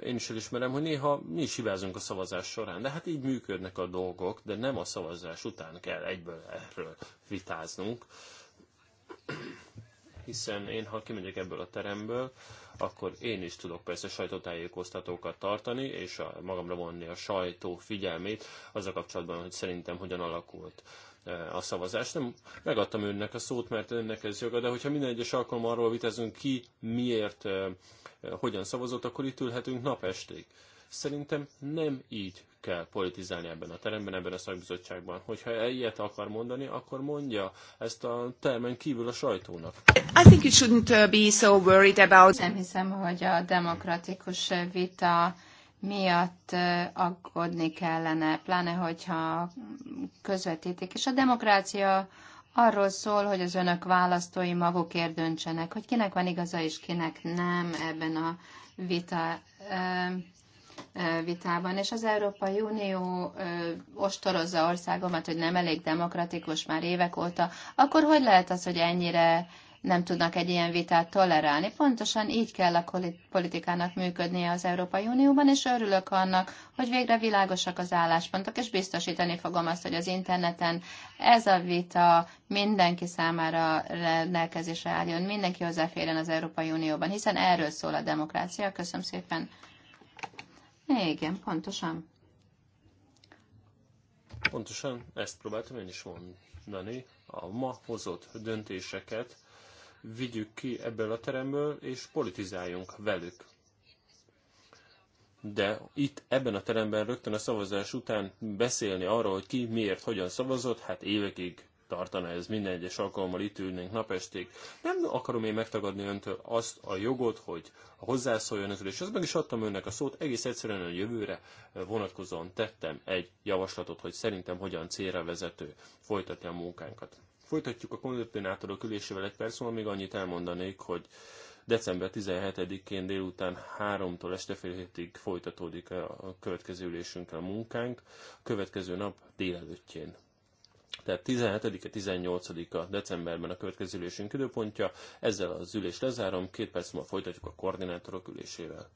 én is elismerem, hogy néha mi is hibázunk a szavazás során, de hát így működnek a dolgok, de nem a szavazás után kell egyből erről vitáznunk, hiszen én, ha kimegyek ebből a teremből, akkor én is tudok persze sajtótájékoztatókat tartani, és a, magamra vonni a sajtó figyelmét azzal kapcsolatban, hogy szerintem hogyan alakult eh, a szavazás. Nem megadtam önnek a szót, mert önnek ez joga, de hogyha minden egyes alkalommal arról vitezünk ki, miért eh, hogyan szavazott, akkor itt ülhetünk napestig. Szerintem nem így kell politizálni ebben a teremben, ebben a szakbizottságban. Hogyha ilyet akar mondani, akkor mondja ezt a termen kívül a sajtónak. I think you shouldn't uh, be so worried about... Nem hiszem, hogy a demokratikus vita miatt uh, aggódni kellene, pláne hogyha közvetítik. És a demokrácia arról szól, hogy az önök választói magukért döntsenek, hogy kinek van igaza és kinek nem ebben a vita, vitában. És az Európai Unió ostorozza országomat, hogy nem elég demokratikus már évek óta, akkor hogy lehet az, hogy ennyire nem tudnak egy ilyen vitát tolerálni. Pontosan így kell a politikának működnie az Európai Unióban, és örülök annak, hogy végre világosak az álláspontok, és biztosítani fogom azt, hogy az interneten ez a vita mindenki számára rendelkezésre álljon, mindenki hozzáférjen az Európai Unióban, hiszen erről szól a demokrácia. Köszönöm szépen. Igen, pontosan. Pontosan ezt próbáltam én is mondani. A ma hozott döntéseket vigyük ki ebből a teremből, és politizáljunk velük. De itt, ebben a teremben rögtön a szavazás után beszélni arról, hogy ki miért, hogyan szavazott, hát évekig tartana ez minden egyes alkalommal itt ülnénk napestig. Nem akarom én megtagadni öntől azt a jogot, hogy hozzászóljon ezzel, és ezt meg is adtam önnek a szót, egész egyszerűen a jövőre vonatkozóan tettem egy javaslatot, hogy szerintem hogyan célra vezető folytatja a munkánkat. Folytatjuk a koordinátorok ülésével egy perc még annyit elmondanék, hogy december 17-én délután 3-tól este fél hétig folytatódik eh, a következő ülésünkkel a munkánk, a következő nap délelőttjén. Tehát 17-e, 18-a decemberben a következő ülésünk időpontja. Ezzel az ülést lezárom, két perc múlva folytatjuk a koordinátorok ülésével.